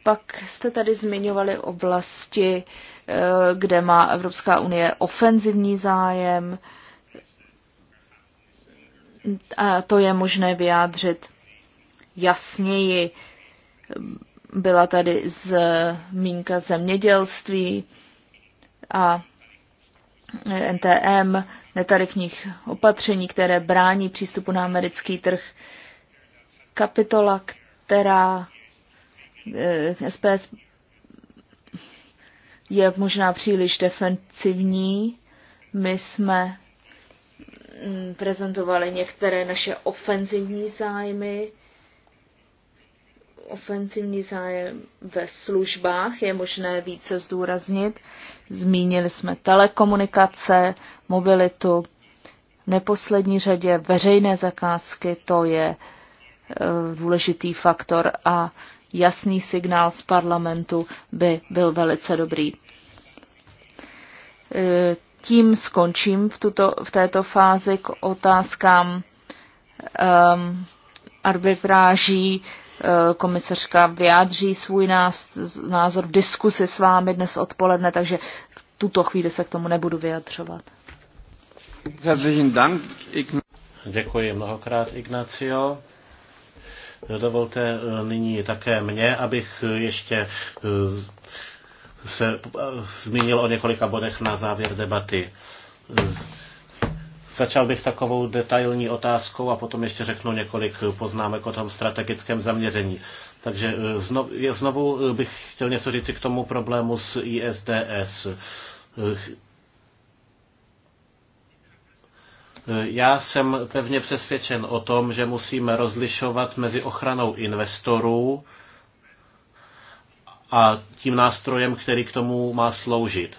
Pak jste tady zmiňovali oblasti, e, kde má Evropská unie ofenzivní zájem. A to je možné vyjádřit jasněji byla tady zmínka zemědělství a NTM, netarifních opatření, které brání přístupu na americký trh. Kapitola, která SPS eh, je možná příliš defensivní. My jsme mm, prezentovali některé naše ofenzivní zájmy ofensivní zájem ve službách je možné více zdůraznit. Zmínili jsme telekomunikace, mobilitu, neposlední řadě veřejné zakázky, to je e, důležitý faktor a jasný signál z parlamentu by byl velice dobrý. E, tím skončím v, tuto, v této fázi k otázkám um, arbitráží Eh, komisařka vyjádří svůj názor v diskusi s vámi dnes odpoledne, takže v tuto chvíli se k tomu nebudu vyjadřovat. Děkuji mnohokrát, Ignacio. Dovolte eh, nyní také mě, abych eh, ještě se zmínil o několika bodech na závěr debaty. Začal bych takovou detailní otázkou a potom ještě řeknu několik poznámek o tom strategickém zaměření. Takže eh, znovu eh, bych chtěl něco říct k tomu problému s ISDS. Eh, já jsem pevně přesvědčen o tom, že musíme rozlišovat mezi ochranou investorů a tím nástrojem, který k tomu má sloužit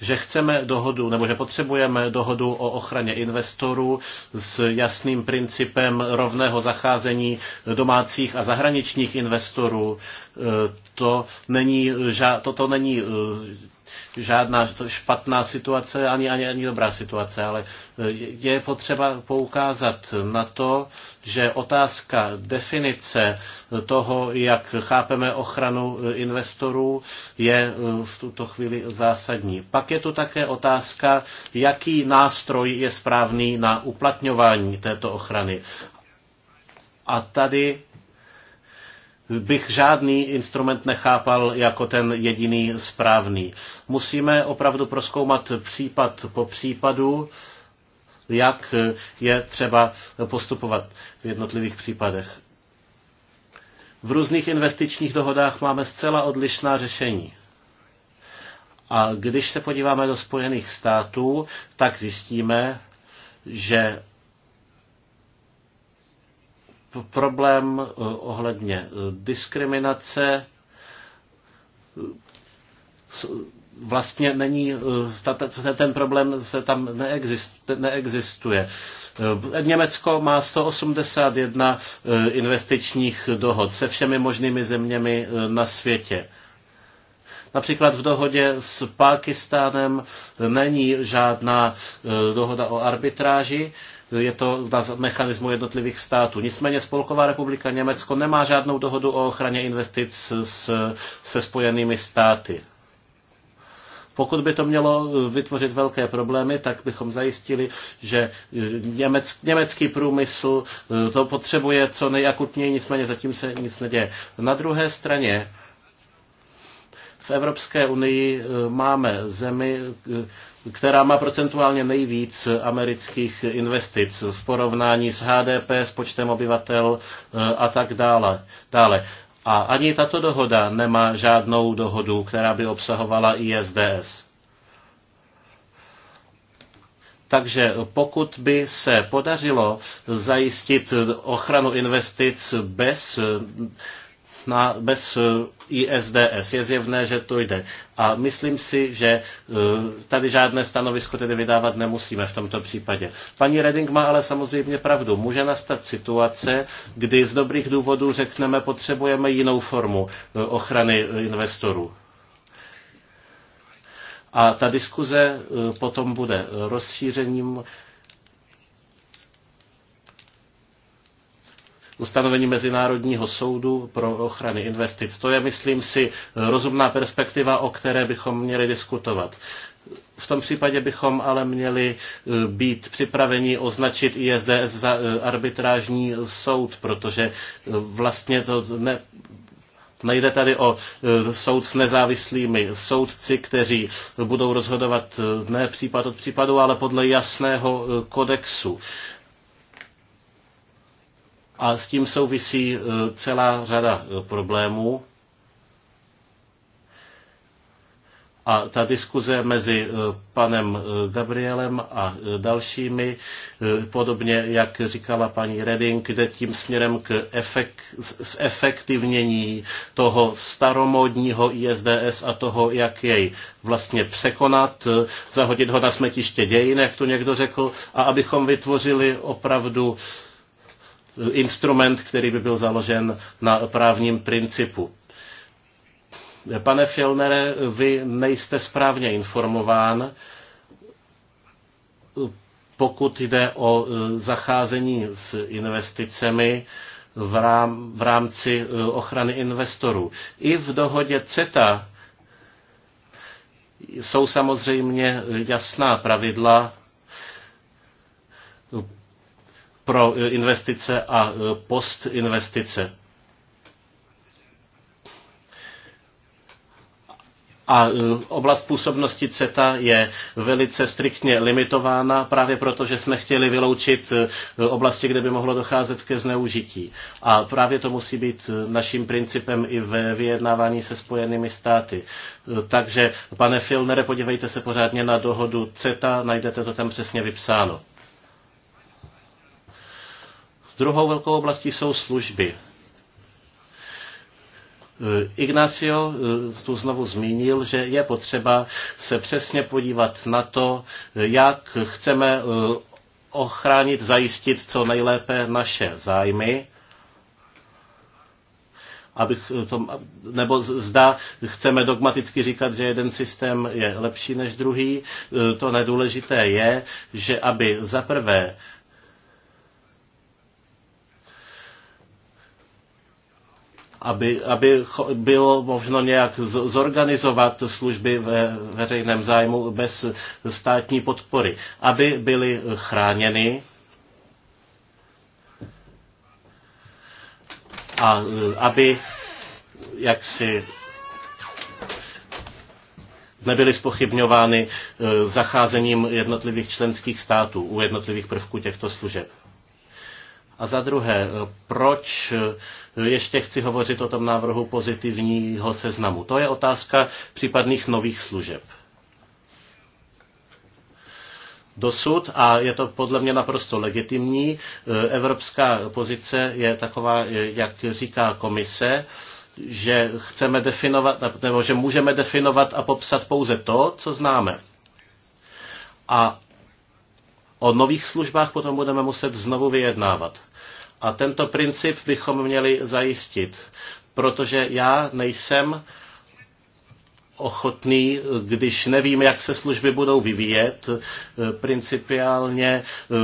že chceme dohodu, nebo že potřebujeme dohodu o ochraně investorů s jasným principem rovného zacházení domácích a zahraničních investorů. E, to není, to, to není e, žádná špatná situace, ani, ani, ani dobrá situace, ale e, je potřeba poukázat na to, že otázka definice toho, jak chápeme ochranu e, investorů, je e, v tuto chvíli zásadní. Pak je tu také otázka, jaký nástroj je správný na uplatňování této ochrany. A tady bych žádný instrument nechápal jako ten jediný správný. Musíme opravdu proskoumat případ po případu, jak je třeba postupovat v jednotlivých případech. V různých investičních dohodách máme zcela odlišná řešení. A když se podíváme do Spojených států, tak zjistíme, že problém eh, ohledně eh, diskriminace vlastně není, eh, ten problém se tam neexistuje. Německo má 181 investičních dohod se všemi možnými zeměmi na světě. Například v dohodě s Pákistánem není žádná dohoda o arbitráži, je to na mechanismu jednotlivých států. Nicméně Spolková republika Německo nemá žádnou dohodu o ochraně investic s, se spojenými státy. Pokud by to mělo vytvořit velké problémy, tak bychom zajistili, že německ, německý průmysl eh, to potřebuje co nejakutněji, nicméně zatím se nic neděje. Na druhé straně Evropské unii eh, máme zemi, eh, která má procentuálně nejvíc amerických investic v porovnání s HDP, s počtem obyvatel eh, a tak dále. dále. A ani tato dohoda nemá žádnou dohodu, která by obsahovala ISDS. Takže pokud by se podařilo zajistit ochranu investic bez na bez eh, ISDS. Je zjevné, že to jde. A myslím si, že eh, tady žádné stanovisko tedy vydávat nemusíme v tomto případě. Paní Reding má ale samozřejmě pravdu. Může nastat situace, kdy z dobrých důvodů řekneme, potřebujeme jinou formu eh, ochrany investorů. A ta diskuze potom bude rozšířením ustanovení Mezinárodního soudu pro ochrany investic. To je, myslím si, rozumná perspektiva, o které bychom měli diskutovat. V tom případě bychom ale měli e, být připraveni označit ISDS za e, arbitrážní soud, protože e, vlastně to ne, Nejde tady o soud s nezávislými soudci, kteří budou rozhodovat ne případ od případu, ale podle jasného kodexu. A s tím souvisí e, celá řada e, problémů. A ta diskuze mezi e, panem Gabrielem a dalšími, podobně jak říkala paní Reding, jde tím směrem k efek- zefektivnění toho staromodního ISDS a toho, jak jej vlastně překonat, zahodit ho na smetiště dějin, jak to někdo řekl, a abychom vytvořili opravdu instrument, který by byl založen na právním principu. Pane Fjellnere, vy nejste správně informován, pokud jde o e, zacházení s investicemi v, v rámci e, ochrany investorů. I v dohodě CETA jsou samozřejmě jasná pravidla pro eh, investice a eh, postinvestice. A eh, oblast působnosti CETA je velice striktně limitována právě proto, že jsme chtěli vyloučit oblasti, kde by mohlo docházet ke zneužití. A právě to musí být naším principem i ve vyjednávání se spojenými státy. Takže, pane Filnere, podívejte se pořádně na dohodu CETA, najdete to tam přesně vypsáno. Druhou velkou oblastí jsou služby. Eh, Ignacio eh, tu znovu zmínil, že je potřeba se přesně podívat na to, eh, jak chceme ochránit, zajistit co nejlépe naše zájmy, abych to, nebo zda chceme dogmaticky říkat, že jeden systém je lepší než druhý. To nedůležité je, že aby za prvé aby, aby bylo možno nějak zorganizovat služby ve veřejném zájmu bez státní podpory, aby byly chráněny a aby jaksi nebyly spochybňovány eh, zacházením jednotlivých členských států u jednotlivých prvků těchto služeb. A za druhé, proč ještě chci hovořit o tom návrhu pozitivního seznamu? To je otázka případných nových služeb dosud a je to podle mě naprosto legitimní. Evropská pozice je taková, jak říká komise, že chceme definovat, nebo že můžeme definovat a popsat pouze to, co známe. A o nových službách potom budeme muset znovu vyjednávat. A tento princip bychom měli zajistit, protože já nejsem ochotný, když nevím, jak se služby budou vyvíjet, eh, principiálně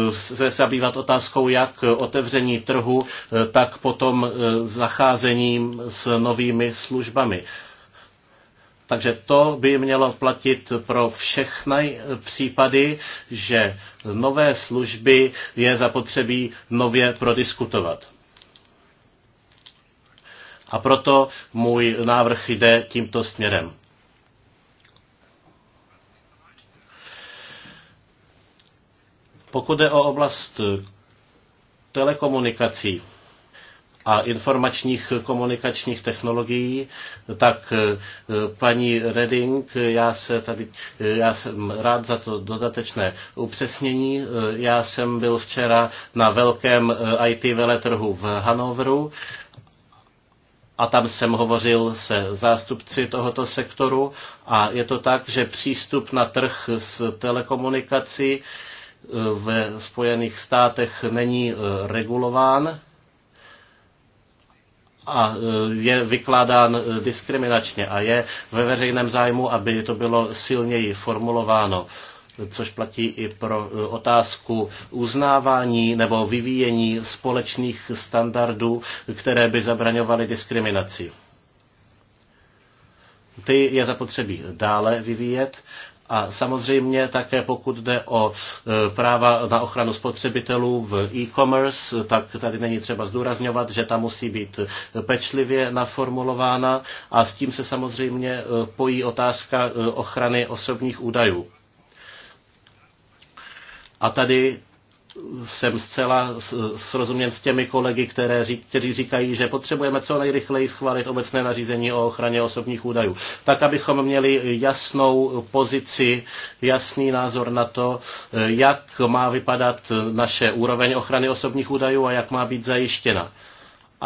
eh, se zabývat otázkou jak otevření trhu, eh, tak potom zacházením s novými službami. Takže to by mělo platit pro všechny případy, že nové služby je zapotřebí nově prodiskutovat. A proto můj návrh jde tímto směrem. Pokud jde o oblast telekomunikací, a informačních komunikačních technologií, tak e, paní Reding, já, se tady, e, já jsem rád za to dodatečné upřesnění. E, já jsem byl včera na velkém IT veletrhu v Hanoveru a tam jsem hovořil se zástupci tohoto sektoru a je to tak, že přístup na trh s telekomunikací ve Spojených státech není regulován a e, je vykládán e, diskriminačně a je ve veřejném zájmu, aby to bylo silněji formulováno což platí i pro e, otázku uznávání nebo vyvíjení společných standardů, které by zabraňovaly diskriminaci. Ty je zapotřebí dále vyvíjet a samozřejmě také pokud jde o e, práva na ochranu spotřebitelů v e-commerce, tak tady není třeba zdůrazňovat, že ta musí být pečlivě naformulována a s tím se samozřejmě e, pojí otázka e, ochrany osobních údajů. A tady jsem zcela srozuměn s těmi kolegy, které, kteří říkají, že potřebujeme co nejrychleji schválit obecné nařízení o ochraně osobních údajů, tak abychom měli jasnou pozici, jasný názor na to, eh, jak má vypadat naše úroveň ochrany osobních údajů a jak má být zajištěna.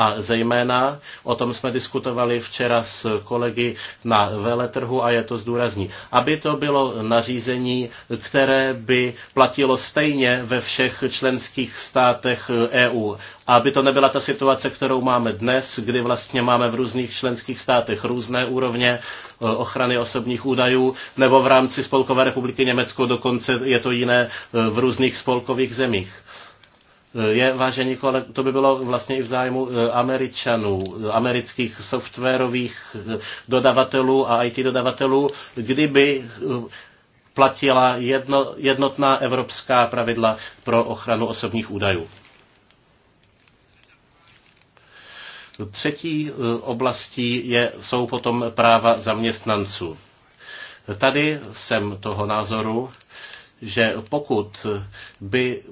A zejména, o tom jsme diskutovali včera s kolegy na veletrhu a je to zdůrazní, aby to bylo nařízení, které by platilo stejně ve všech členských státech EU. aby to nebyla ta situace, kterou máme dnes, kdy vlastně máme v různých členských státech různé úrovně eh, ochrany osobních údajů, nebo v rámci Spolkové republiky Německo dokonce je to jiné eh, v různých spolkových zemích je, vážení koleg, to by bylo vlastně i v zájmu e, američanů, amerických softwarových e, dodavatelů a IT dodavatelů, kdyby e, platila jedno, jednotná evropská pravidla pro ochranu osobních údajů. Třetí oblastí je, jsou potom práva zaměstnanců. Tady jsem toho názoru, že pokud by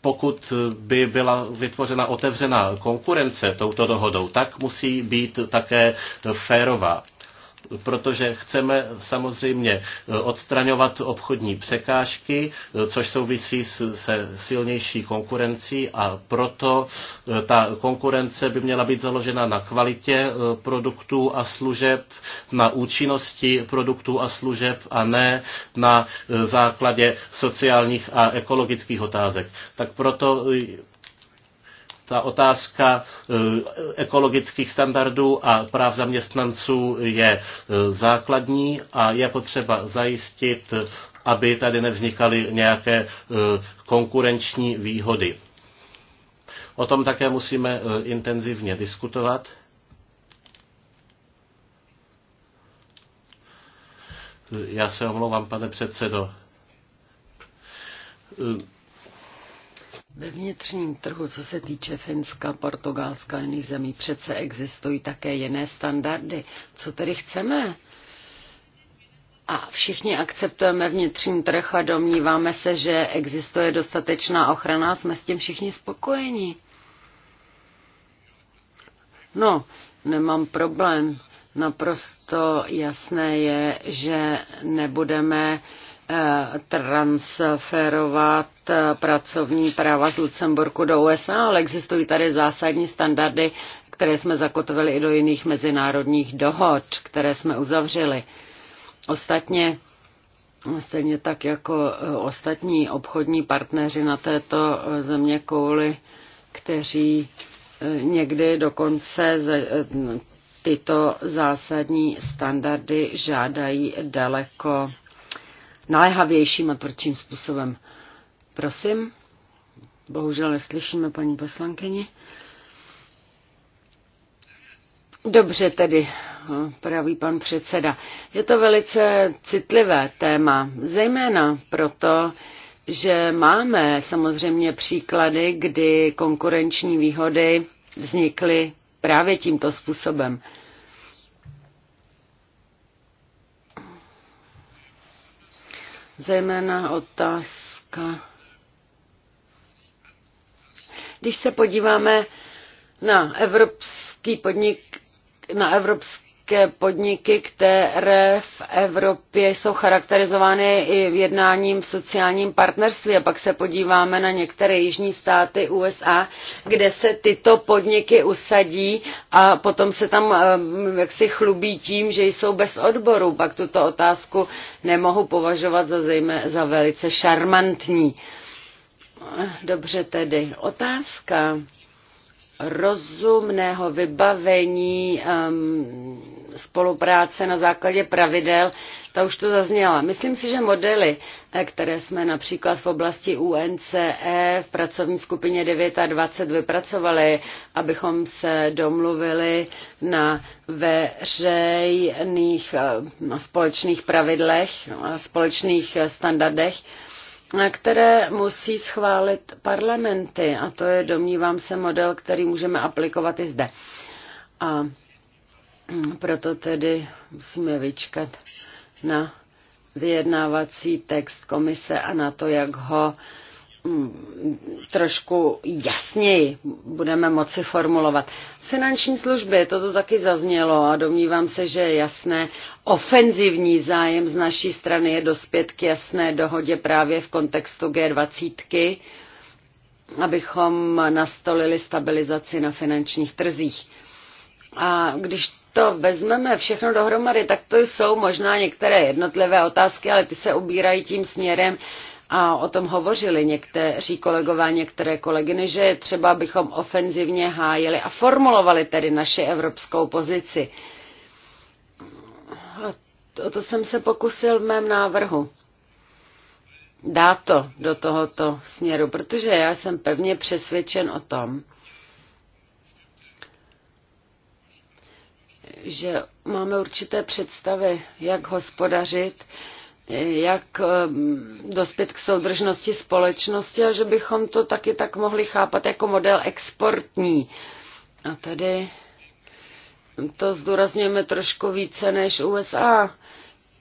pokud by byla vytvořena otevřená konkurence touto dohodou, tak musí být také férová protože chceme samozřejmě eh, odstraňovat obchodní překážky, eh, což souvisí se silnější konkurencí a proto eh, ta konkurence by měla být založena na kvalitě produktů a služeb, na účinnosti produktů a služeb a ne na základě sociálních a ekologických otázek. Tak proto ta otázka e, ekologických standardů a práv zaměstnanců je e, základní a je potřeba zajistit, aby tady nevznikaly nějaké e, konkurenční výhody. O tom také musíme intenzivně diskutovat. Já se omlouvám, pane předsedo ve vnitřním trhu, co se týče Finska, Portugalska a jiných zemí, přece existují také jiné standardy. Co tedy chceme? A všichni akceptujeme vnitřní trh a domníváme se, že existuje dostatečná ochrana a jsme s tím všichni spokojeni. No, nemám problém. Naprosto jasné je, že nebudeme eh, transferovat pracovní práva z Lucemburku do USA, ale existují tady zásadní standardy, které jsme zakotvili i do jiných mezinárodních dohod, které jsme uzavřeli. Ostatně Stejně tak jako eh, ostatní obchodní partneři na této eh, země kouly, kteří eh, někdy dokonce tyto zásadní standardy žádají daleko naléhavějším a tvrdším způsobem. Prosím. Bohužel neslyšíme paní poslankyni. Dobře tedy, praví pan předseda. Je to velice citlivé téma, zejména proto, že máme samozřejmě příklady, kdy konkurenční výhody vznikly právě tímto způsobem. Zejména otázka když se podíváme na evropský podnik, na evropské podniky, které v Evropě jsou charakterizovány i jednáním v sociálním partnerství. A pak se podíváme na některé jižní státy USA, kde se tyto podniky usadí a potom se tam jaksi chlubí tím, že jsou bez odboru. Pak tuto otázku nemohu považovat za, zejmé, za velice šarmantní Dobře tedy. Otázka rozumného vybavení um, spolupráce na základě pravidel, ta už to zazněla. Myslím si, že modely, eh, které jsme například v oblasti UNCE v pracovní skupině 29 vypracovali, abychom se domluvili na veřejných eh, společných pravidlech, společných standardech, které musí schválit parlamenty. A to je, domnívám se, model, který můžeme aplikovat i zde. A proto tedy musíme vyčkat na vyjednávací text komise a na to, jak ho uh, Mm, trošku jasněji budeme moci formulovat. Finanční služby, toto taky zaznělo a domnívám se, že je jasné. Ofenzivní zájem z naší strany je dospět k jasné dohodě právě v kontextu G20, abychom nastolili stabilizaci na finančních trzích. A když to vezmeme všechno dohromady, tak to jsou možná některé jednotlivé otázky, ale ty se ubírají tím směrem, a o tom hovořili někteří kolegové, některé kolegyny, že je třeba, abychom ofenzivně hájili a formulovali tedy naši evropskou pozici. A to, to jsem se pokusil v mém návrhu. Dá to do tohoto směru, protože já jsem pevně přesvědčen o tom, že máme určité představy, jak hospodařit, jak dospět k soudržnosti společnosti a že bychom to taky tak mohli chápat jako model exportní. A tady to zdůrazňujeme trošku více než USA,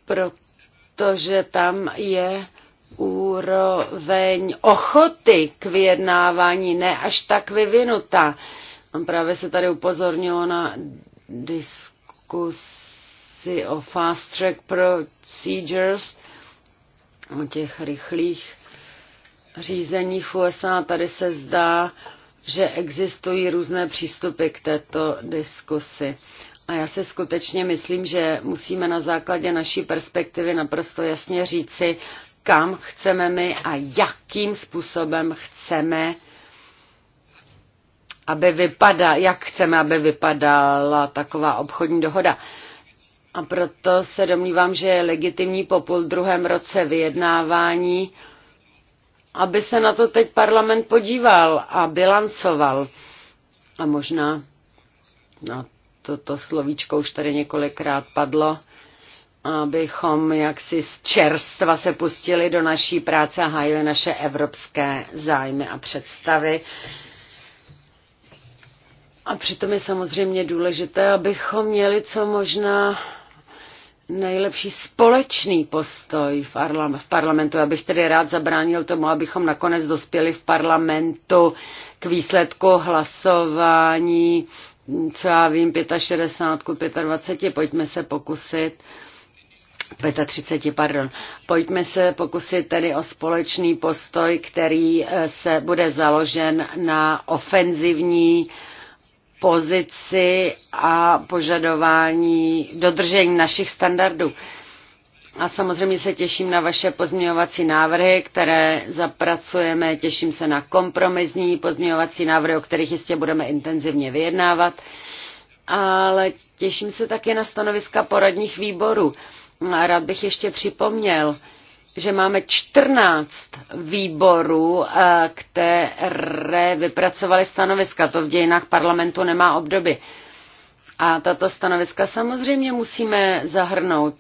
protože tam je úroveň ochoty k vyjednávání ne až tak vyvinutá. Právě se tady upozornilo na diskus směrnici o fast track procedures, o těch rychlých řízeních v USA. Tady se zdá, že existují různé přístupy k této diskusi. A já se skutečně myslím, že musíme na základě naší perspektivy naprosto jasně říci, kam chceme my a jakým způsobem chceme, aby vypadá, jak chceme, aby vypadala taková obchodní dohoda. A proto se domnívám, že je legitimní po půl druhém roce vyjednávání, aby se na to teď parlament podíval a bilancoval. A možná na toto slovíčko už tady několikrát padlo, abychom jaksi z čerstva se pustili do naší práce a hájili naše evropské zájmy a představy. A přitom je samozřejmě důležité, abychom měli co možná nejlepší společný postoj v, v parlamentu. Já bych tedy rád zabránil tomu, abychom nakonec dospěli v parlamentu k výsledku hlasování, co já vím, 65, 25, pojďme se pokusit 35, pardon. Pojďme se pokusit tedy o společný postoj, který eh, se bude založen na ofenzivní uh, pozici a požadování dodržení našich standardů. A samozřejmě se těším na vaše pozměňovací návrhy, které zapracujeme. Těším se na kompromisní pozměňovací návrhy, o kterých jistě budeme intenzivně vyjednávat. Ale těším se také na stanoviska poradních výborů. Rád bych ještě připomněl, že máme 14 výborů, eh, které vypracovaly stanoviska. To v dějinách parlamentu nemá obdoby. A tato stanoviska samozřejmě musíme zahrnout,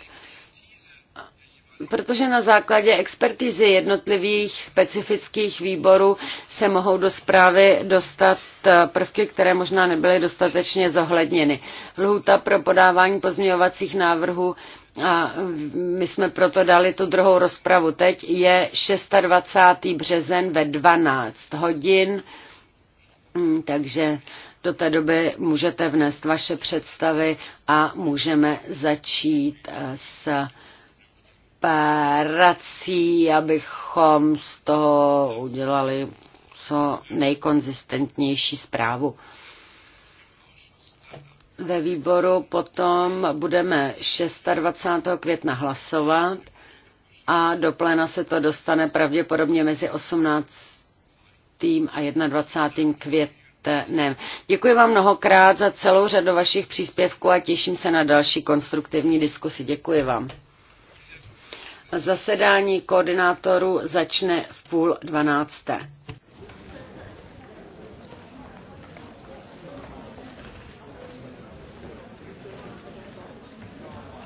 protože na základě expertizy jednotlivých specifických výborů se mohou do zprávy dostat eh, prvky, které možná nebyly dostatečně zohledněny. Lhuta pro podávání pozměňovacích návrhů a my jsme proto dali tu druhou rozpravu. Teď je 26. březen ve 12 hodin, mm, takže do té doby můžete vnést vaše představy a můžeme začít eh, s prací, abychom z toho udělali co nejkonzistentnější zprávu ve výboru potom budeme 26. května hlasovat a do pléna se to dostane pravděpodobně mezi 18. a 21. květnem. Děkuji vám mnohokrát za celou řadu vašich příspěvků a těším se na další konstruktivní diskusi. Děkuji vám. Zasedání koordinátorů začne v půl dvanácté.